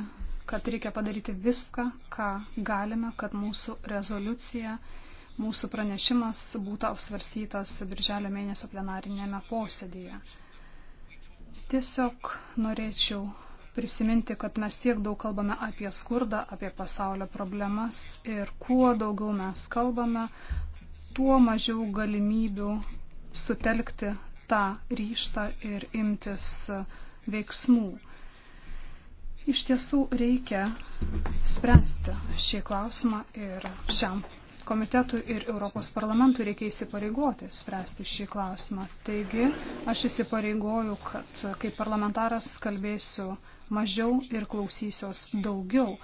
kad reikia padaryti viską, ką galime, kad mūsų rezoliucija, mūsų pranešimas būtų apsvarstytas birželio mėnesio plenarinėme posėdėje. Tiesiog norėčiau prisiminti, kad mes tiek daug kalbame apie skurdą, apie pasaulio problemas ir kuo daugiau mes kalbame, tuo mažiau galimybių sutelkti tą ryštą ir imtis veiksmų. Iš tiesų reikia spręsti šį klausimą ir šiam komitetui ir Europos parlamentui reikia įsipareigoti spręsti šį klausimą. Taigi aš įsipareigoju, kad kaip parlamentaras kalbėsiu mažiau ir klausysios daugiau.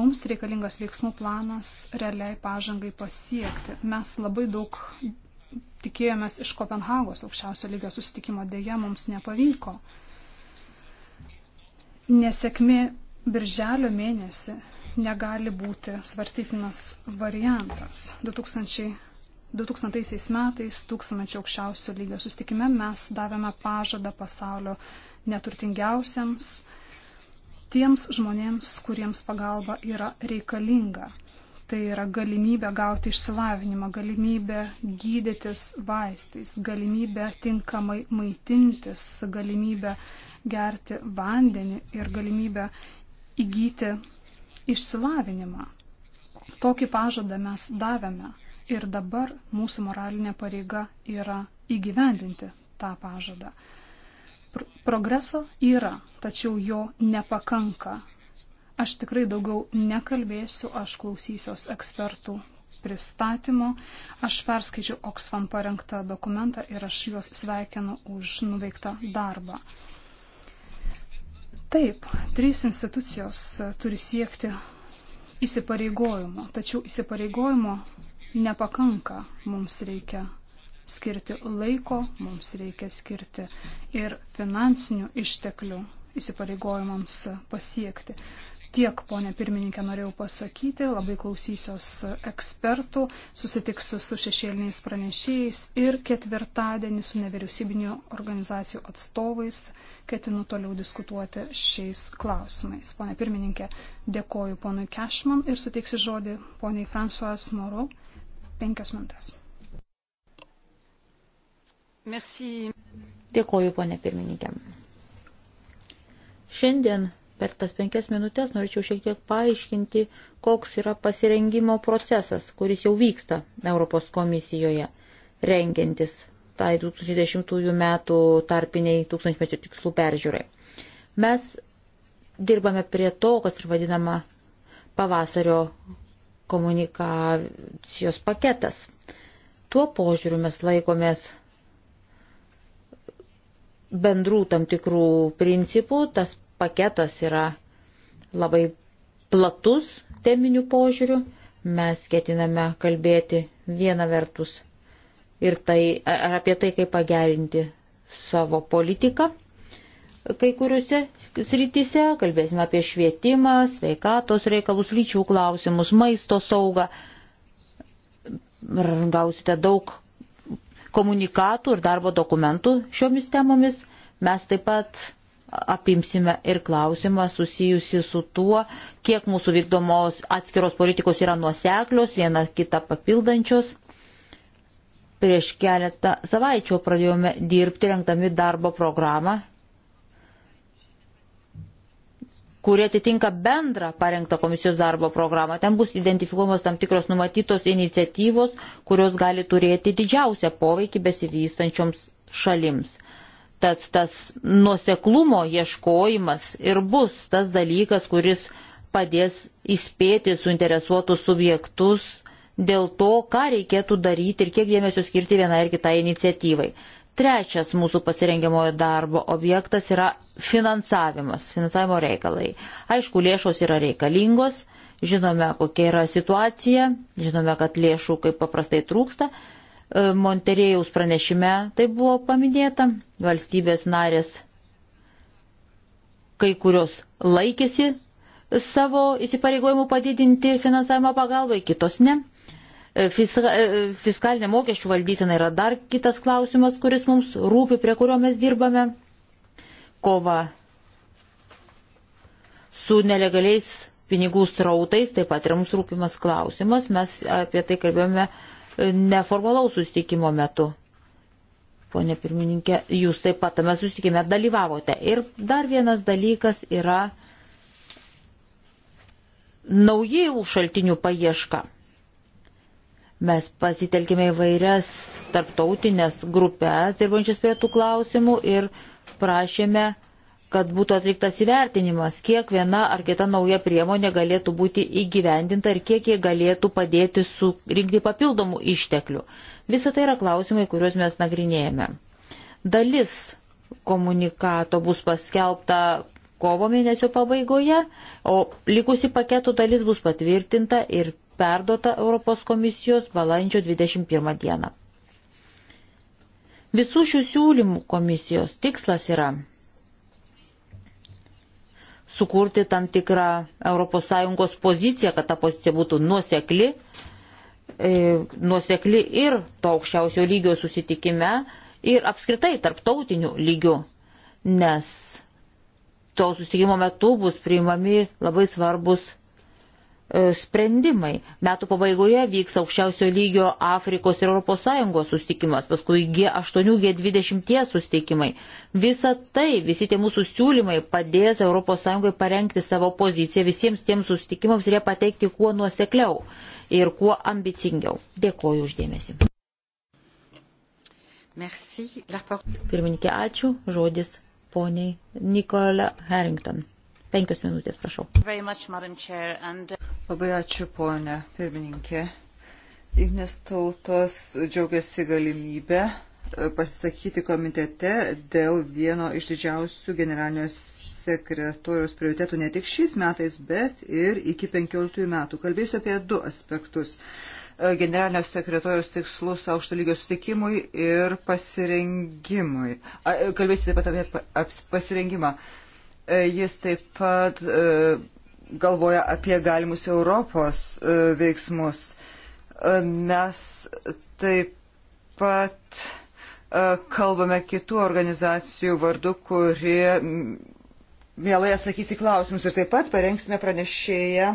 Mums reikalingas veiksmų planas realiai pažangai pasiekti. Mes labai daug tikėjomės iš Kopenhagos aukščiausio lygio susitikimo, dėja mums nepavyko. Nesėkmė birželio mėnesį negali būti svarstytinas variantas. 2000, 2000 metais tūkstančio aukščiausio lygio sustikime mes davėme pažadą pasaulio neturtingiausiams, tiems žmonėms, kuriems pagalba yra reikalinga. Tai yra galimybė gauti išsilavinimą, galimybė gydytis vaistais, galimybė tinkamai maitintis, galimybė uh, gerti vandenį ir galimybę įgyti išsilavinimą. Tokį pažadą mes davėme ir dabar mūsų moralinė pareiga yra įgyvendinti tą pažadą. Progreso yra, tačiau jo nepakanka. Aš tikrai daugiau nekalbėsiu, aš klausysiuos ekspertų pristatymo. Aš perskaičiau Oxfam parengtą dokumentą ir aš juos sveikinu už nuveiktą darbą. Taip, trys institucijos turi siekti įsipareigojimo, tačiau įsipareigojimo nepakanka. Mums reikia skirti laiko, mums reikia skirti ir finansinių išteklių įsipareigojimams pasiekti. Tiek, ponė pirmininkė, norėjau pasakyti, labai klausysios ekspertų, susitiksiu su šešėliniais pranešėjais ir ketvirtadienį su nevyriausybinių organizacijų atstovais ketinu toliau diskutuoti šiais klausimais. Pone pirmininkė, dėkoju ponui Kešman ir suteiksiu žodį poniai Fransuas Moru. Penkias minutės. Merci. Dėkoju, ponė pirmininkė. Šiandien per tas penkias minutės norėčiau šiek tiek paaiškinti, koks yra pasirengimo procesas, kuris jau vyksta Europos komisijoje, rengiantis tai 2010 metų tarpiniai tūkstančmečio tikslų peržiūrai. Mes dirbame prie to, kas ir vadinama pavasario komunikacijos paketas. Tuo požiūriu mes laikomės bendrų tam tikrų principų. Tas paketas yra labai platus teminių požiūrių. Mes ketiname kalbėti vieną vertus ir tai, ar apie tai, kaip pagerinti savo politiką kai kuriuose srityse, kalbėsime apie švietimą, sveikatos reikalus, lyčių klausimus, maisto saugą. Gausite daug komunikatų ir darbo dokumentų šiomis temomis. Mes taip pat apimsime ir klausimą susijusi su tuo, kiek mūsų vykdomos atskiros politikos yra nuoseklios, viena kitą papildančios Prieš keletą savaičių pradėjome dirbti rengdami darbo programą, kurie atitinka bendrą parengtą komisijos darbo programą. Ten bus identifikuojamos tam tikros numatytos iniciatyvos, kurios gali turėti didžiausią poveikį besivystančioms šalims. Tad tas nuseklumo ieškojimas ir bus tas dalykas, kuris padės įspėti suinteresuotus subjektus dėl to, ką reikėtų daryti ir kiek dėmesio skirti vienai ir kitai iniciatyvai. Trečias mūsų pasirengiamojo darbo objektas yra finansavimas, finansavimo reikalai. Aišku, lėšos yra reikalingos, žinome, kokia yra situacija, žinome, kad lėšų kaip paprastai trūksta. E, Monterėjaus pranešime tai buvo paminėta, valstybės narės kai kurios laikėsi savo įsipareigojimų padidinti finansavimo pagalbai, kitos ne. E, e, fiskalinė mokesčių valdysena yra dar kitas klausimas, kuris mums rūpi, prie kurio mes dirbame. Kova su nelegaliais pinigų srautais taip pat yra mums rūpimas klausimas. Mes apie tai kalbėjome e, neformalaus sustikimo metu. Pone pirmininkė, jūs taip pat tame sustikime dalyvavote. Ir dar vienas dalykas yra naujų šaltinių paieška. Mes pasitelkime įvairias tarptautinės grupės dirbančias prie tų klausimų ir prašėme, kad būtų atliktas įvertinimas, kiek viena ar kita nauja priemonė galėtų būti įgyvendinta ir kiek jie galėtų padėti surinkti papildomų išteklių. Visą tai yra klausimai, kuriuos mes nagrinėjame. Dalis komunikato bus paskelbta kovo mėnesio pabaigoje, o likusi paketo dalis bus patvirtinta ir perdota Europos komisijos balandžio 21 dieną. Visų šių siūlymų komisijos tikslas yra sukurti tam tikrą ES poziciją, kad ta pozicija būtų nuosekli, e, nuosekli ir to aukščiausio lygio susitikime, ir apskritai tarptautiniu lygiu, nes to susitikimo metu bus priimami labai svarbus E, sprendimai. Metų pabaigoje vyks aukščiausio lygio Afrikos ir ES sustikimas, paskui G8, G20 sustikimai. Visa tai, visi tie mūsų siūlymai padės ES parengti savo poziciją visiems tiems sustikimams ir jie pateikti kuo nuosekliau ir kuo ambicingiau. Dėkoju uždėmesi. Pirmininkė, ačiū. Žodis poniai Nikola Harrington. Penkios minutės, prašau. Much, Chair, and... Uh, Labai ačiū, ponė pirmininkė. Ignes tautos džiaugiasi galimybę e, pasisakyti komitete dėl vieno iš didžiausių generalinio sekretoriaus prioritetų ne tik šiais metais, bet ir iki 15 metų. Kalbėsiu apie du aspektus. E, generalinio sekretoriaus tikslus aukšto lygio sutikimui ir pasirengimui. E, kalbėsiu taip pat apie pasirengimą. E, jis taip pat e, galvoja apie galimus Europos e, veiksmus. Mes taip pat kalbame kitų organizacijų vardu, kurie mielai atsakys į klausimus ir taip pat parengsime pranešėją,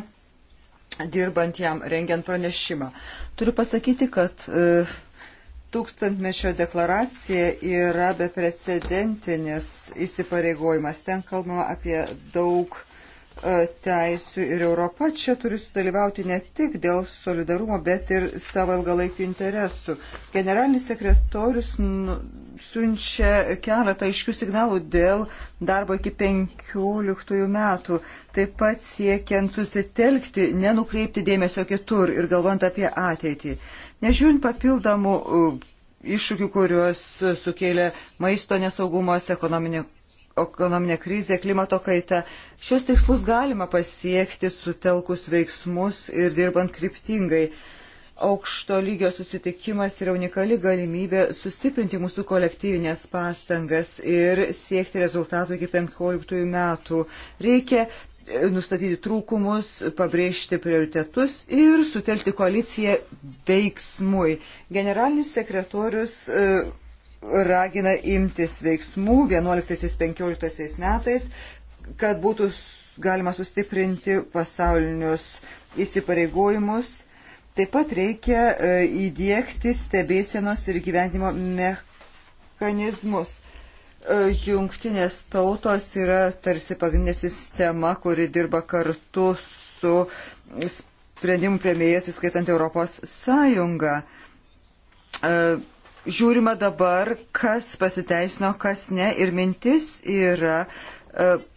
dirbant jam, rengiant pranešimą. Turiu pasakyti, kad uh, tūkstantmečio deklaracija yra beprecedentinis įsipareigojimas. Ten kalbama apie daug teisių ir Europa čia turi sudalyvauti ne tik dėl solidarumo, bet ir savo ilgalaikių interesų. Generalinis sekretorius nu, siunčia keletą aiškių signalų dėl darbo iki 15 metų, taip pat siekiant susitelkti, nenukreipti dėmesio kitur ir galvant apie ateitį. Nežiūrint papildomų uh, iššūkių, kuriuos sukėlė maisto nesaugumas, ekonominė ekonominė krizė, klimato kaita. Šios tikslus galima pasiekti sutelkus veiksmus ir dirbant kryptingai. Aukšto lygio susitikimas yra unikali galimybė sustiprinti mūsų kolektyvinės pastangas ir siekti rezultatų iki 15 metų. Reikia e, nustatyti trūkumus, pabrėžti prioritetus ir sutelkti koaliciją veiksmui. Generalinis sekretorius e, ragina imtis veiksmų 11-15 metais, kad būtų galima sustiprinti pasaulinius įsipareigojimus. Taip pat reikia e, įdėkti stebėsienos ir gyvenimo mechanizmus. E, jungtinės tautos yra tarsi pagrindinė sistema, kuri dirba kartu su sprendimų prieimėjas, įskaitant Europos Sąjungą e, žiūrima dabar, kas pasiteisino, kas ne. Ir mintis yra e,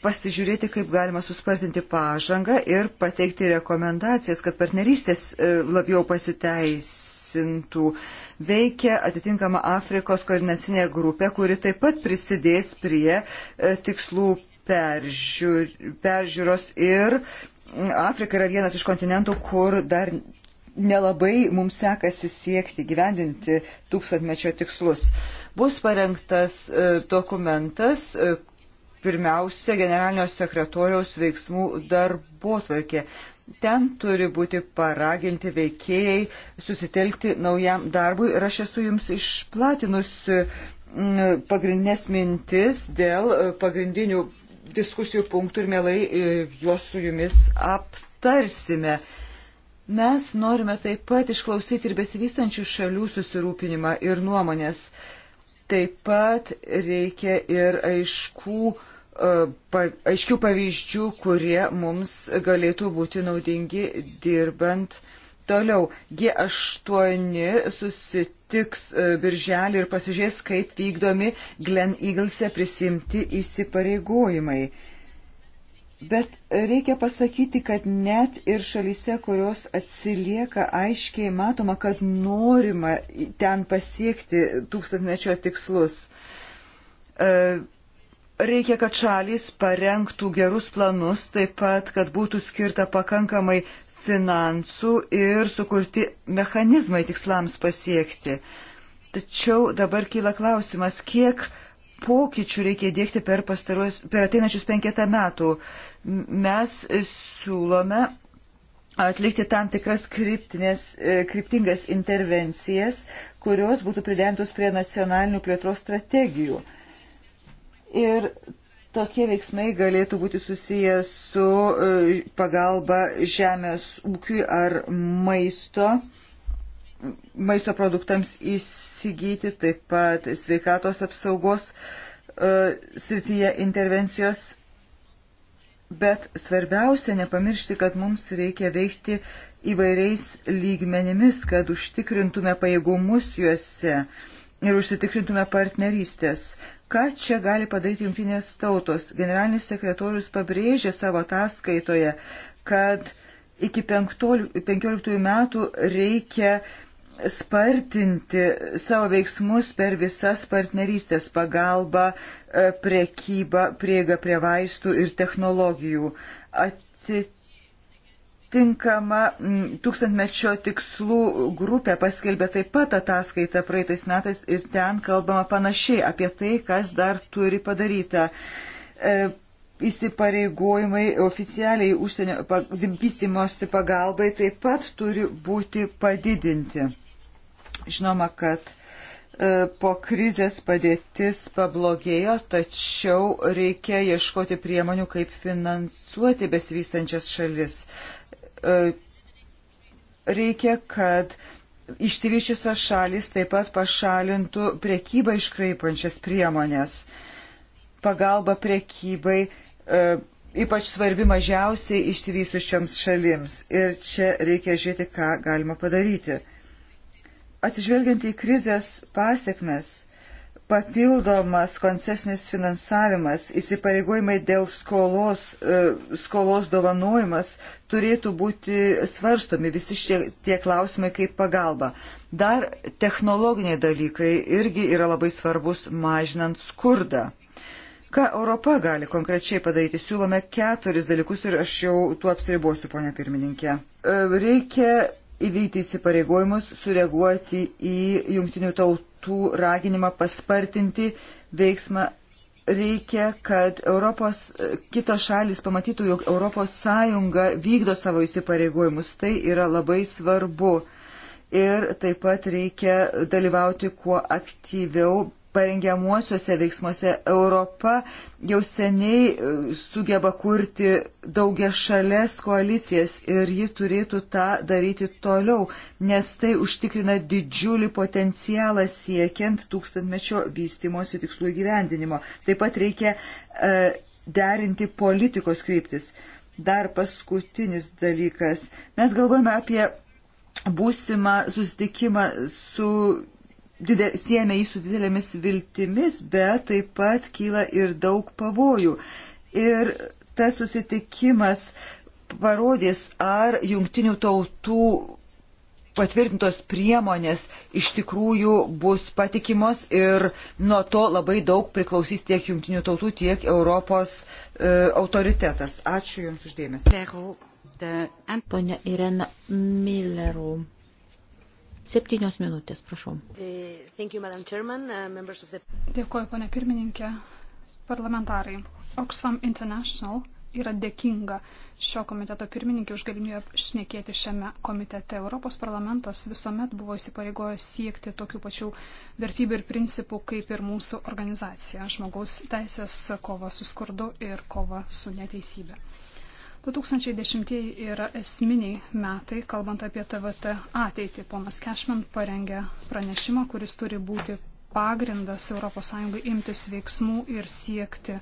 pasižiūrėti, kaip galima suspartinti pažangą ir pateikti rekomendacijas, kad partnerystės e, labiau pasiteisintų. Veikia atitinkama Afrikos koordinacinė grupė, kuri taip pat prisidės prie e, tikslų peržiūros ir Afrika yra vienas iš kontinentų, kur dar nelabai mums sekasi siekti gyvendinti tūkstantmečio tikslus. Bus parengtas e, dokumentas, e, pirmiausia, generalinio sekretoriaus veiksmų darbo tvarkė. Ten turi būti paraginti veikėjai susitelkti naujam darbui ir aš esu jums išplatinusi pagrindinės mintis dėl e, pagrindinių diskusijų punktų ir mielai juos su jumis aptarsime. Mes norime taip pat išklausyti ir besivystančių šalių susirūpinimą ir nuomonės. Taip pat reikia ir aiškų, e, aiškių pavyzdžių, kurie mums galėtų būti naudingi dirbant toliau. G8 susitiks e, birželį ir pasižiūrės, kaip vykdomi Glen Eaglese prisimti įsipareigojimai. Bet reikia pasakyti, kad net ir šalyse, kurios atsilieka, aiškiai matoma, kad norima ten pasiekti tūkstantmečio tikslus. E, reikia, kad šalis parengtų gerus planus, taip pat, kad būtų skirta pakankamai finansų ir sukurti mechanizmai tikslams pasiekti. Tačiau dabar kyla klausimas, kiek uh, pokyčių reikia dėkti per, pastaruos, per ateinačius penketą metų. Mes siūlome atlikti tam tikras e, kryptingas intervencijas, kurios būtų pridentos prie nacionalinių plėtros strategijų. Ir tokie veiksmai galėtų būti susiję su e, pagalba žemės ūkiui ar maisto maisto produktams įsigyti, taip pat sveikatos apsaugos e, srityje intervencijos. Bet svarbiausia nepamiršti, kad mums reikia veikti įvairiais lygmenimis, kad užtikrintume pajėgumus juose ir užsitikrintume partnerystės. Ką čia gali padaryti jungtinės tautos? Generalinis sekretorius pabrėžė savo ataskaitoje, kad iki 15 metų reikia uh, spartinti savo veiksmus per visas partnerystės pagalbą, e, prekybą, prieigą prie vaistų ir technologijų. Atitinkama tūkstantmečio tikslų grupė paskelbė taip pat ataskaitą praeitais metais ir ten kalbama panašiai apie tai, kas dar turi padaryta e, įsipareigojimai oficialiai užsienio vystimosi pagalbai taip pat turi būti padidinti. Žinoma, kad e, po krizės padėtis pablogėjo, tačiau reikia ieškoti priemonių, kaip finansuoti besivystančias šalis. E, reikia, kad išsivyščiusios šalis taip pat pašalintų priekybą iškraipančias priemonės. Pagalba priekybai e, ypač svarbi mažiausiai išsivysusioms šalims. Ir čia reikia žiūrėti, ką galima padaryti atsižvelgiant į krizės pasiekmes, papildomas koncesinis finansavimas, įsipareigojimai dėl skolos, e, skolos dovanojimas turėtų būti svarstomi visi šie tie klausimai kaip pagalba. Dar technologiniai dalykai irgi yra labai svarbus mažinant skurdą. Ką Europa gali konkrečiai padaryti? Siūlome keturis dalykus ir aš jau tuo apsiribosiu, ponia pirmininkė. E, reikia įvykti įsipareigojimus, sureaguoti į jungtinių tautų raginimą paspartinti veiksmą. Reikia, kad Europos, kitos šalis pamatytų, jog ES vykdo savo įsipareigojimus. Tai yra labai svarbu. Ir taip pat reikia dalyvauti kuo aktyviau parengiamuosiuose veiksmuose Europa jau seniai e, sugeba kurti daugia šalės koalicijas ir ji turėtų tą daryti toliau, nes tai užtikrina didžiulį potencialą siekiant tūkstantmečio vystimosi tikslų įgyvendinimo. Taip pat reikia e, derinti politikos kryptis. Dar paskutinis dalykas. Mes galvojame apie būsimą susitikimą su didel, siejame jį su didelėmis viltimis, bet taip pat kyla ir daug pavojų. Ir tas susitikimas parodys, ar jungtinių tautų patvirtintos priemonės iš tikrųjų bus patikimos ir nuo to labai daug priklausys tiek jungtinių tautų, tiek Europos e, autoritetas. Ačiū Jums uždėmesį. Pone Irena Millerų. Septynios minutės, prašau. Uh, Dėkuoju, ponė pirmininkė, parlamentarai. Oxfam International yra dėkinga šio komiteto pirmininkė už galimybę šnekėti šiame komitete. Europos parlamentas visuomet buvo įsipareigojęs siekti tokių pačių vertybių ir principų kaip ir mūsų organizacija - žmogaus teisės, kova su skurdu ir kova su neteisybė. 2010 yra esminiai metai, kalbant apie TVT ateitį. Ponas Kešman parengė pranešimą, kuris turi būti pagrindas ES imtis veiksmų ir siekti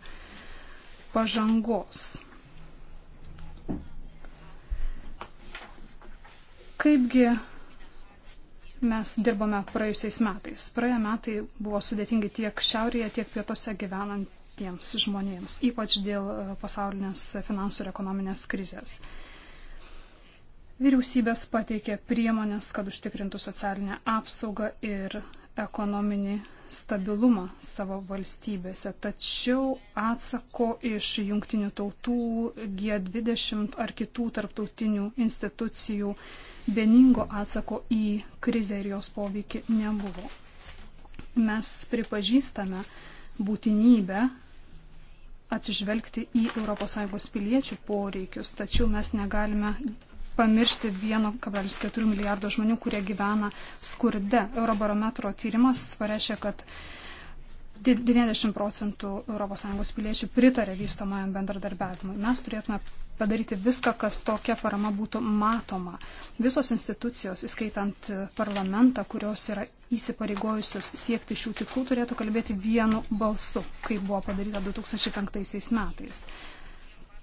pažangos. Kaipgi mes dirbame praėjusiais metais. Praėję metai buvo sudėtingi tiek šiaurėje, tiek pietuose gyvenant tiems žmonėms, ypač dėl e, pasaulinės finansų ir ekonominės krizės. Vyriausybės pateikė priemonės, kad užtikrintų socialinę apsaugą ir ekonominį stabilumą savo valstybėse. Tačiau atsako iš jungtinių tautų, G20 ar kitų tarptautinių institucijų vieningo atsako į krizę ir jos poveikį nebuvo. Mes pripažįstame būtinybę atsižvelgti į ES piliečių poreikius, tačiau mes negalime pamiršti 1,4 milijardo žmonių, kurie gyvena skurde. Eurobarometro tyrimas pareiškia, kad 90 procentų ES piliečių pritarė vystomajam bendradarbiavimui. Mes turėtume padaryti viską, kad tokia parama būtų matoma. Visos institucijos, įskaitant parlamentą, kurios yra įsipareigojusios siekti šių tikslų, turėtų kalbėti vienu balsu, kaip buvo padaryta 2005 metais.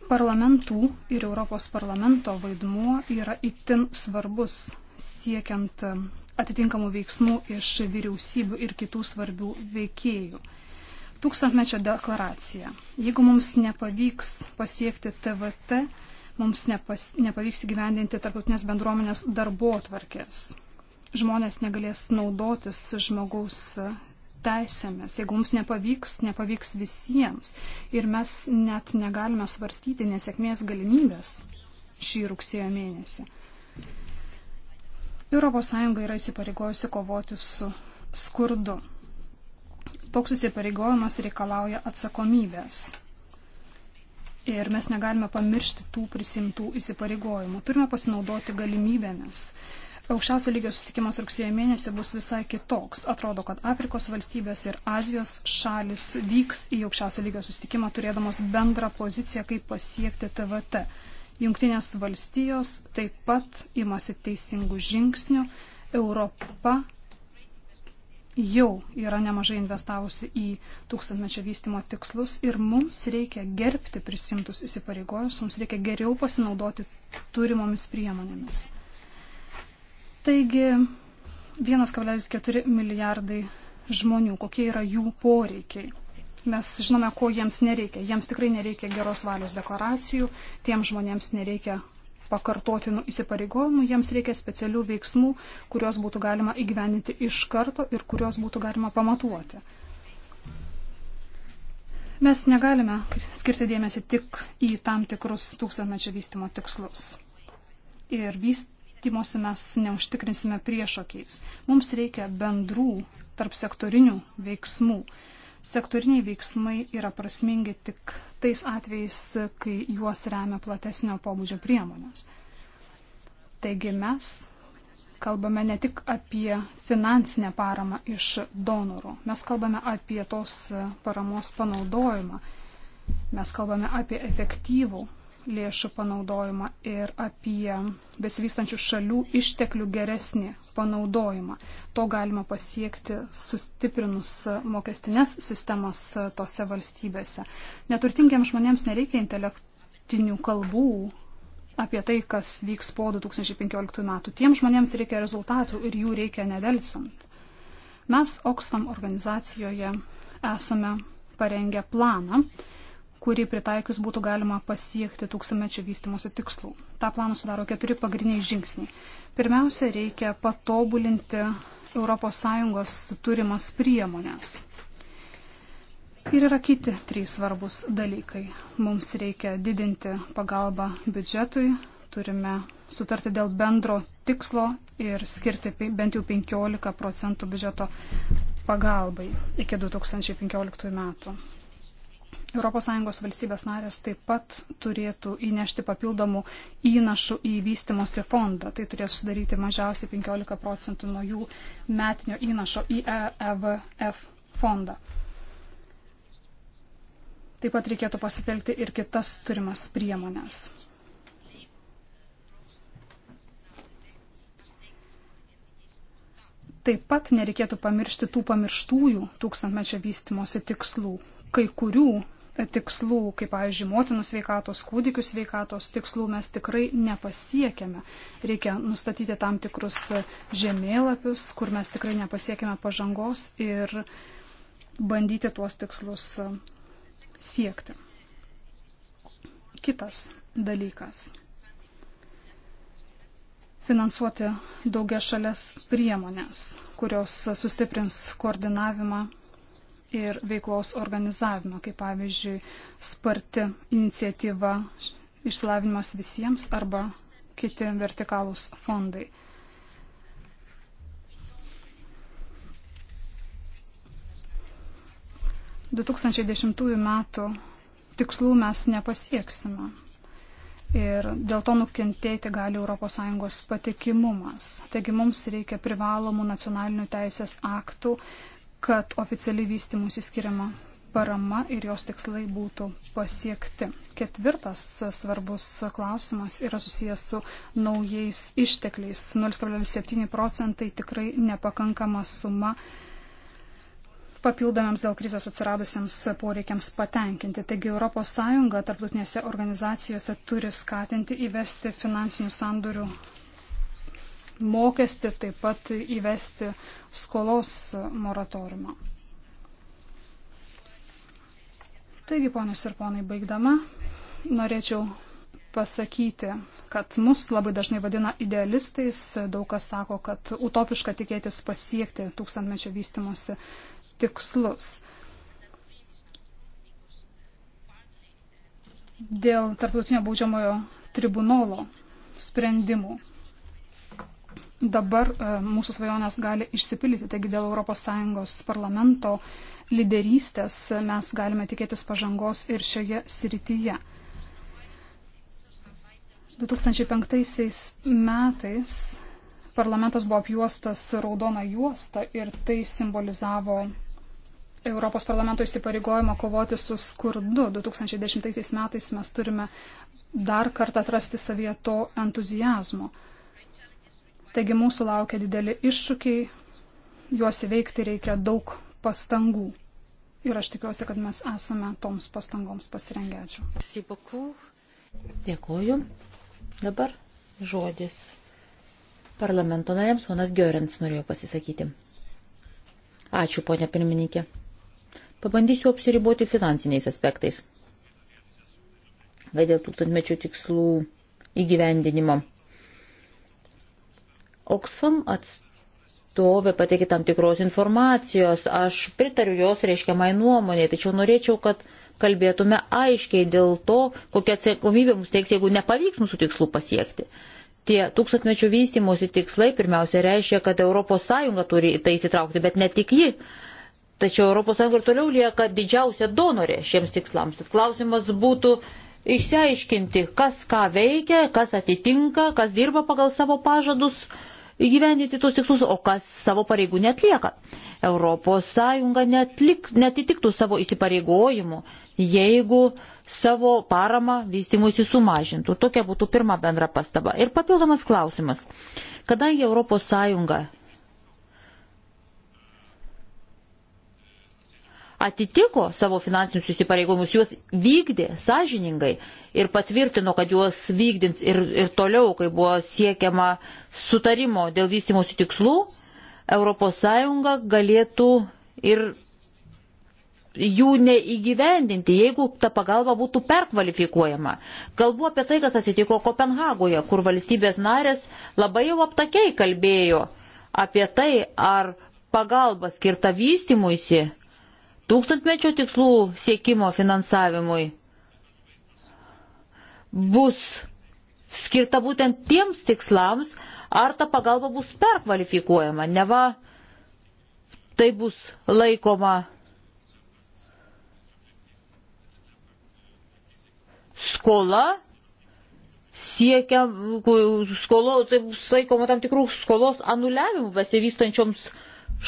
Parlamentų ir Europos parlamento vaidmuo yra itin svarbus siekiant atitinkamų veiksmų iš vyriausybių ir kitų svarbių veikėjų. Tūkstantmečio deklaracija. Jeigu mums nepavyks pasiekti TVT, mums nepas, nepavyks įgyvendinti tarptautinės bendruomenės darbo atvarkės. Žmonės negalės naudotis žmogaus teisėmis. Jeigu mums nepavyks, nepavyks visiems. Ir mes net negalime svarstyti nesėkmės galimybės šį rugsėjo mėnesį. ES yra įsipareigojusi kovoti su skurdu. Toks įsipareigojimas reikalauja atsakomybės. Ir mes negalime pamiršti tų prisimtų įsipareigojimų. Turime pasinaudoti galimybėmis. Aukščiausio lygio susitikimas rugsėjo mėnesį bus visai kitoks. Atrodo, kad Afrikos valstybės ir Azijos šalis vyks į aukščiausio lygio susitikimą turėdamos bendrą poziciją, kaip pasiekti TVT. Junktinės valstijos taip pat imasi teisingų žingsnių. Europa jau yra nemažai investavusi į tūkstantmečio vystimo tikslus ir mums reikia gerbti prisimtus įsipareigojimus, mums reikia geriau pasinaudoti turimomis priemonėmis. Taigi 1,4 milijardai žmonių, kokie yra jų poreikiai. Mes žinome, ko jiems nereikia. Jiems tikrai nereikia geros valios deklaracijų, tiem žmonėms nereikia pakartotinų įsipareigojimų, jiems reikia specialių veiksmų, kuriuos būtų galima įgyveninti iš karto ir kuriuos būtų galima pamatuoti. Mes negalime skirti dėmesį tik į tam tikrus tūkstantmečio vystimo tikslus. Ir vystimosi mes neužtikrinsime priešokiais. Mums reikia bendrų tarp sektorinių veiksmų. Sektoriniai veiksmai yra prasmingi tik tais atvejais, kai juos remia platesnio pobūdžio priemonės. Taigi mes kalbame ne tik apie finansinę paramą iš donorų, mes kalbame apie tos paramos panaudojimą, mes kalbame apie efektyvų lėšų panaudojimą ir apie besivystančių šalių išteklių geresnį panaudojimą. To galima pasiekti sustiprinus mokestinės sistemas tose valstybėse. Neturtingiems žmonėms nereikia intelektinių kalbų apie tai, kas vyks po 2015 metų. Tiems žmonėms reikia rezultatų ir jų reikia nedelsant. Mes Oxfam organizacijoje esame parengę planą, kurį pritaikius būtų galima pasiekti tūkstamečio vystimosi tikslų. Ta planą sudaro keturi pagrindiniai žingsniai. Pirmiausia, reikia patobulinti ES turimas priemonės. Ir yra kiti trys svarbus dalykai. Mums reikia didinti pagalbą biudžetui, turime sutarti dėl bendro tikslo ir skirti bent jau 15 procentų biudžeto pagalbai iki 2015 metų. ES valstybės narės taip pat turėtų įnešti papildomų įnašų į vystimosi fondą. Tai turės sudaryti mažiausiai 15 procentų nuo jų metinio įnašo į EEVF fondą. Taip pat reikėtų pasitelkti ir kitas turimas priemonės. Taip pat nereikėtų pamiršti tų pamirštųjų tūkstantmečio vystimosi tikslų. Kai kurių tikslų, kaip pavyzdžiui, motinų sveikatos, kūdikių sveikatos tikslų mes tikrai nepasiekėme. Reikia nustatyti tam tikrus žemėlapius, kur mes tikrai nepasiekėme pažangos ir bandyti tuos tikslus siekti. Kitas dalykas. Finansuoti daugia šalias priemonės, kurios sustiprins koordinavimą ir veiklos organizavimą, kaip pavyzdžiui, sparti iniciatyva išsilavinimas visiems arba kiti vertikalūs fondai. Du 2010 metų tikslų mes nepasieksime. Ir dėl to nukentėti gali ES patikimumas. Taigi mums reikia privalomų nacionalinių teisės aktų, kad oficialiai vystimusi skiriama parama ir jos tikslai būtų pasiekti. Ketvirtas svarbus klausimas yra susijęs su naujais ištekliais. 0,7 procentai tikrai nepakankama suma papildomiams dėl krizės atsiradusiems poreikiams patenkinti. Taigi ES tarptautinėse organizacijose turi skatinti įvesti finansinių sandorių mokestį, taip pat įvesti skolos moratoriumą. Taigi, ponius ir ponai, baigdama, norėčiau pasakyti, kad mus labai dažnai vadina idealistais, daug kas sako, kad utopiška tikėtis pasiekti tūkstantmečio vystimosi tikslus. Dėl tarptautinio baudžiamojo tribunolo sprendimų dabar e, mūsų svajonės gali išsipildyti. Taigi dėl ES parlamento lyderystės mes galime tikėtis pažangos ir šioje srityje. 2005 metais parlamentas buvo apjuostas raudona juosta ir tai simbolizavo Europos parlamento įsipareigojimą kovoti su skurdu. 2010 metais mes turime dar kartą atrasti savyje to entuzijazmo. Taigi mūsų laukia dideli iššūkiai, juos įveikti reikia daug pastangų. Ir aš tikiuosi, kad mes esame toms pastangoms pasirengę. Ačiū. Dėkuoju. Dabar žodis. Parlamento nariams ponas Giorens norėjo pasisakyti. Ačiū, ponia pirmininkė. Pabandysiu apsiriboti finansiniais aspektais. Vai dėl tūkstantmečių tikslų įgyvendinimo Oxfam atstovė pateikė tam tikros informacijos, aš pritariu jos reiškiamai nuomonė, tačiau norėčiau, kad kalbėtume aiškiai dėl to, kokia atsakomybė mums teiks, jeigu nepavyks mūsų tikslų pasiekti. Tie tūkstantmečių vystimosi tikslai pirmiausia reiškia, kad ES turi į tai įsitraukti, bet ne tik ji. Tačiau ES ir toliau lieka didžiausia donorė šiems tikslams. Tad klausimas būtų išsiaiškinti, kas ką veikia, kas atitinka, kas dirba pagal savo pažadus, uh, įgyvendinti tos tikslus, o kas savo pareigų netlieka. ES netlik, netitiktų savo įsipareigojimų, jeigu savo paramą vystimusi sumažintų. Tokia būtų pirma bendra pastaba. Ir papildomas klausimas. Kadangi ES atitiko savo finansinius įsipareigojimus, juos vykdė sąžiningai ir patvirtino, kad juos vykdins ir, ir toliau, kai buvo siekiama sutarimo dėl vystimosi tikslų, ES galėtų ir jų neįgyvendinti, jeigu ta pagalba būtų perkvalifikuojama. Kalbu apie tai, kas atsitiko Kopenhagoje, kur valstybės narės labai jau aptakiai kalbėjo apie tai, ar pagalba skirta vystimuisi tūkstantmečio tikslų siekimo finansavimui bus skirta būtent tiems tikslams, ar ta pagalba bus perkvalifikuojama, neva tai bus laikoma skola, siekia skolo, tai bus laikoma tam tikrų skolos anuliavimų besivystančioms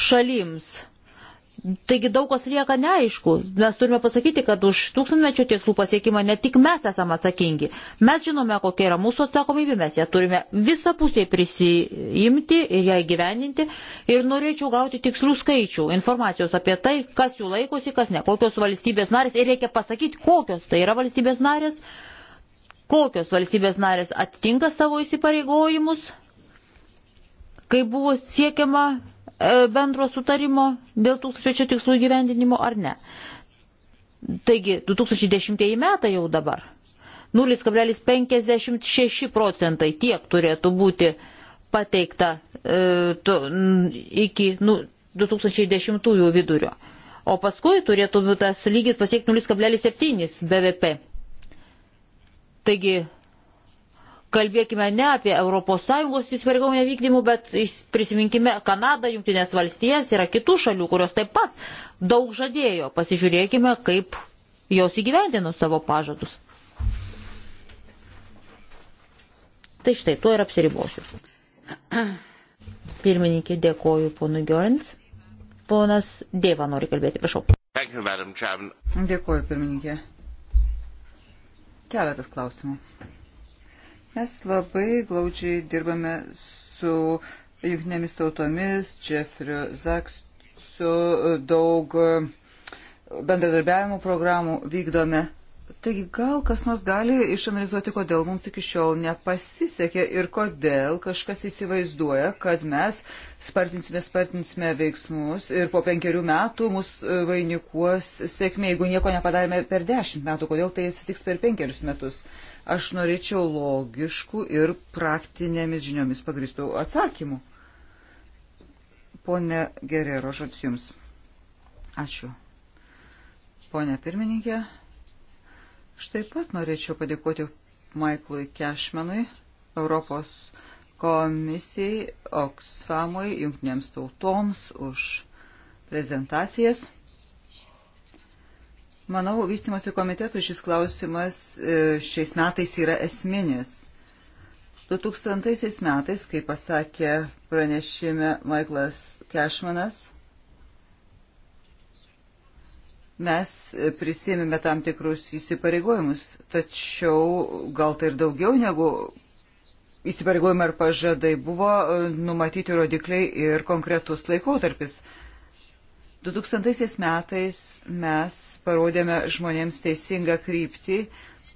šalims. Taigi daug kas lieka neaišku. Mes turime pasakyti, kad už tūkstantmečio tikslų pasiekimą ne tik mes esame atsakingi. Mes žinome, kokia yra mūsų atsakomybė, mes ją turime visapusiai prisijimti ir ją įgyvendinti. Ir norėčiau gauti tikslių skaičių, informacijos apie tai, kas jų laikosi, kas ne, kokios valstybės narės. Ir reikia pasakyti, kokios tai yra valstybės narės, kokios valstybės narės atitinka savo įsipareigojimus, kai buvo siekiama E, bendro sutarimo dėl tūkstančio tikslų įgyvendinimo ar ne. Taigi 2010 metai jau dabar. 0,56 procentai tiek turėtų būti pateikta e, tu, iki nu, 2010 vidurio. O paskui turėtų tas lygis pasiekti 0,7 BVP. Taigi kalbėkime ne apie ES įsipareigojimų nevykdymų, bet prisiminkime Kanadą, Junktinės valstijas, yra kitų šalių, kurios taip pat daug žadėjo. Pasižiūrėkime, kaip jos įgyvendino savo pažadus. Tai štai, tuo ir apsiribosiu. Pirmininkė, dėkoju ponui Giorins. Ponas Dėva nori kalbėti, prašau. Dėkoju, pirmininkė. Keletas klausimų. Mes labai glaudžiai dirbame su jungtinėmis tautomis, Jeffriu Zaks, su daug e, bendradarbiavimo programų vykdome Taigi gal kas nors gali išanalizuoti, kodėl mums iki šiol nepasisekė ir kodėl kažkas įsivaizduoja, kad mes spartinsime, spartinsime veiksmus ir po penkerių metų mus e, vainikuos sėkmė, jeigu nieko nepadarėme per dešimt metų, kodėl tai atsitiks per penkerius metus. Aš norėčiau logiškų ir praktinėmis žiniomis pagristų atsakymų. Pone Gerero, žodis Jums. Ačiū. Pone pirmininkė, Aš taip pat norėčiau padėkoti Maiklui Kešmenui, Europos komisijai, Oksamui, jungtinėms tautoms už prezentacijas. Manau, vystimosi komitetų šis klausimas e, šiais metais yra esminis. 2000 metais, kaip pasakė pranešime Michaelas Kešmanas, mes prisėmėme tam tikrus įsipareigojimus, tačiau gal tai ir daugiau negu įsipareigojimai ar pažadai buvo e, numatyti rodikliai ir konkretus laikotarpis. 2000 metais mes parodėme žmonėms teisingą kryptį,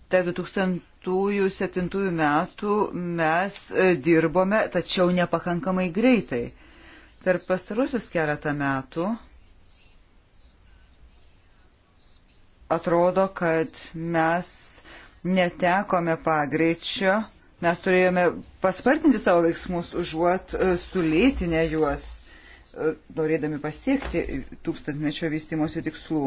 tai 2007 metų mes e, dirbome, tačiau nepakankamai greitai. Per pastarusius keletą metų atrodo, kad mes netekome pagreičio, mes turėjome paspartinti savo veiksmus užuot e, sulėtinę juos, e, norėdami pasiekti tūkstantmečio vystimosi tikslų.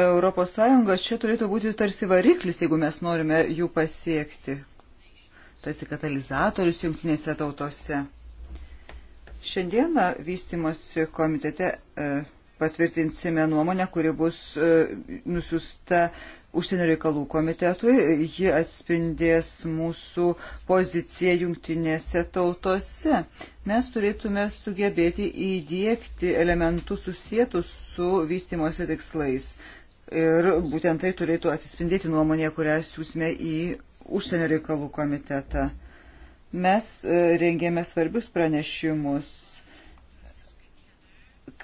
ES čia turėtų būti tarsi variklis, jeigu mes norime jų pasiekti. Tarsi katalizatorius jungtinėse tautose. Šiandieną vystimosi komitete e, patvirtinsime nuomonę, kuri bus e, nusiusta užsienio reikalų komitetui. Ji atspindės mūsų poziciją jungtinėse tautose. Mes turėtume sugebėti įdėkti elementus susijętus su vystimosi tikslais. Ir būtent tai turėtų atsispindėti nuomonė, kurią siūsime į užsienio reikalų komitetą. Mes e, rengėme svarbius pranešimus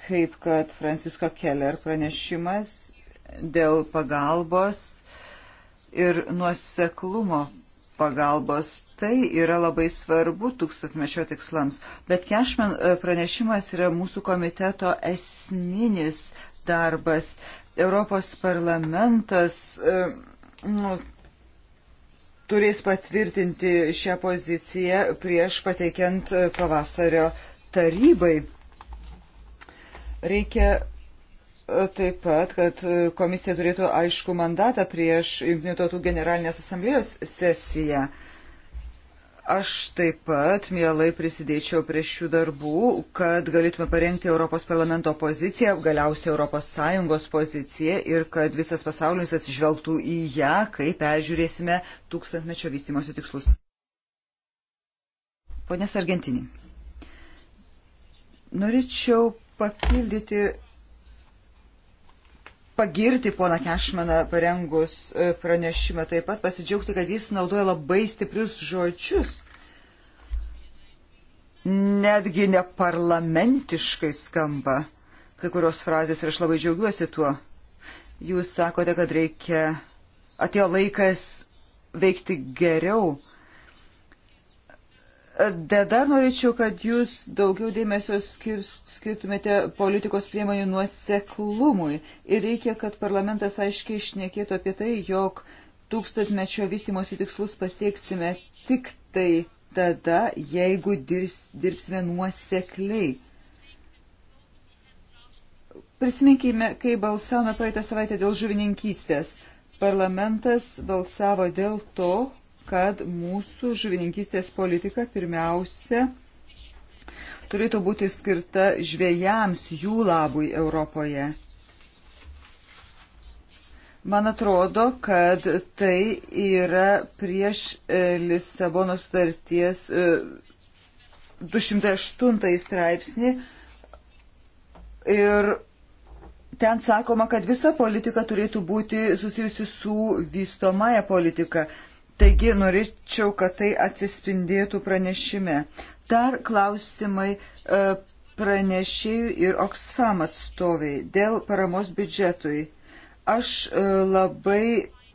kaip kad Francisko Keller pranešimas dėl pagalbos ir nuoseklumo pagalbos. Tai yra labai svarbu tūkstantmečio tikslams. Bet Kešman e, pranešimas yra mūsų komiteto esminis darbas. Europos parlamentas e, nu, turės patvirtinti šią poziciją prieš pateikiant e, pavasario tarybai. Reikia e, taip pat, kad komisija turėtų aišku mandatą prieš Junktinių tautų generalinės asamblėjos sesiją. Aš taip pat mielai prisidėčiau prie šių darbų, kad galėtume parengti Europos parlamento poziciją, galiausiai ES poziciją ir kad visas pasaulis atsižvelgtų į ją, kai peržiūrėsime tūkstantmečio vystimosi tikslus. Ponės Argentinį. Norėčiau papildyti, pagirti poną Kešmaną parengus e, pranešimą, taip pat pasidžiaugti, kad jis naudoja labai stiprius žodžius. Netgi neparlamentiškai skamba kai kurios frazės ir aš labai džiaugiuosi tuo. Jūs sakote, kad reikia, atėjo laikas veikti geriau Dar norėčiau, kad jūs daugiau dėmesio skirtumėte politikos priemonių nuoseklumui ir reikia, kad parlamentas aiškiai išnekėtų apie tai, jog tūkstantmečio vystimosi tikslus pasieksime tik tai tada, jeigu dirbs, dirbsime nuosekliai. Prisiminkime, kai balsavome praeitą savaitę dėl žuvininkystės. Parlamentas balsavo dėl to, kad mūsų žuvininkystės politika pirmiausia turėtų būti skirta žvėjams jų labui Europoje. Man atrodo, kad tai yra prieš e, Lisabono sutarties 208 e, straipsnį ir ten sakoma, kad visa politika turėtų būti susijusi su vystomąją politiką. Taigi norėčiau, kad tai atsispindėtų pranešime. Dar klausimai e, pranešėjų ir Oxfam atstoviai dėl paramos biudžetui. Aš e, labai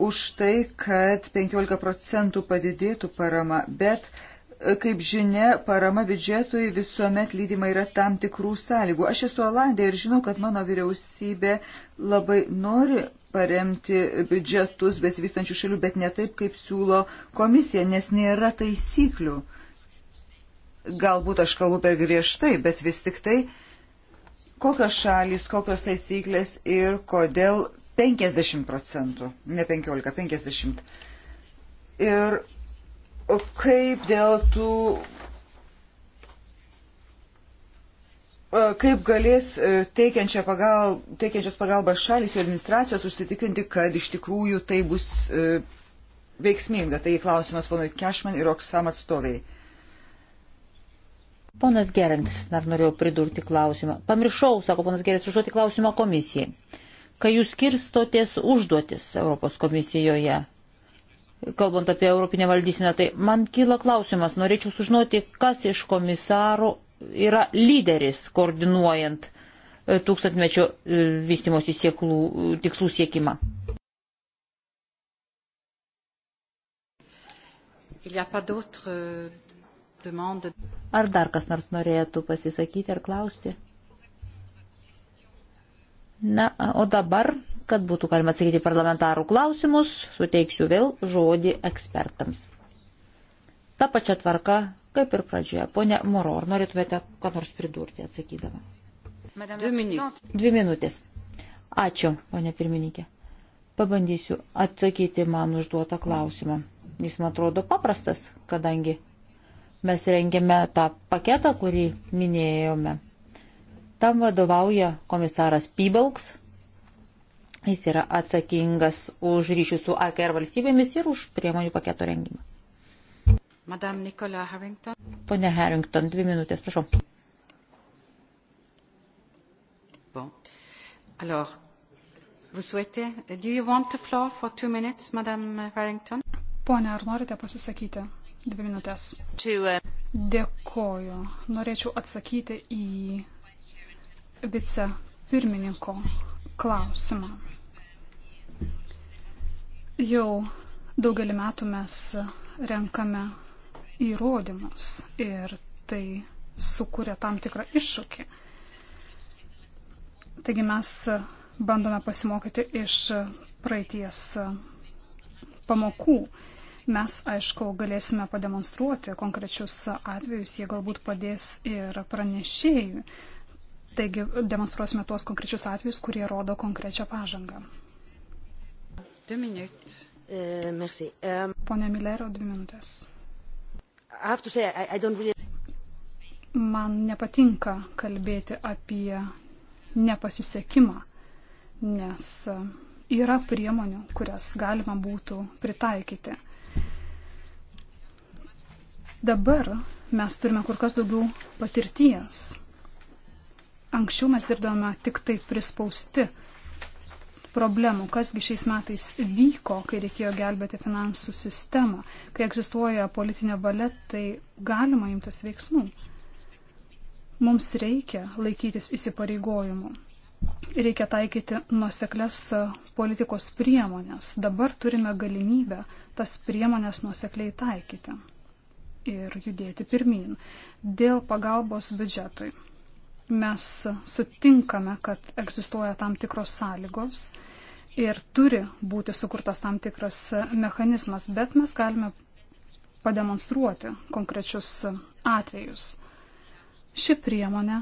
už tai, kad 15 procentų padidėtų parama, bet e, kaip žinia, parama biudžetui visuomet lydima yra tam tikrų sąlygų. Aš esu Olandė ir žinau, kad mano vyriausybė labai nori paremti biudžetus besivystančių šalių, bet ne taip, kaip siūlo komisija, nes nėra taisyklių. Galbūt aš kalbu per griežtai, bet vis tik tai, kokios šalys, kokios taisyklės ir kodėl 50 procentų, ne 15, 50. Ir kaip dėl tų E, kaip galės e, pagal, teikiančios pagalbą šalis jų administracijos užsitikrinti, kad iš tikrųjų tai bus e, veiksminga. Tai klausimas ponui Kešman ir Oksam atstoviai. Ponas Gerants, dar norėjau pridurti klausimą. Pamiršau, sako ponas Gerants, užduoti klausimą komisijai. Kai jūs kirstotės užduotis Europos komisijoje, kalbant apie Europinę valdysiną, tai man kyla klausimas, norėčiau sužinoti, kas iš komisarų yra lyderis koordinuojant e, tūkstantmečio e, vystimosi sieklų, tikslų siekimą. Euh, ar dar kas nors norėtų pasisakyti ar klausti? Na, o dabar, kad būtų galima atsakyti parlamentarų klausimus, suteiksiu vėl žodį ekspertams. Ta pačia tvarka, kaip ir pradžioje. Pone Moro, ar norėtumėte ką nors pridurti atsakydama? Dvi minutės. Dvi minutės. Ačiū, ponė pirmininkė. Pabandysiu atsakyti man užduotą klausimą. Jis man atrodo paprastas, kadangi mes rengėme tą paketą, kurį minėjome. Tam vadovauja komisaras Pybalks. Jis yra atsakingas už ryšių su AKR valstybėmis ir už priemonių paketo rengimą. Madame Nikola Harrington. Pone Harrington, dvi minutės, prašau. Bon. Alors, vous souhaitez, do you want the floor for two minutes, Madame Harrington? Pone, ar norite pasisakyti? Dvi minutės. Uh, Dėkoju. Norėčiau atsakyti į vice pirmininko klausimą. Jau daugelį metų mes renkame įrodymus ir tai sukuria tam tikrą iššūkį. Taigi mes bandome pasimokyti iš praeities pamokų. Mes, aišku, galėsime pademonstruoti konkrečius atvejus, jie galbūt padės ir pranešėjui. Taigi demonstruosime tuos konkrečius atvejus, kurie rodo konkrečią pažangą. Euh, euh, Pone Milero, dvi minutės say, I, I really... Man nepatinka kalbėti apie nepasisekimą, nes e, yra priemonių, kurias galima būtų pritaikyti. Dabar mes turime kur kas daugiau patirties. Anksčiau mes dirbdavome tik tai prispausti problemų, kasgi šiais metais vyko, kai reikėjo gelbėti finansų sistemą, kai egzistuoja politinė valia, tai galima imtis veiksmų. Mums reikia laikytis įsipareigojimų. Reikia taikyti nuoseklės politikos priemonės. Dabar turime galimybę tas priemonės nuosekliai taikyti ir judėti pirmin. Dėl pagalbos biudžetui mes sutinkame, kad egzistuoja tam tikros sąlygos ir turi būti sukurtas tam tikras mechanizmas, bet mes galime pademonstruoti konkrečius atvejus. Ši priemonė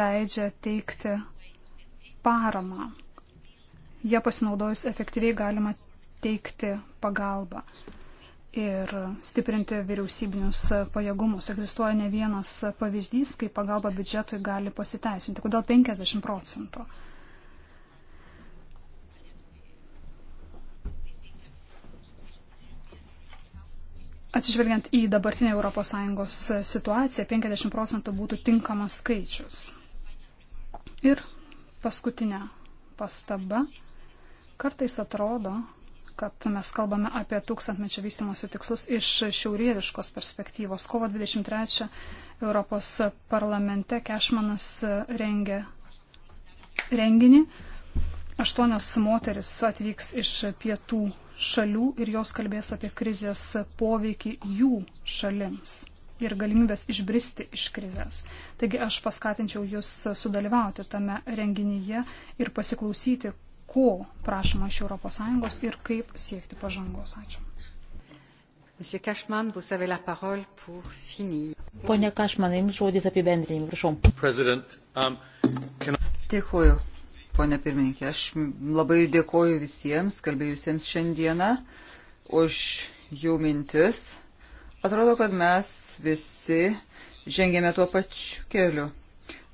leidžia teikti paramą. Jie pasinaudojus efektyviai galima teikti pagalbą ir stiprinti vyriausybinius pajėgumus. Egzistuoja ne vienas pavyzdys, kai pagalba biudžetui gali pasiteisinti. Kodėl 50 procentų? Atsižvelgiant į dabartinę ES situaciją, 50 procentų būtų tinkamas skaičius. Ir paskutinė pastaba. Kartais atrodo, kad mes kalbame apie tūkstantmečio vystimosi tikslus iš šiaurietiškos perspektyvos. Kovo 23 Europos parlamente Kešmanas rengia renginį. Aštuonios moteris atvyks iš pietų šalių ir jos kalbės apie krizės poveikį jų šalims ir galimybės išbristi iš krizės. Taigi aš paskatinčiau jūs sudalyvauti tame renginyje ir pasiklausyti, ko prašoma iš ES ir kaip siekti pažangos. Ačiū. Monsieur Cashman, vous avez la parole pour finir. Pone Kašmanai, jums žodis apibendrinimui, prašau. Um, can... Dėkuoju, ponė pirmininkė. Aš labai dėkuoju visiems kalbėjusiems šiandieną už jų mintis. Atrodo, kad mes visi žengėme tuo pačiu keliu.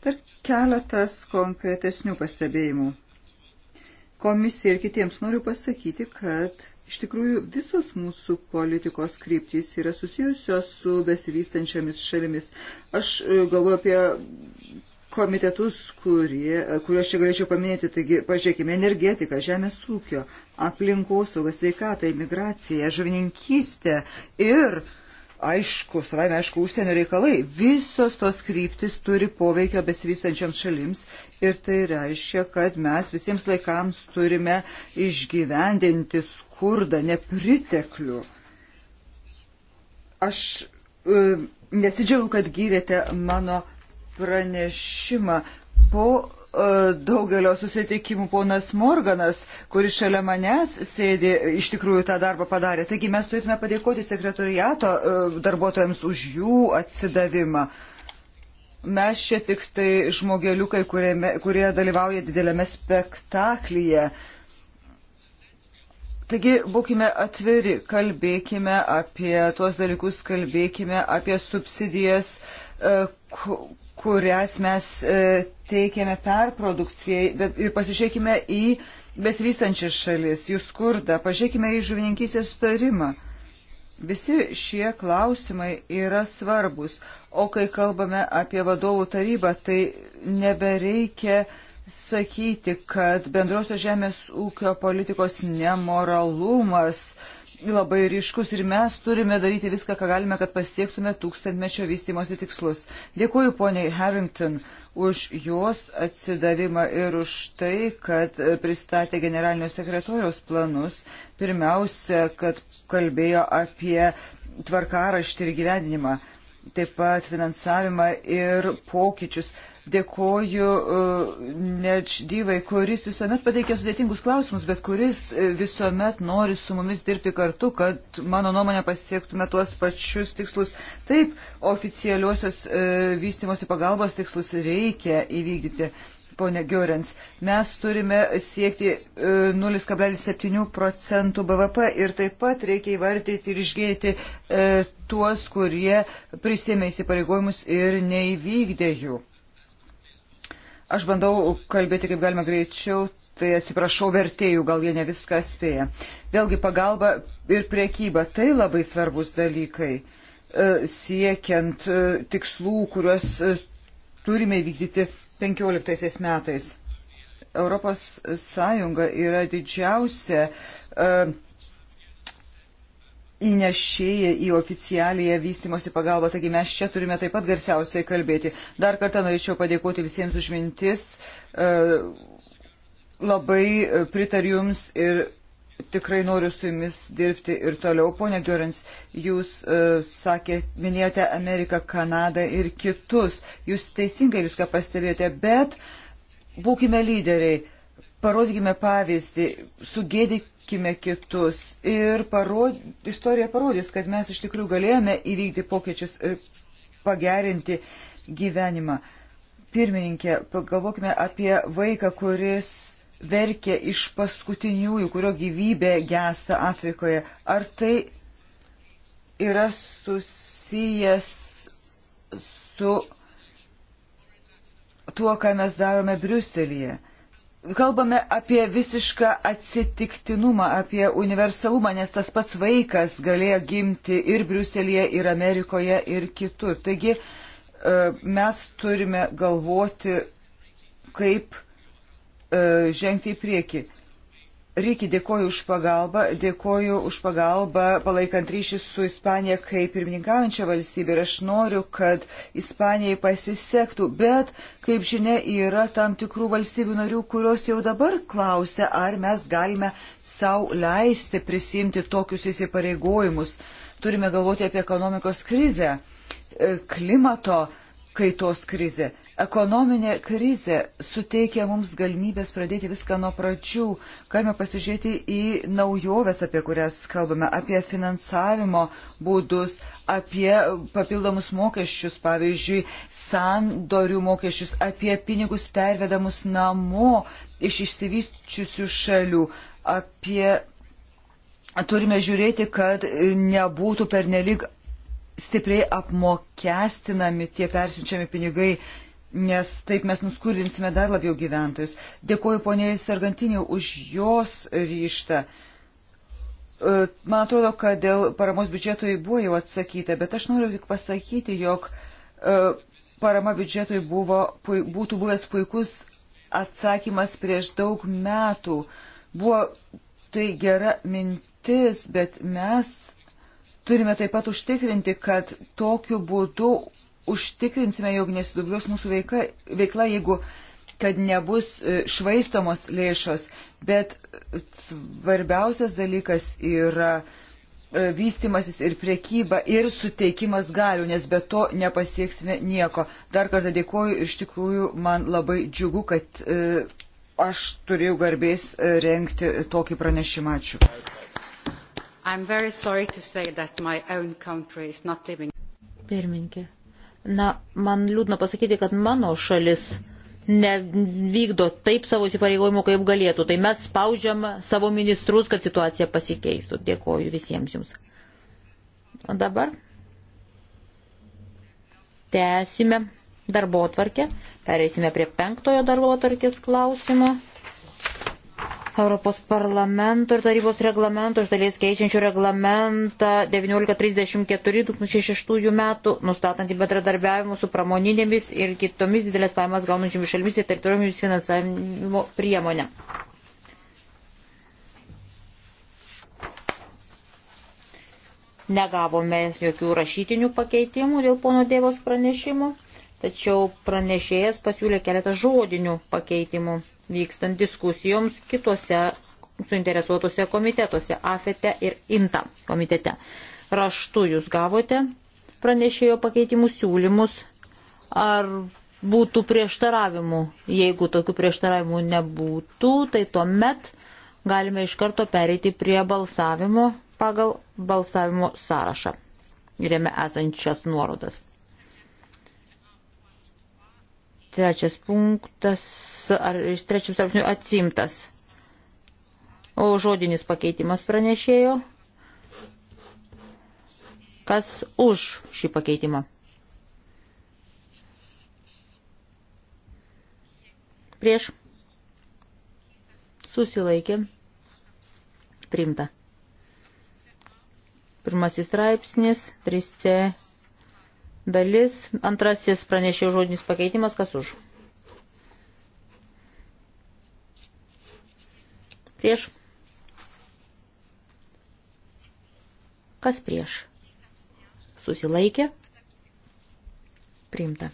Dar keletas konkretesnių pastebėjimų komisijai ir kitiems noriu pasakyti, kad iš tikrųjų visos mūsų politikos kryptys yra susijusios su besivystančiamis šalimis. Aš e, galvoju apie komitetus, kurie, e, kuriuos čia galėčiau paminėti, taigi, pažiūrėkime, energetika, žemės ūkio, aplinkosaugas, sveikata, imigracija, žuvininkystė ir uh, aišku, savai aišku, užsienio reikalai. Visos tos kryptis turi poveikio besivystančiams šalims ir tai reiškia, kad mes visiems laikams turime išgyvendinti skurdą, nepriteklių. Aš e, nesidžiaugiu, kad gyrėte mano pranešimą. Po E, daugelio susitikimų ponas Morganas, kuris šalia manęs sėdi, iš tikrųjų tą darbą padarė. Taigi mes turėtume padėkoti sekretoriato e, darbuotojams už jų atsidavimą. Mes čia tik tai žmogeliukai, kuriame, kurie dalyvauja didelėme spektaklyje. Taigi būkime atviri, kalbėkime apie tuos dalykus, kalbėkime apie subsidijas. Uh, E, kurias mes e, teikiame perprodukcijai, bet ir pasižiūrėkime į besivystančias šalis, jų skurdą, pažiūrėkime į žuvininkysės sutarimą. Visi šie klausimai yra svarbus, o kai kalbame apie vadovų tarybą, tai nebereikia sakyti, kad bendrosios žemės ūkio politikos nemoralumas uh, labai ryškus ir mes turime daryti viską, ką galime, kad pasiektume tūkstantmečio vystimosi tikslus. Dėkuoju poniai Harrington už jos atsidavimą ir už tai, kad pristatė generalinio sekretorijos planus. Pirmiausia, kad kalbėjo apie tvarkaraštį ir gyvendinimą, taip pat finansavimą ir pokyčius. Dėkoju e, Nečdyvai, kuris visuomet pateikia sudėtingus klausimus, bet kuris e, visuomet nori su mumis dirbti kartu, kad mano nuomonė pasiektume tuos pačius tikslus. Taip, oficialiosios e, vystimosi pagalbos tikslus reikia įvykdyti. Pone Giorens, mes turime siekti 0,7 procentų BVP ir taip pat reikia įvardyti ir išgėti tuos, kurie prisėmė įsipareigojimus ir neįvykdė jų. Aš bandau kalbėti kaip galima greičiau, tai atsiprašau vertėjų, gal jie ne viską spėja. Vėlgi pagalba ir priekyba - tai labai svarbus dalykai e, siekiant e, tikslų, kuriuos e, turime vykdyti 15 metais. Europos Sąjunga yra didžiausia uh, įnešėja į oficialiją vystimosi pagalbą, taigi mes čia turime taip pat garsiausiai kalbėti. Dar kartą norėčiau padėkoti visiems už mintis. E, labai pritariu Jums ir tikrai noriu su jumis dirbti ir toliau. Pone Gerins, jūs uh, sakė, minėjote Ameriką, Kanadą ir kitus. Jūs teisingai viską pastebėjote, bet būkime lyderiai, parodykime pavyzdį, sugėdi, gerbkime kitus. Ir parod, istorija parodys, kad mes iš tikrųjų galėjome įvykti pokyčius ir pagerinti gyvenimą. Pirmininkė, pagalvokime apie vaiką, kuris verkia iš paskutiniųjų, kurio gyvybė gesta Afrikoje. Ar tai yra susijęs su tuo, ką mes darome Briuselėje? Kalbame apie visišką atsitiktinumą, apie universalumą, nes tas pats vaikas galėjo gimti ir Briuselėje, ir Amerikoje, ir kitur. Taigi e, mes turime galvoti, kaip e, žengti į priekį. Reikia dėkoju už pagalbą, dėkoju už pagalbą palaikant ryšį su Ispanija kaip pirmininkaujančia valstybė ir aš noriu, kad Ispanijai pasisektų, bet, kaip žinia, yra tam tikrų valstybių narių, kurios jau dabar klausia, ar mes galime savo leisti prisimti tokius įsipareigojimus. Turime galvoti apie ekonomikos krizę, e, klimato kaitos krizę. Ekonominė krizė suteikia mums galimybės pradėti viską nuo pradžių. Galime pasižiūrėti į naujoves, apie kurias kalbame, apie finansavimo būdus, apie papildomus mokesčius, pavyzdžiui, sandorių mokesčius, apie pinigus pervedamus namo iš išsivysčiusių šalių, apie. Turime žiūrėti, kad nebūtų pernelyg stipriai apmokestinami tie persiunčiami pinigai nes taip mes nuskurdinsime dar labiau gyventojus. Dėkuoju poniai Sargantinė už jos ryštą. E, man atrodo, kad dėl paramos biudžetui buvo jau atsakyta, bet aš noriu tik pasakyti, jog e, parama biudžetui buvo, būtų buvęs puikus atsakymas prieš daug metų. Buvo tai gera mintis, bet mes turime taip pat užtikrinti, kad tokiu būdu užtikrinsime, jog nesidubliuos mūsų veikla, veikla, jeigu kad nebus e, švaistomos lėšos, bet e, svarbiausias dalykas yra e, vystimasis ir priekyba ir suteikimas galių, nes be to nepasieksime nieko. Dar kartą dėkoju ir iš tikrųjų man labai džiugu, kad aš turėjau garbės renkti tokį pranešimą. Ačiū. Pirmininkė, Na, man liūdna pasakyti, kad mano šalis nevykdo taip savo įsipareigojimų, kaip galėtų. Tai mes spaudžiam savo ministrus, kad situacija pasikeistų. Dėkoju visiems jums. O dabar tęsime darbo atvarkę. Pereisime prie penktojo darbo atvarkės klausimo. Europos parlamento ir tarybos reglamento, iš dalies keičiančių reglamentą 1934-2006 metų, nustatantį bendradarbiavimą su pramoninėmis ir kitomis didelės pajamas gaunančiomis šalimis ir teritorijomis finansavimo priemonė. Negavome jokių rašytinių pakeitimų dėl pono Dėvos pranešimų, tačiau pranešėjas pasiūlė keletą žodinių pakeitimų vykstant diskusijoms kitose suinteresuotose komitetuose, AFETE ir INTA komitete. Raštu jūs gavote pranešėjo pakeitimų siūlymus, ar būtų prieštaravimų. Jeigu tokių prieštaravimų nebūtų, tai tuomet galime iš karto pereiti prie balsavimo pagal balsavimo sąrašą ir jame esančias nuorodas. Trečias punktas, ar iš trečių straipsnių atsimtas. O žodinis pakeitimas pranešėjo. Kas už šį pakeitimą? Prieš. Susilaikė. Primta. Pirmasis straipsnis 3C dalis. Antrasis pranešė žodinis pakeitimas, kas už. Prieš. Kas prieš? Susilaikė. Priimta.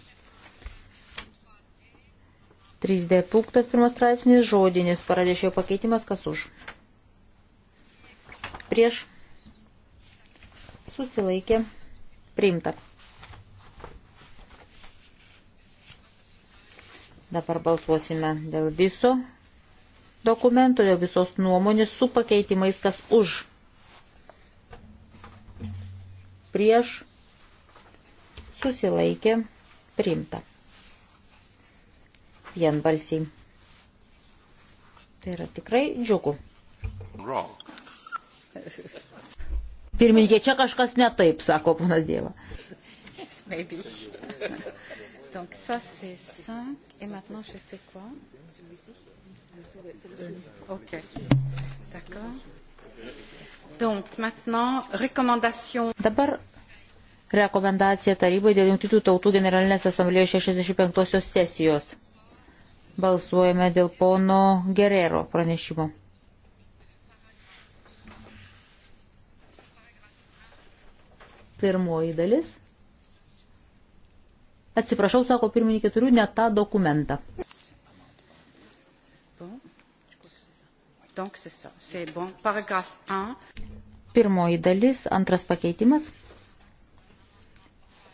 3D punktas, pirmas straipsnis, žodinis, pradėšėjo pakeitimas, kas už. Prieš. Susilaikė. Priimta. Dabar balsuosime dėl viso dokumento, dėl visos nuomonės su pakeitimais, kas už. Prieš susilaikė priimta. Vienbalsiai. Tai yra tikrai džiugu. Pirmininkė, čia kažkas netaip, sako ponas Dieva. Yes, Et maintenant, je fais quoi euh, Ok. D'accord. Donc, maintenant, recommandation. Dabar rekomendacija tarybai dėl Junktinių tautų generalinės asamblėjos 65-osios sesijos. Balsuojame dėl pono Gerero pranešimo. Pirmoji dalis. Atsiprašau, sako pirmininkė, turiu ne tą dokumentą. Pirmoji dalis, antras pakeitimas.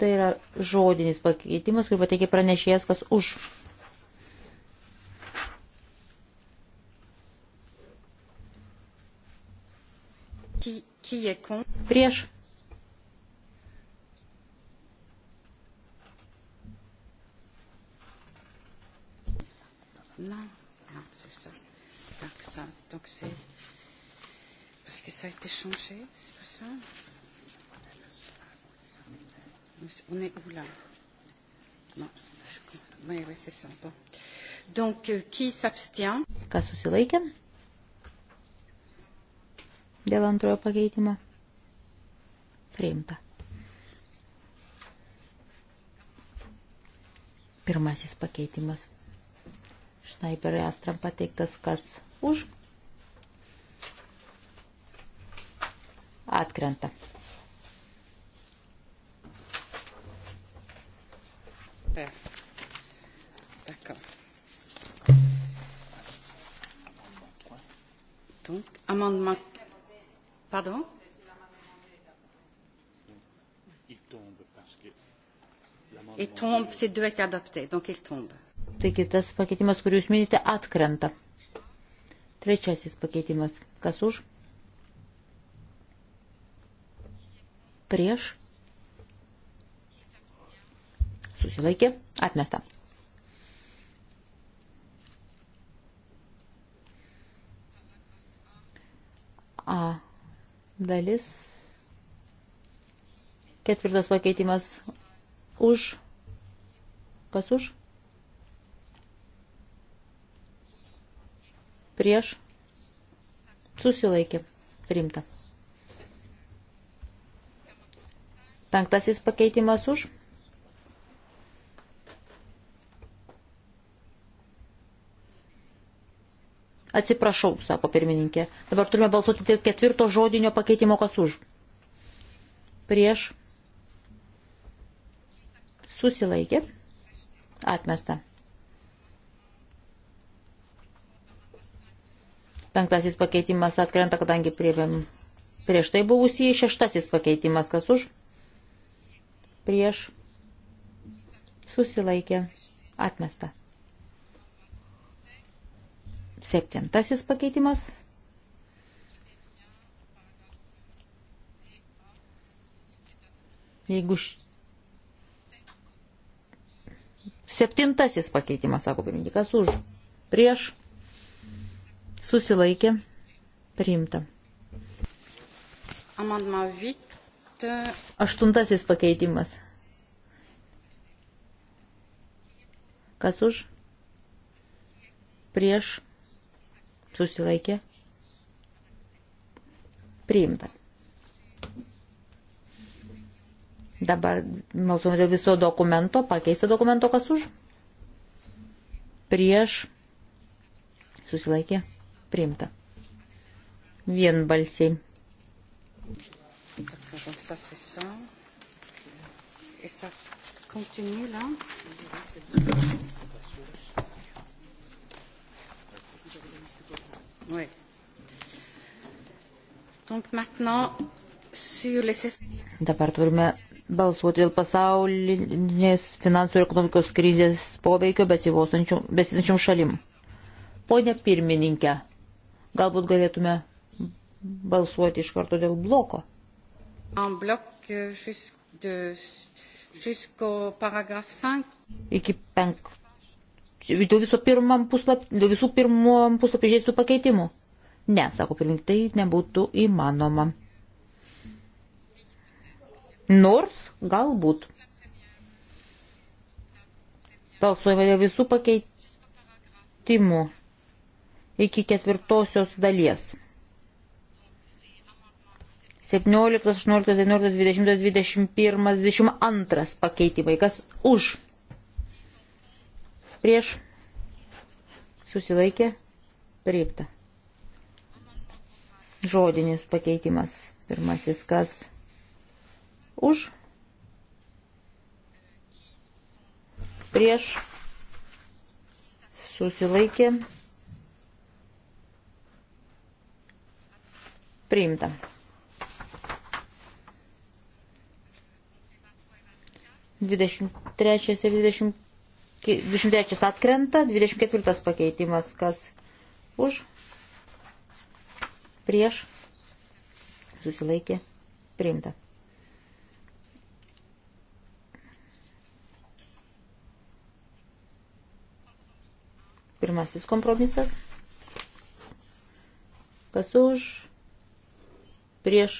Tai yra žodinis pakeitimas, kurį pateikė pranešėjas, kas už. Prieš. Non Ah, c'est ça. Donc, ça, donc c'est... Parce que ça a été changé, c'est pas ça On est où là Non, je... Oui, oui, c'est ça. Bon. Donc, euh, qui s'abstient Kas susilaikė? Dėl antrojo pakeitimo. Priimta. Pirmasis pakeitimas. Šnaiper Astram pateiktas kas už. Atkrenta. D'accord. Donc, amendement. Pardon Il tombe parce que. Il tombe, ces deux est adopté, donc il tombe. Taigi tas pakeitimas, kurį jūs minite, atkrenta. Trečiasis pakeitimas. Kas už? Prieš. Susilaikė. Atmesta. A. Dalis. Ketvirtas pakeitimas. Už. Kas už? prieš, susilaikė, priimta. Penktasis pakeitimas už. Atsiprašau, sako pirmininkė. Dabar turime balsuoti dėl ketvirto žodinio pakeitimo, kas už. Prieš. Susilaikė. Atmesta. Penktasis pakeitimas atkrenta, kadangi prievėm prieš tai buvusį. Šeštasis pakeitimas kas už? Prieš. Susilaikė. Atmesta. Septintasis pakeitimas. Jeigu š... Septintasis pakeitimas, sako pirmininkas, už prieš susilaikė, priimta. Aštuntasis pakeitimas. Kas už? Prieš susilaikė, priimta. Dabar balsuojame dėl viso dokumento, pakeisti dokumento kas už. Prieš susilaikė Priimta. Vienbalsiai. Donc ça, c'est ça. Et ça continue là. Oui. Donc maintenant, sur les... Dabar turime balsuoti dėl pasaulinės finansų ir ekonomikos krizės poveikio besivosančiom šalim. Pone pirmininkė, Galbūt galėtume balsuoti iš karto dėl bloko. Euh, Iki penk... Dėl, viso pirmam puslap, dėl visų pirmam puslapį žiaistų pakeitimų. Ne, sako pirmininkai, tai nebūtų įmanoma. Nors, galbūt. Balsuojame dėl visų pakeitimų iki ketvirtosios dalies. 17, 18, 19, 20, 21, 22 pakeitimai. Kas už? Prieš? Susilaikė? Priimta. Žodinis pakeitimas. Pirmasis kas? Už? Prieš? Susilaikė? Prieš? Priimta. Dvidešimt trečias ir dvidešimt 23 atkrenta, 24 pakeitimas, kas už, prieš, susilaikė, priimta. Pirmasis kompromisas, kas už, prieš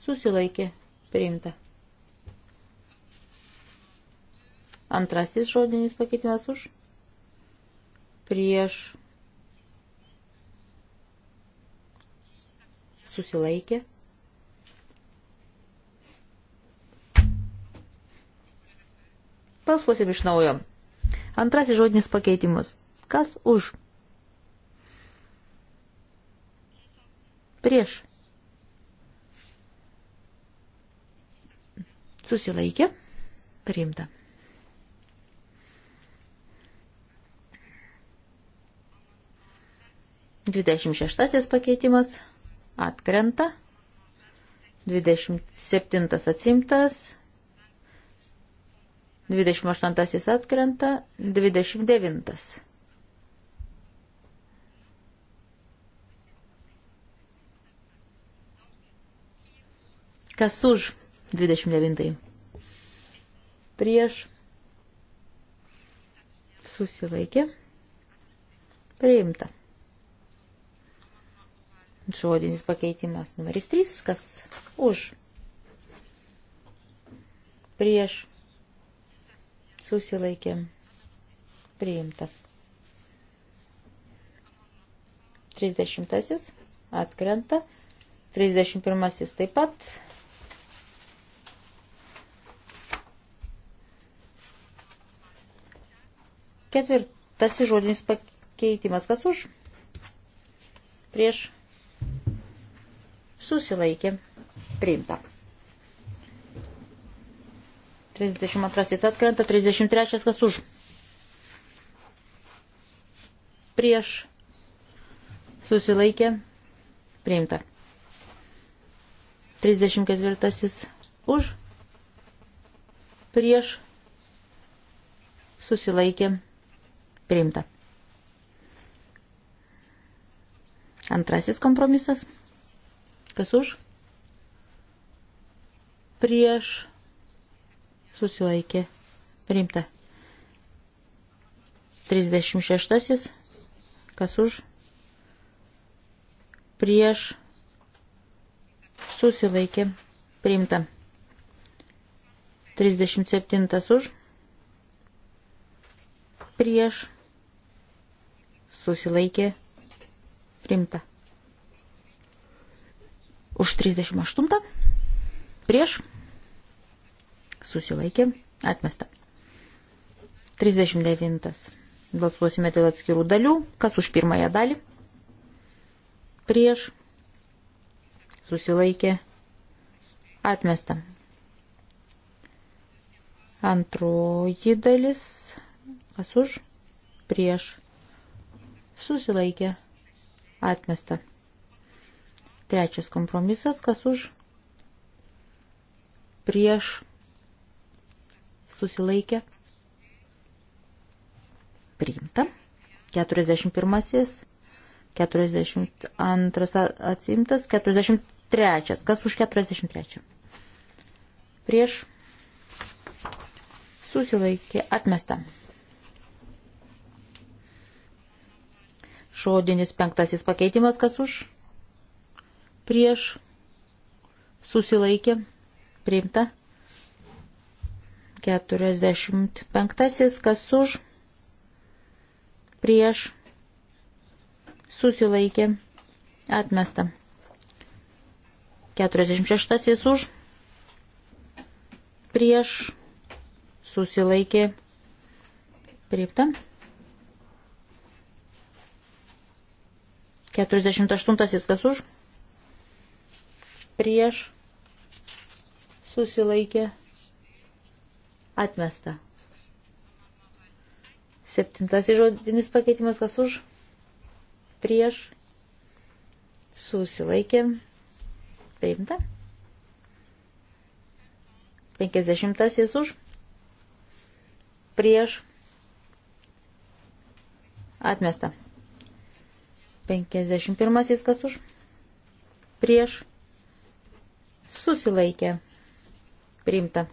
susilaikė priimta. Antrasis žodinis pakeitimas už prieš susilaikė. Balsuosim iš naujo. Antrasis žodinis pakeitimas. Kas už? Prieš. susilaikė, priimta. Dvidešimt šeštasis pakeitimas atkrenta, dvidešimt septintas atsimtas, dvidešimt aštuntasis atkrenta, dvidešimt devintas. Kas už? 29. Prieš susilaikė. Priimta. Žodinis pakeitimas numeris 3, kas už. Prieš susilaikė. Priimta. 30. Atkrenta. 31. taip pat Ketvirtasis žodinis pakeitimas. Kas už? Prieš susilaikė priimta. 32 atkrenta, 33 kas už. Prieš susilaikė priimta. 34 už. Prieš susilaikė priimta Priimta. Antrasis kompromisas. Kas už? Prieš. Susilaikė. Priimta. 36. Kas už? Prieš. Susilaikė. Priimta. 37 už. Prieš susilaikė primta. Už 38 prieš susilaikė atmesta. 39. Balsuosime dėl atskirų dalių. Kas už pirmąją dalį? Prieš susilaikė atmesta. Antroji dalis. Kas už? Prieš susilaikė, atmesta. Trečias kompromisas, kas už, prieš, susilaikė, priimta. 41, 42 atsimtas, 43, kas už 43? Prieš, susilaikė, atmesta. Šodinis penktasis pakeitimas, kas už, prieš, susilaikė, priimta. 45. Kas už, prieš, susilaikė, atmesta. 46. Už, prieš, susilaikė, priimta. 48 kas už, prieš, susilaikė, atmesta. Septintasis žodinis pakeitimas kas už, prieš, susilaikė, priimta. Penkiasdešimtasis už, prieš, atmesta. 51 kas už, prieš, susilaikė, priimta.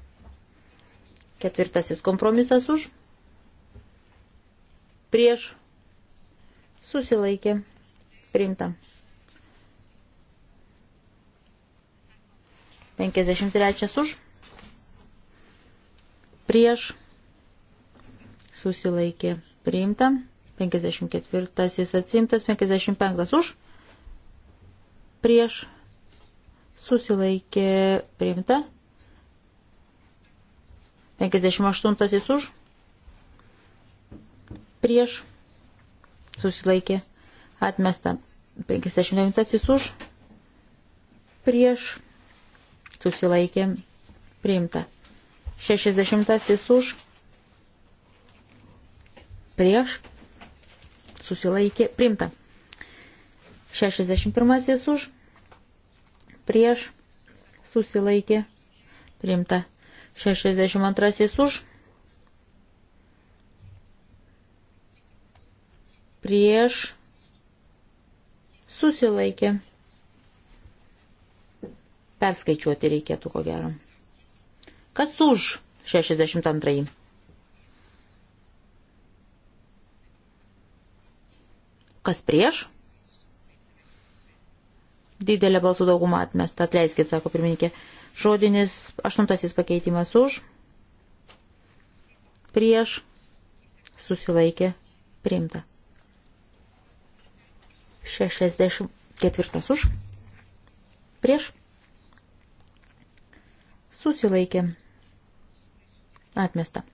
Ketvirtasis kompromisas už, prieš, susilaikė, priimta. 53 už, prieš, susilaikė, priimta. 54 atsimtas, 55 už, prieš susilaikė priimta, 58 už, prieš susilaikė atmesta, 59 už, prieš susilaikė priimta, 60 už, prieš susilaikė primta. 61 už, prieš susilaikė primta. 62 už, prieš susilaikė. Perskaičiuoti reikėtų ko gero. Kas už 62? Kas prieš? Didelė balsų dauguma atmesta, atleiskit, sako pirmininkė. Žodinis aštuntasis pakeitimas už. Prieš. Susilaikė. Priimta. 64 už. Prieš. Susilaikė. Atmesta.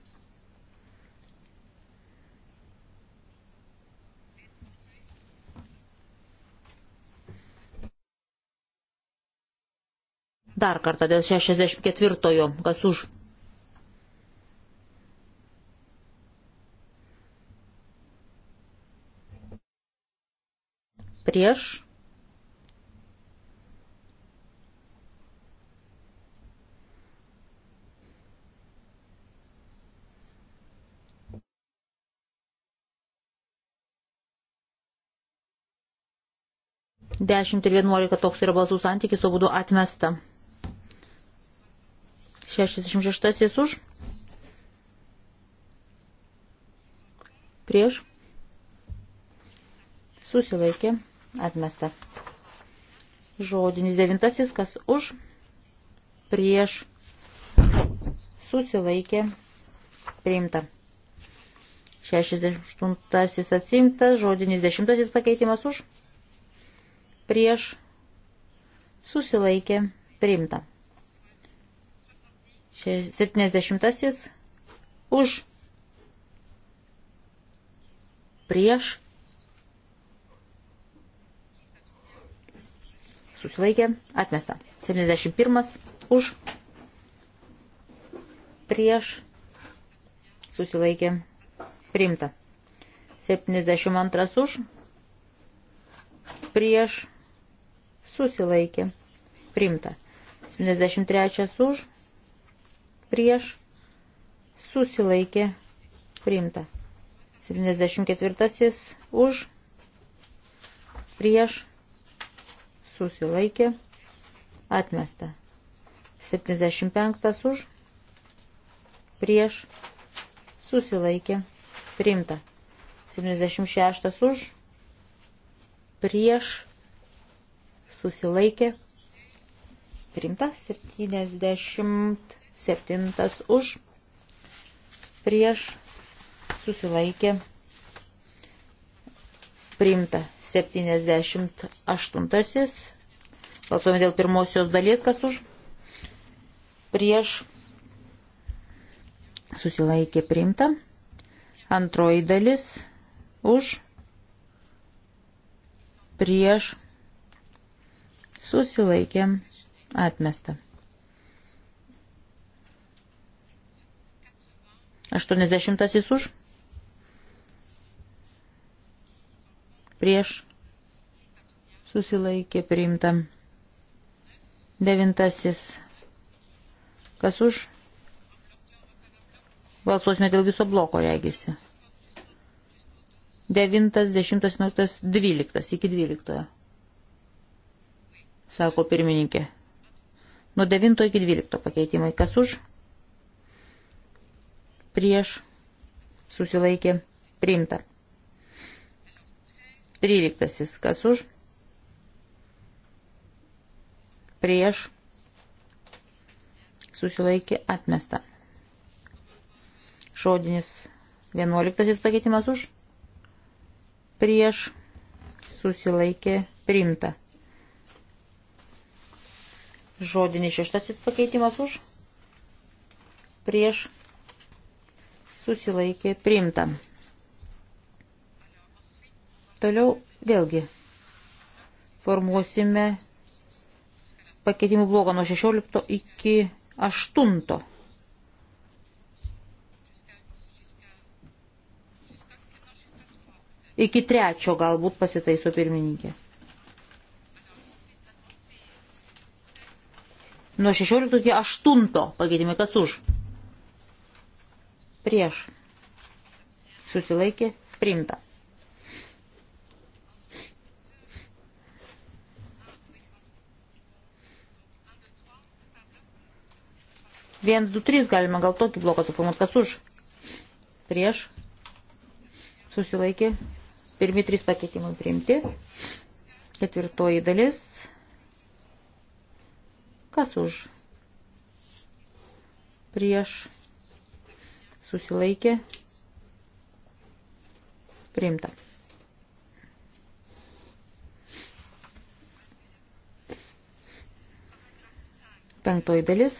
Dar kartą dėl 64-ojo, kas už. Prieš. Dešimt ir vienuolika toks yra balsų santykis, o būdu atmesta. 66 už. Prieš. Susilaikė. Atmesta. Žodinis devintasis, kas už. Prieš. Susilaikė. Priimta. 68 atsimtas, žodinis dešimtasis pakeitimas už. Prieš. Susilaikė. Priimta. 70 už prieš susilaikė atmesta. 71 už prieš susilaikė priimta. 72 už prieš susilaikė priimta. 73 už prieš susilaikė priimta. 74 už prieš susilaikė atmesta. 75 už prieš susilaikė priimta. 76 už prieš susilaikė priimta. 70 septintas už, prieš susilaikė priimta 78. Balsuojame dėl pirmosios dalies, kas už, prieš susilaikė priimta, antroji dalis už, prieš susilaikė atmesta. 80 už. Prieš. Susilaikė priimta. Devintasis. Kas už? Balsuosime dėl viso bloko, regisi. 9, 10, 11, 12 iki 12. Sako pirmininkė. Nuo 9 iki 12 pakeitimai. Kas už? prieš susilaikė priimta. 13. Kas už? Prieš susilaikė atmesta. Šodinis 11. pakeitimas už? Prieš susilaikė priimta. Žodinis šeštasis pakeitimas už? Prieš susilaikė priimta. Toliau vėlgi formuosime pakeitimų bloką nuo 16 iki 8. Iki trečio galbūt pasitaiso pirmininkė. Nuo 16 iki 8 pakeitimai kas už? prieš susilaikė priimta. Viens, du, trys galima gal tokį bloką suformuoti, kas už. Prieš susilaikė pirmi trys pakeitimai priimti. Ketvirtoji dalis. Kas už? Prieš susilaikė, priimta. Penktoji dalis,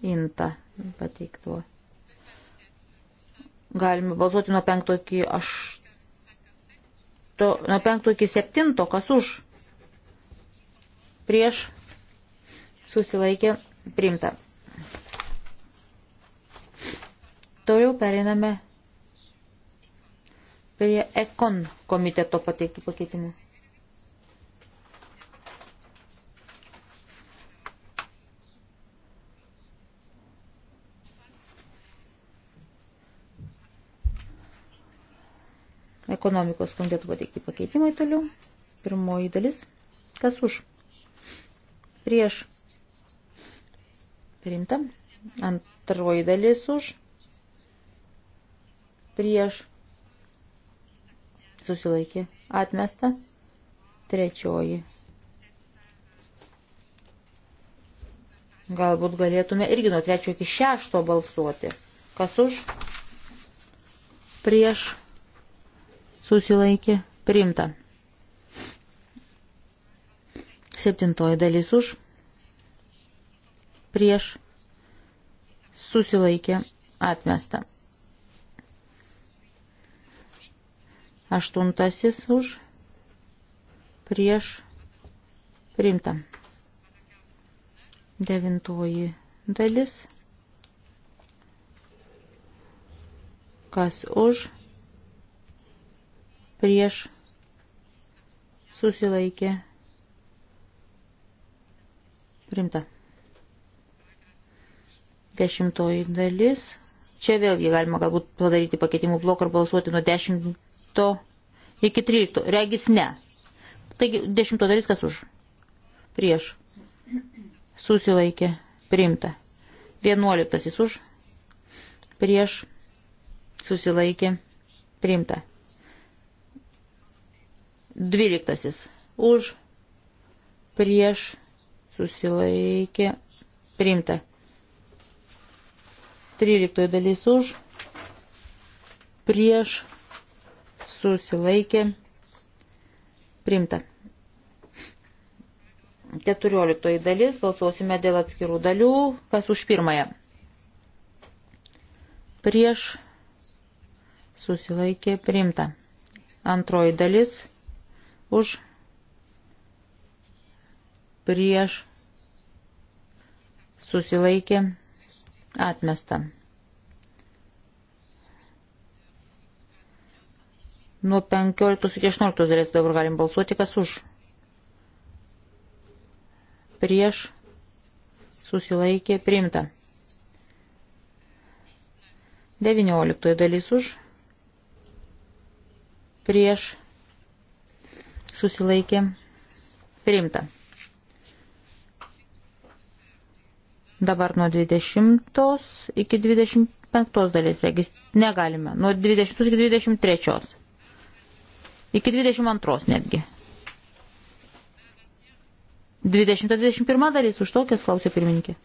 inta pateiktuo. Galime balsuoti nuo penkto iki ašto, nuo penkto iki septinto, kas už, prieš, susilaikė, priimta. Toliau pereiname prie ekon komiteto pateiktų pakeitimų. Ekonomikos komitetų pateikti pakeitimai toliau. Pirmoji dalis. Kas už? Prieš. Priimta. Antroji dalis už prieš susilaikė atmesta, trečioji. Galbūt galėtume irgi nuo trečio iki šešto balsuoti. Kas už? Prieš susilaikė priimta. Septintoji dalis už. Prieš susilaikė atmesta. Aštuntasis už prieš primtą. Devintoji dalis. Kas už prieš susilaikė primta. Dešimtoji dalis. Čia vėlgi galima galbūt padaryti pakeitimų bloką ir balsuoti nuo 10 11 iki 13. Regis ne. Taigi 10 dalis kas už? Prieš. Susilaikė. Primta. 11 už. Prieš. Susilaikė. Primta. 12 už. Prieš. Susilaikė. Primta. 13 dalis už prieš susilaikė, primta. 14 dalis, balsuosime dėl atskirų dalių, kas už pirmąją. Prieš susilaikė, primta. Antroji dalis už prieš susilaikė, atmesta. Nuo 15 iki 18 dalies dabar galim balsuoti, kas už. Prieš susilaikė priimta. 19 dalis už. Prieš susilaikė priimta. Dabar nuo 20 iki 25 dalies regis negalime. Nuo 20 iki 23. Iki 22 netgi. 20-21 dalis už tokias klausė pirmininkė.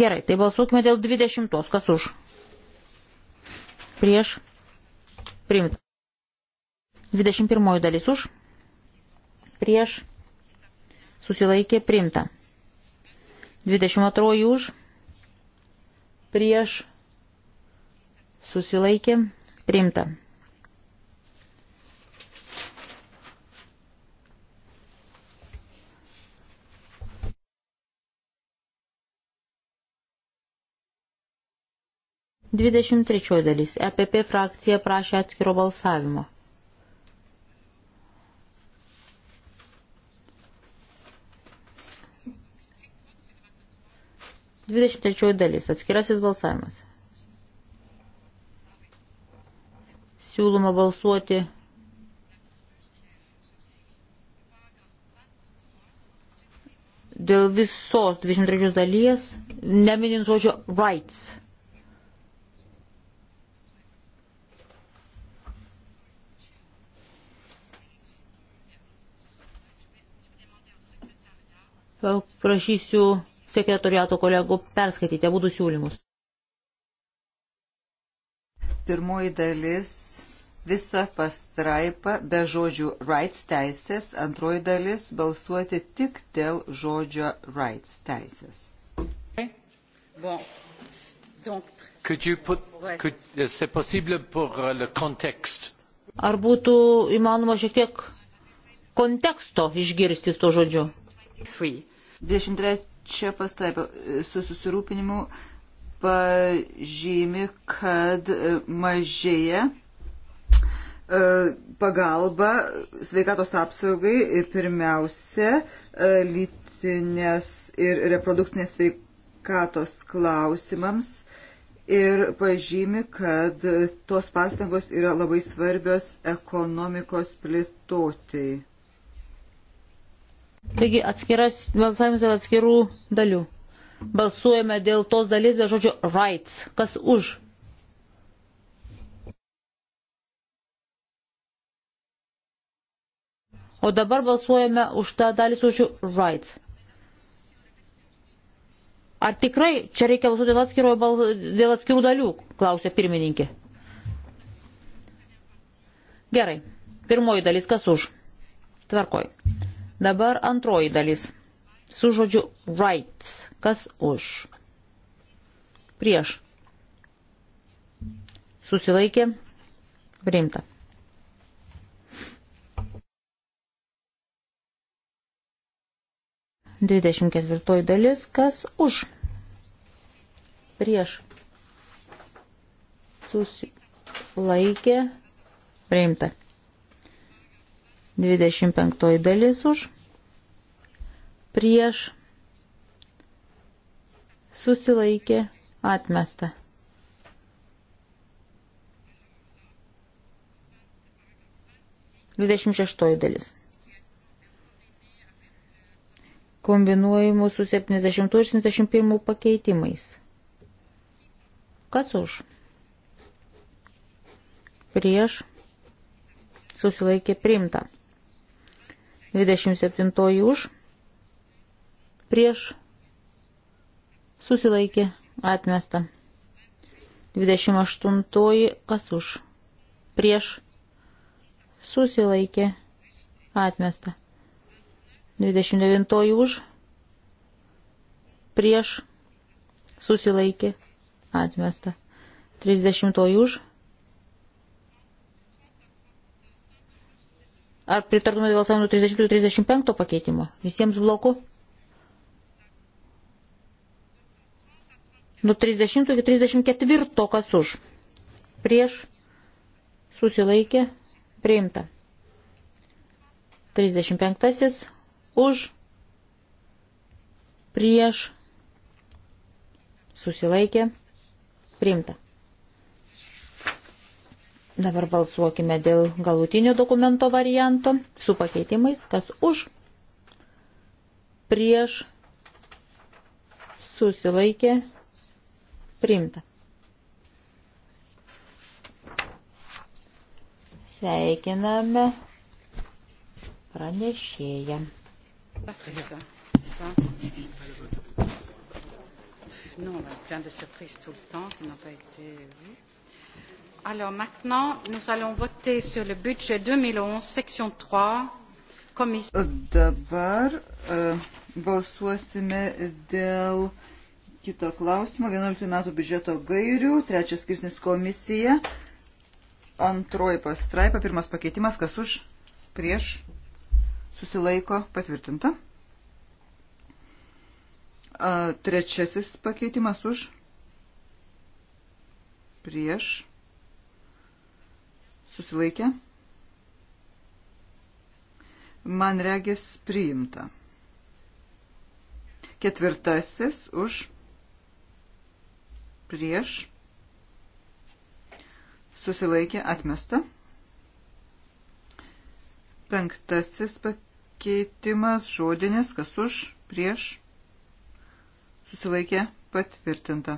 Gerai, tai balsuokime dėl 20. Kas už? Prieš. Primta. 21 dalis už. Prieš. Susilaikė. Primta. 22 už. Prieš susilaikė, priimta. Dvidešimt trečioji dalis. EPP frakcija prašė atskiro balsavimo. Dvidešimt trečioji dalis. Atskirasis balsavimas. siūloma balsuoti dėl visos 23 dalies, neminint žodžio rights. Prašysiu sekretoriato kolegų perskaityti abu siūlymus. Pirmoji dalis visą pastraipą be žodžių rights teisės, antroji dalis balsuoti tik dėl žodžio rights teisės. Uh, Ar būtų įmanoma šiek tiek konteksto išgirsti to žodžiu? 23 pastraipa e, su susirūpinimu pažymi, kad e, mažėja E, pagalba sveikatos apsaugai ir pirmiausia e, lytinės ir reprodukcinės sveikatos klausimams ir pažymi, kad tos pastangos yra labai svarbios ekonomikos plėtotėjai. Taigi atskiras balsavimas dėl atskirų dalių. Balsuojame dėl tos dalies be žodžio rights. Kas už? O dabar balsuojame už tą dalį su žodžiu rights. Ar tikrai čia reikia balsuoti dėl, atskirojo, dėl atskirų dalių, klausė pirmininkė. Gerai. Pirmoji dalis kas už? Tvarkoj. Dabar antroji dalis. Su žodžiu rights. Kas už? Prieš. Susilaikė. Priimta. 24 dalis, kas už, prieš, susilaikė, priimta. 25 dalis už, prieš, susilaikė, atmesta. Dvidešimt šeštoji dalis. kombinuojamų su 70 ir 71 pakeitimais. Kas už? Prieš susilaikė primta. 27 už prieš susilaikė atmesta. 28 kas už prieš susilaikė atmesta. 29 už, prieš, susilaikė, atmesta. 30 už. Ar pritartumėte balsavimui 30-35 pakeitimo? Visiems bloku? Nuo 30 iki 34 kas už. Prieš susilaikė priimta. 35 už, prieš, susilaikė, priimta. Dabar balsuokime dėl galutinio dokumento varianto su pakeitimais, kas už, prieš, susilaikė, priimta. Sveikiname pranešėją. C'est ça. ça. Nous, on a plein de surprises tout le temps qui n'ont pas été vues. Alors maintenant, nous allons voter sur le budget 2011, section 3. Komisija. Euh, dabar uh, balsuosime dėl kito klausimo. 11 metų biudžeto gairių, trečias skirsnis komisija, antroji pastraipa, pirmas pakeitimas, kas už, prieš susilaiko patvirtinta. Trečiasis pakeitimas už prieš susilaikę. Man regis priimta. Ketvirtasis už prieš susilaikė atmesta. Penktasis pakeitimas pakeitimas žodinis, kas už, prieš, susilaikė patvirtinta.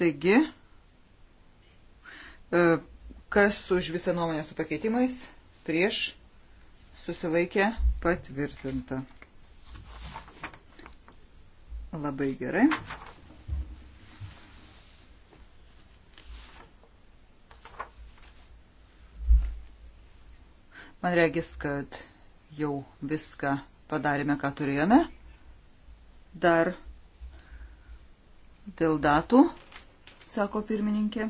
Taigi, e, kas už visą nuomonę su pakeitimais, prieš, susilaikė patvirtinta. Labai gerai. Man regis, kad jau viską padarėme, ką turėjome. Dar dėl datų, sako pirmininkė.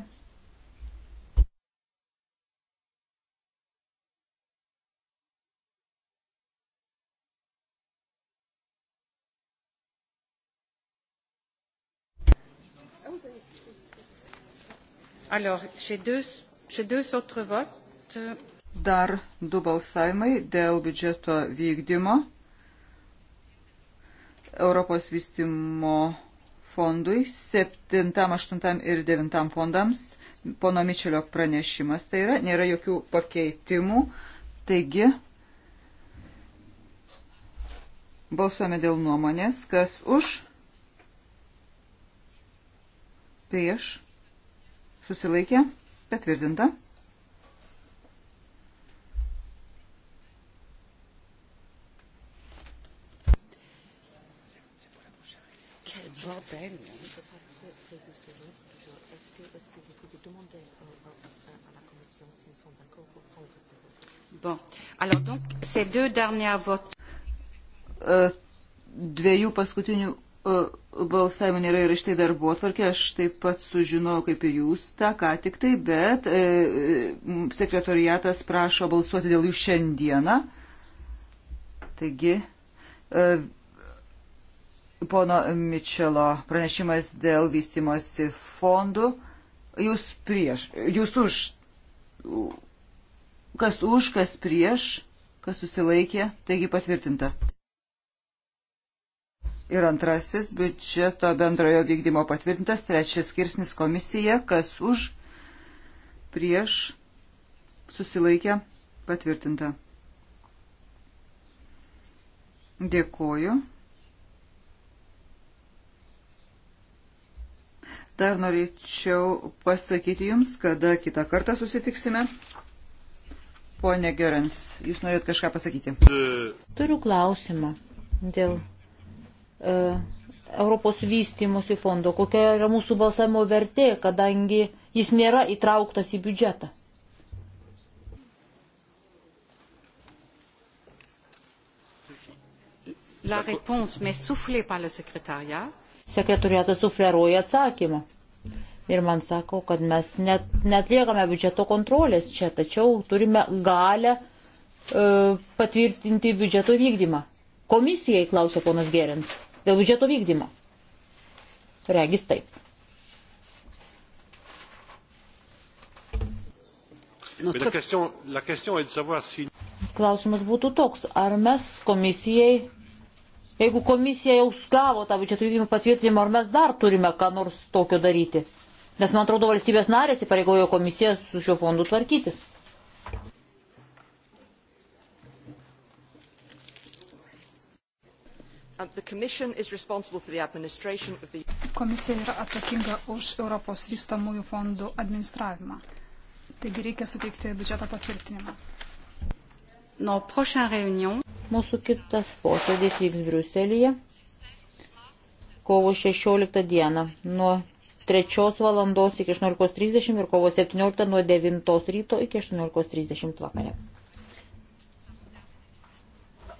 Alors, j'ai deux, deux autres votes dar du balsavimai dėl biudžeto vykdymo Europos vystimo fondui, 7, 8 ir 9 fondams. Pono Mičelio pranešimas tai yra, nėra jokių pakeitimų. Taigi, balsuojame dėl nuomonės, kas už, prieš, susilaikė, patvirtinta. Well, ben. Est-ce que, est que vous pouvez demander à, euh, à, euh, à la Commission s'ils sont d'accord pour prendre ces votes Bon. Alors, donc, ces deux derniers votes. Uh, dviejų paskutinių uh, balsavimų nėra ir štai darbo atvarkė. Aš taip pat sužinojau, kaip ir jūs, tą ką tik tai, bet uh, sekretoriatas prašo balsuoti dėl jų šiandieną. Taigi, uh, pono Mičelo pranešimas dėl vystimosi fondų. Jūs prieš, jūs už, kas už, kas prieš, kas susilaikė, taigi patvirtinta. Ir antrasis biudžeto bendrojo vykdymo patvirtintas, trečias skirsnis komisija, kas už, prieš, susilaikė, patvirtinta. Dėkuoju. dar norėčiau pasakyti Jums, kada kitą kartą susitiksime. Pone Gerens, Jūs norėt kažką pasakyti? Turiu klausimą dėl uh, Europos vystymosi fondo. Kokia yra mūsų balsavimo vertė, kadangi jis nėra įtrauktas į biudžetą? La réponse m'est soufflée par le secrétariat sekretoriatas sufleruoja atsakymą. Ir man sako, kad mes net, netliekame biudžeto kontrolės čia, tačiau turime galę e, patvirtinti biudžeto vykdymą. Komisijai klausė ponas Gerins dėl biudžeto vykdymo. Regis taip. Klausimas būtų toks, ar mes komisijai Jeigu komisija jau gavo tą biudžeto vykdymo patvirtinimą, ar mes dar turime ką nors tokio daryti? Nes man atrodo, valstybės narės įpareigojo komisiją su šiuo fondu tvarkytis. Um, the... Komisija yra atsakinga už Europos vystamųjų fondų administravimą. Taigi reikia suteikti biudžeto patvirtinimą. Mūsų kitas posėdis vyks Briuselėje kovo 16 dieną nuo 3 valandos iki 18.30 ir kovo 17 nuo 9 ryto iki 18.30 vakare.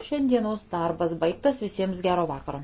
Šiandienos darbas baigtas, visiems gero vakaro.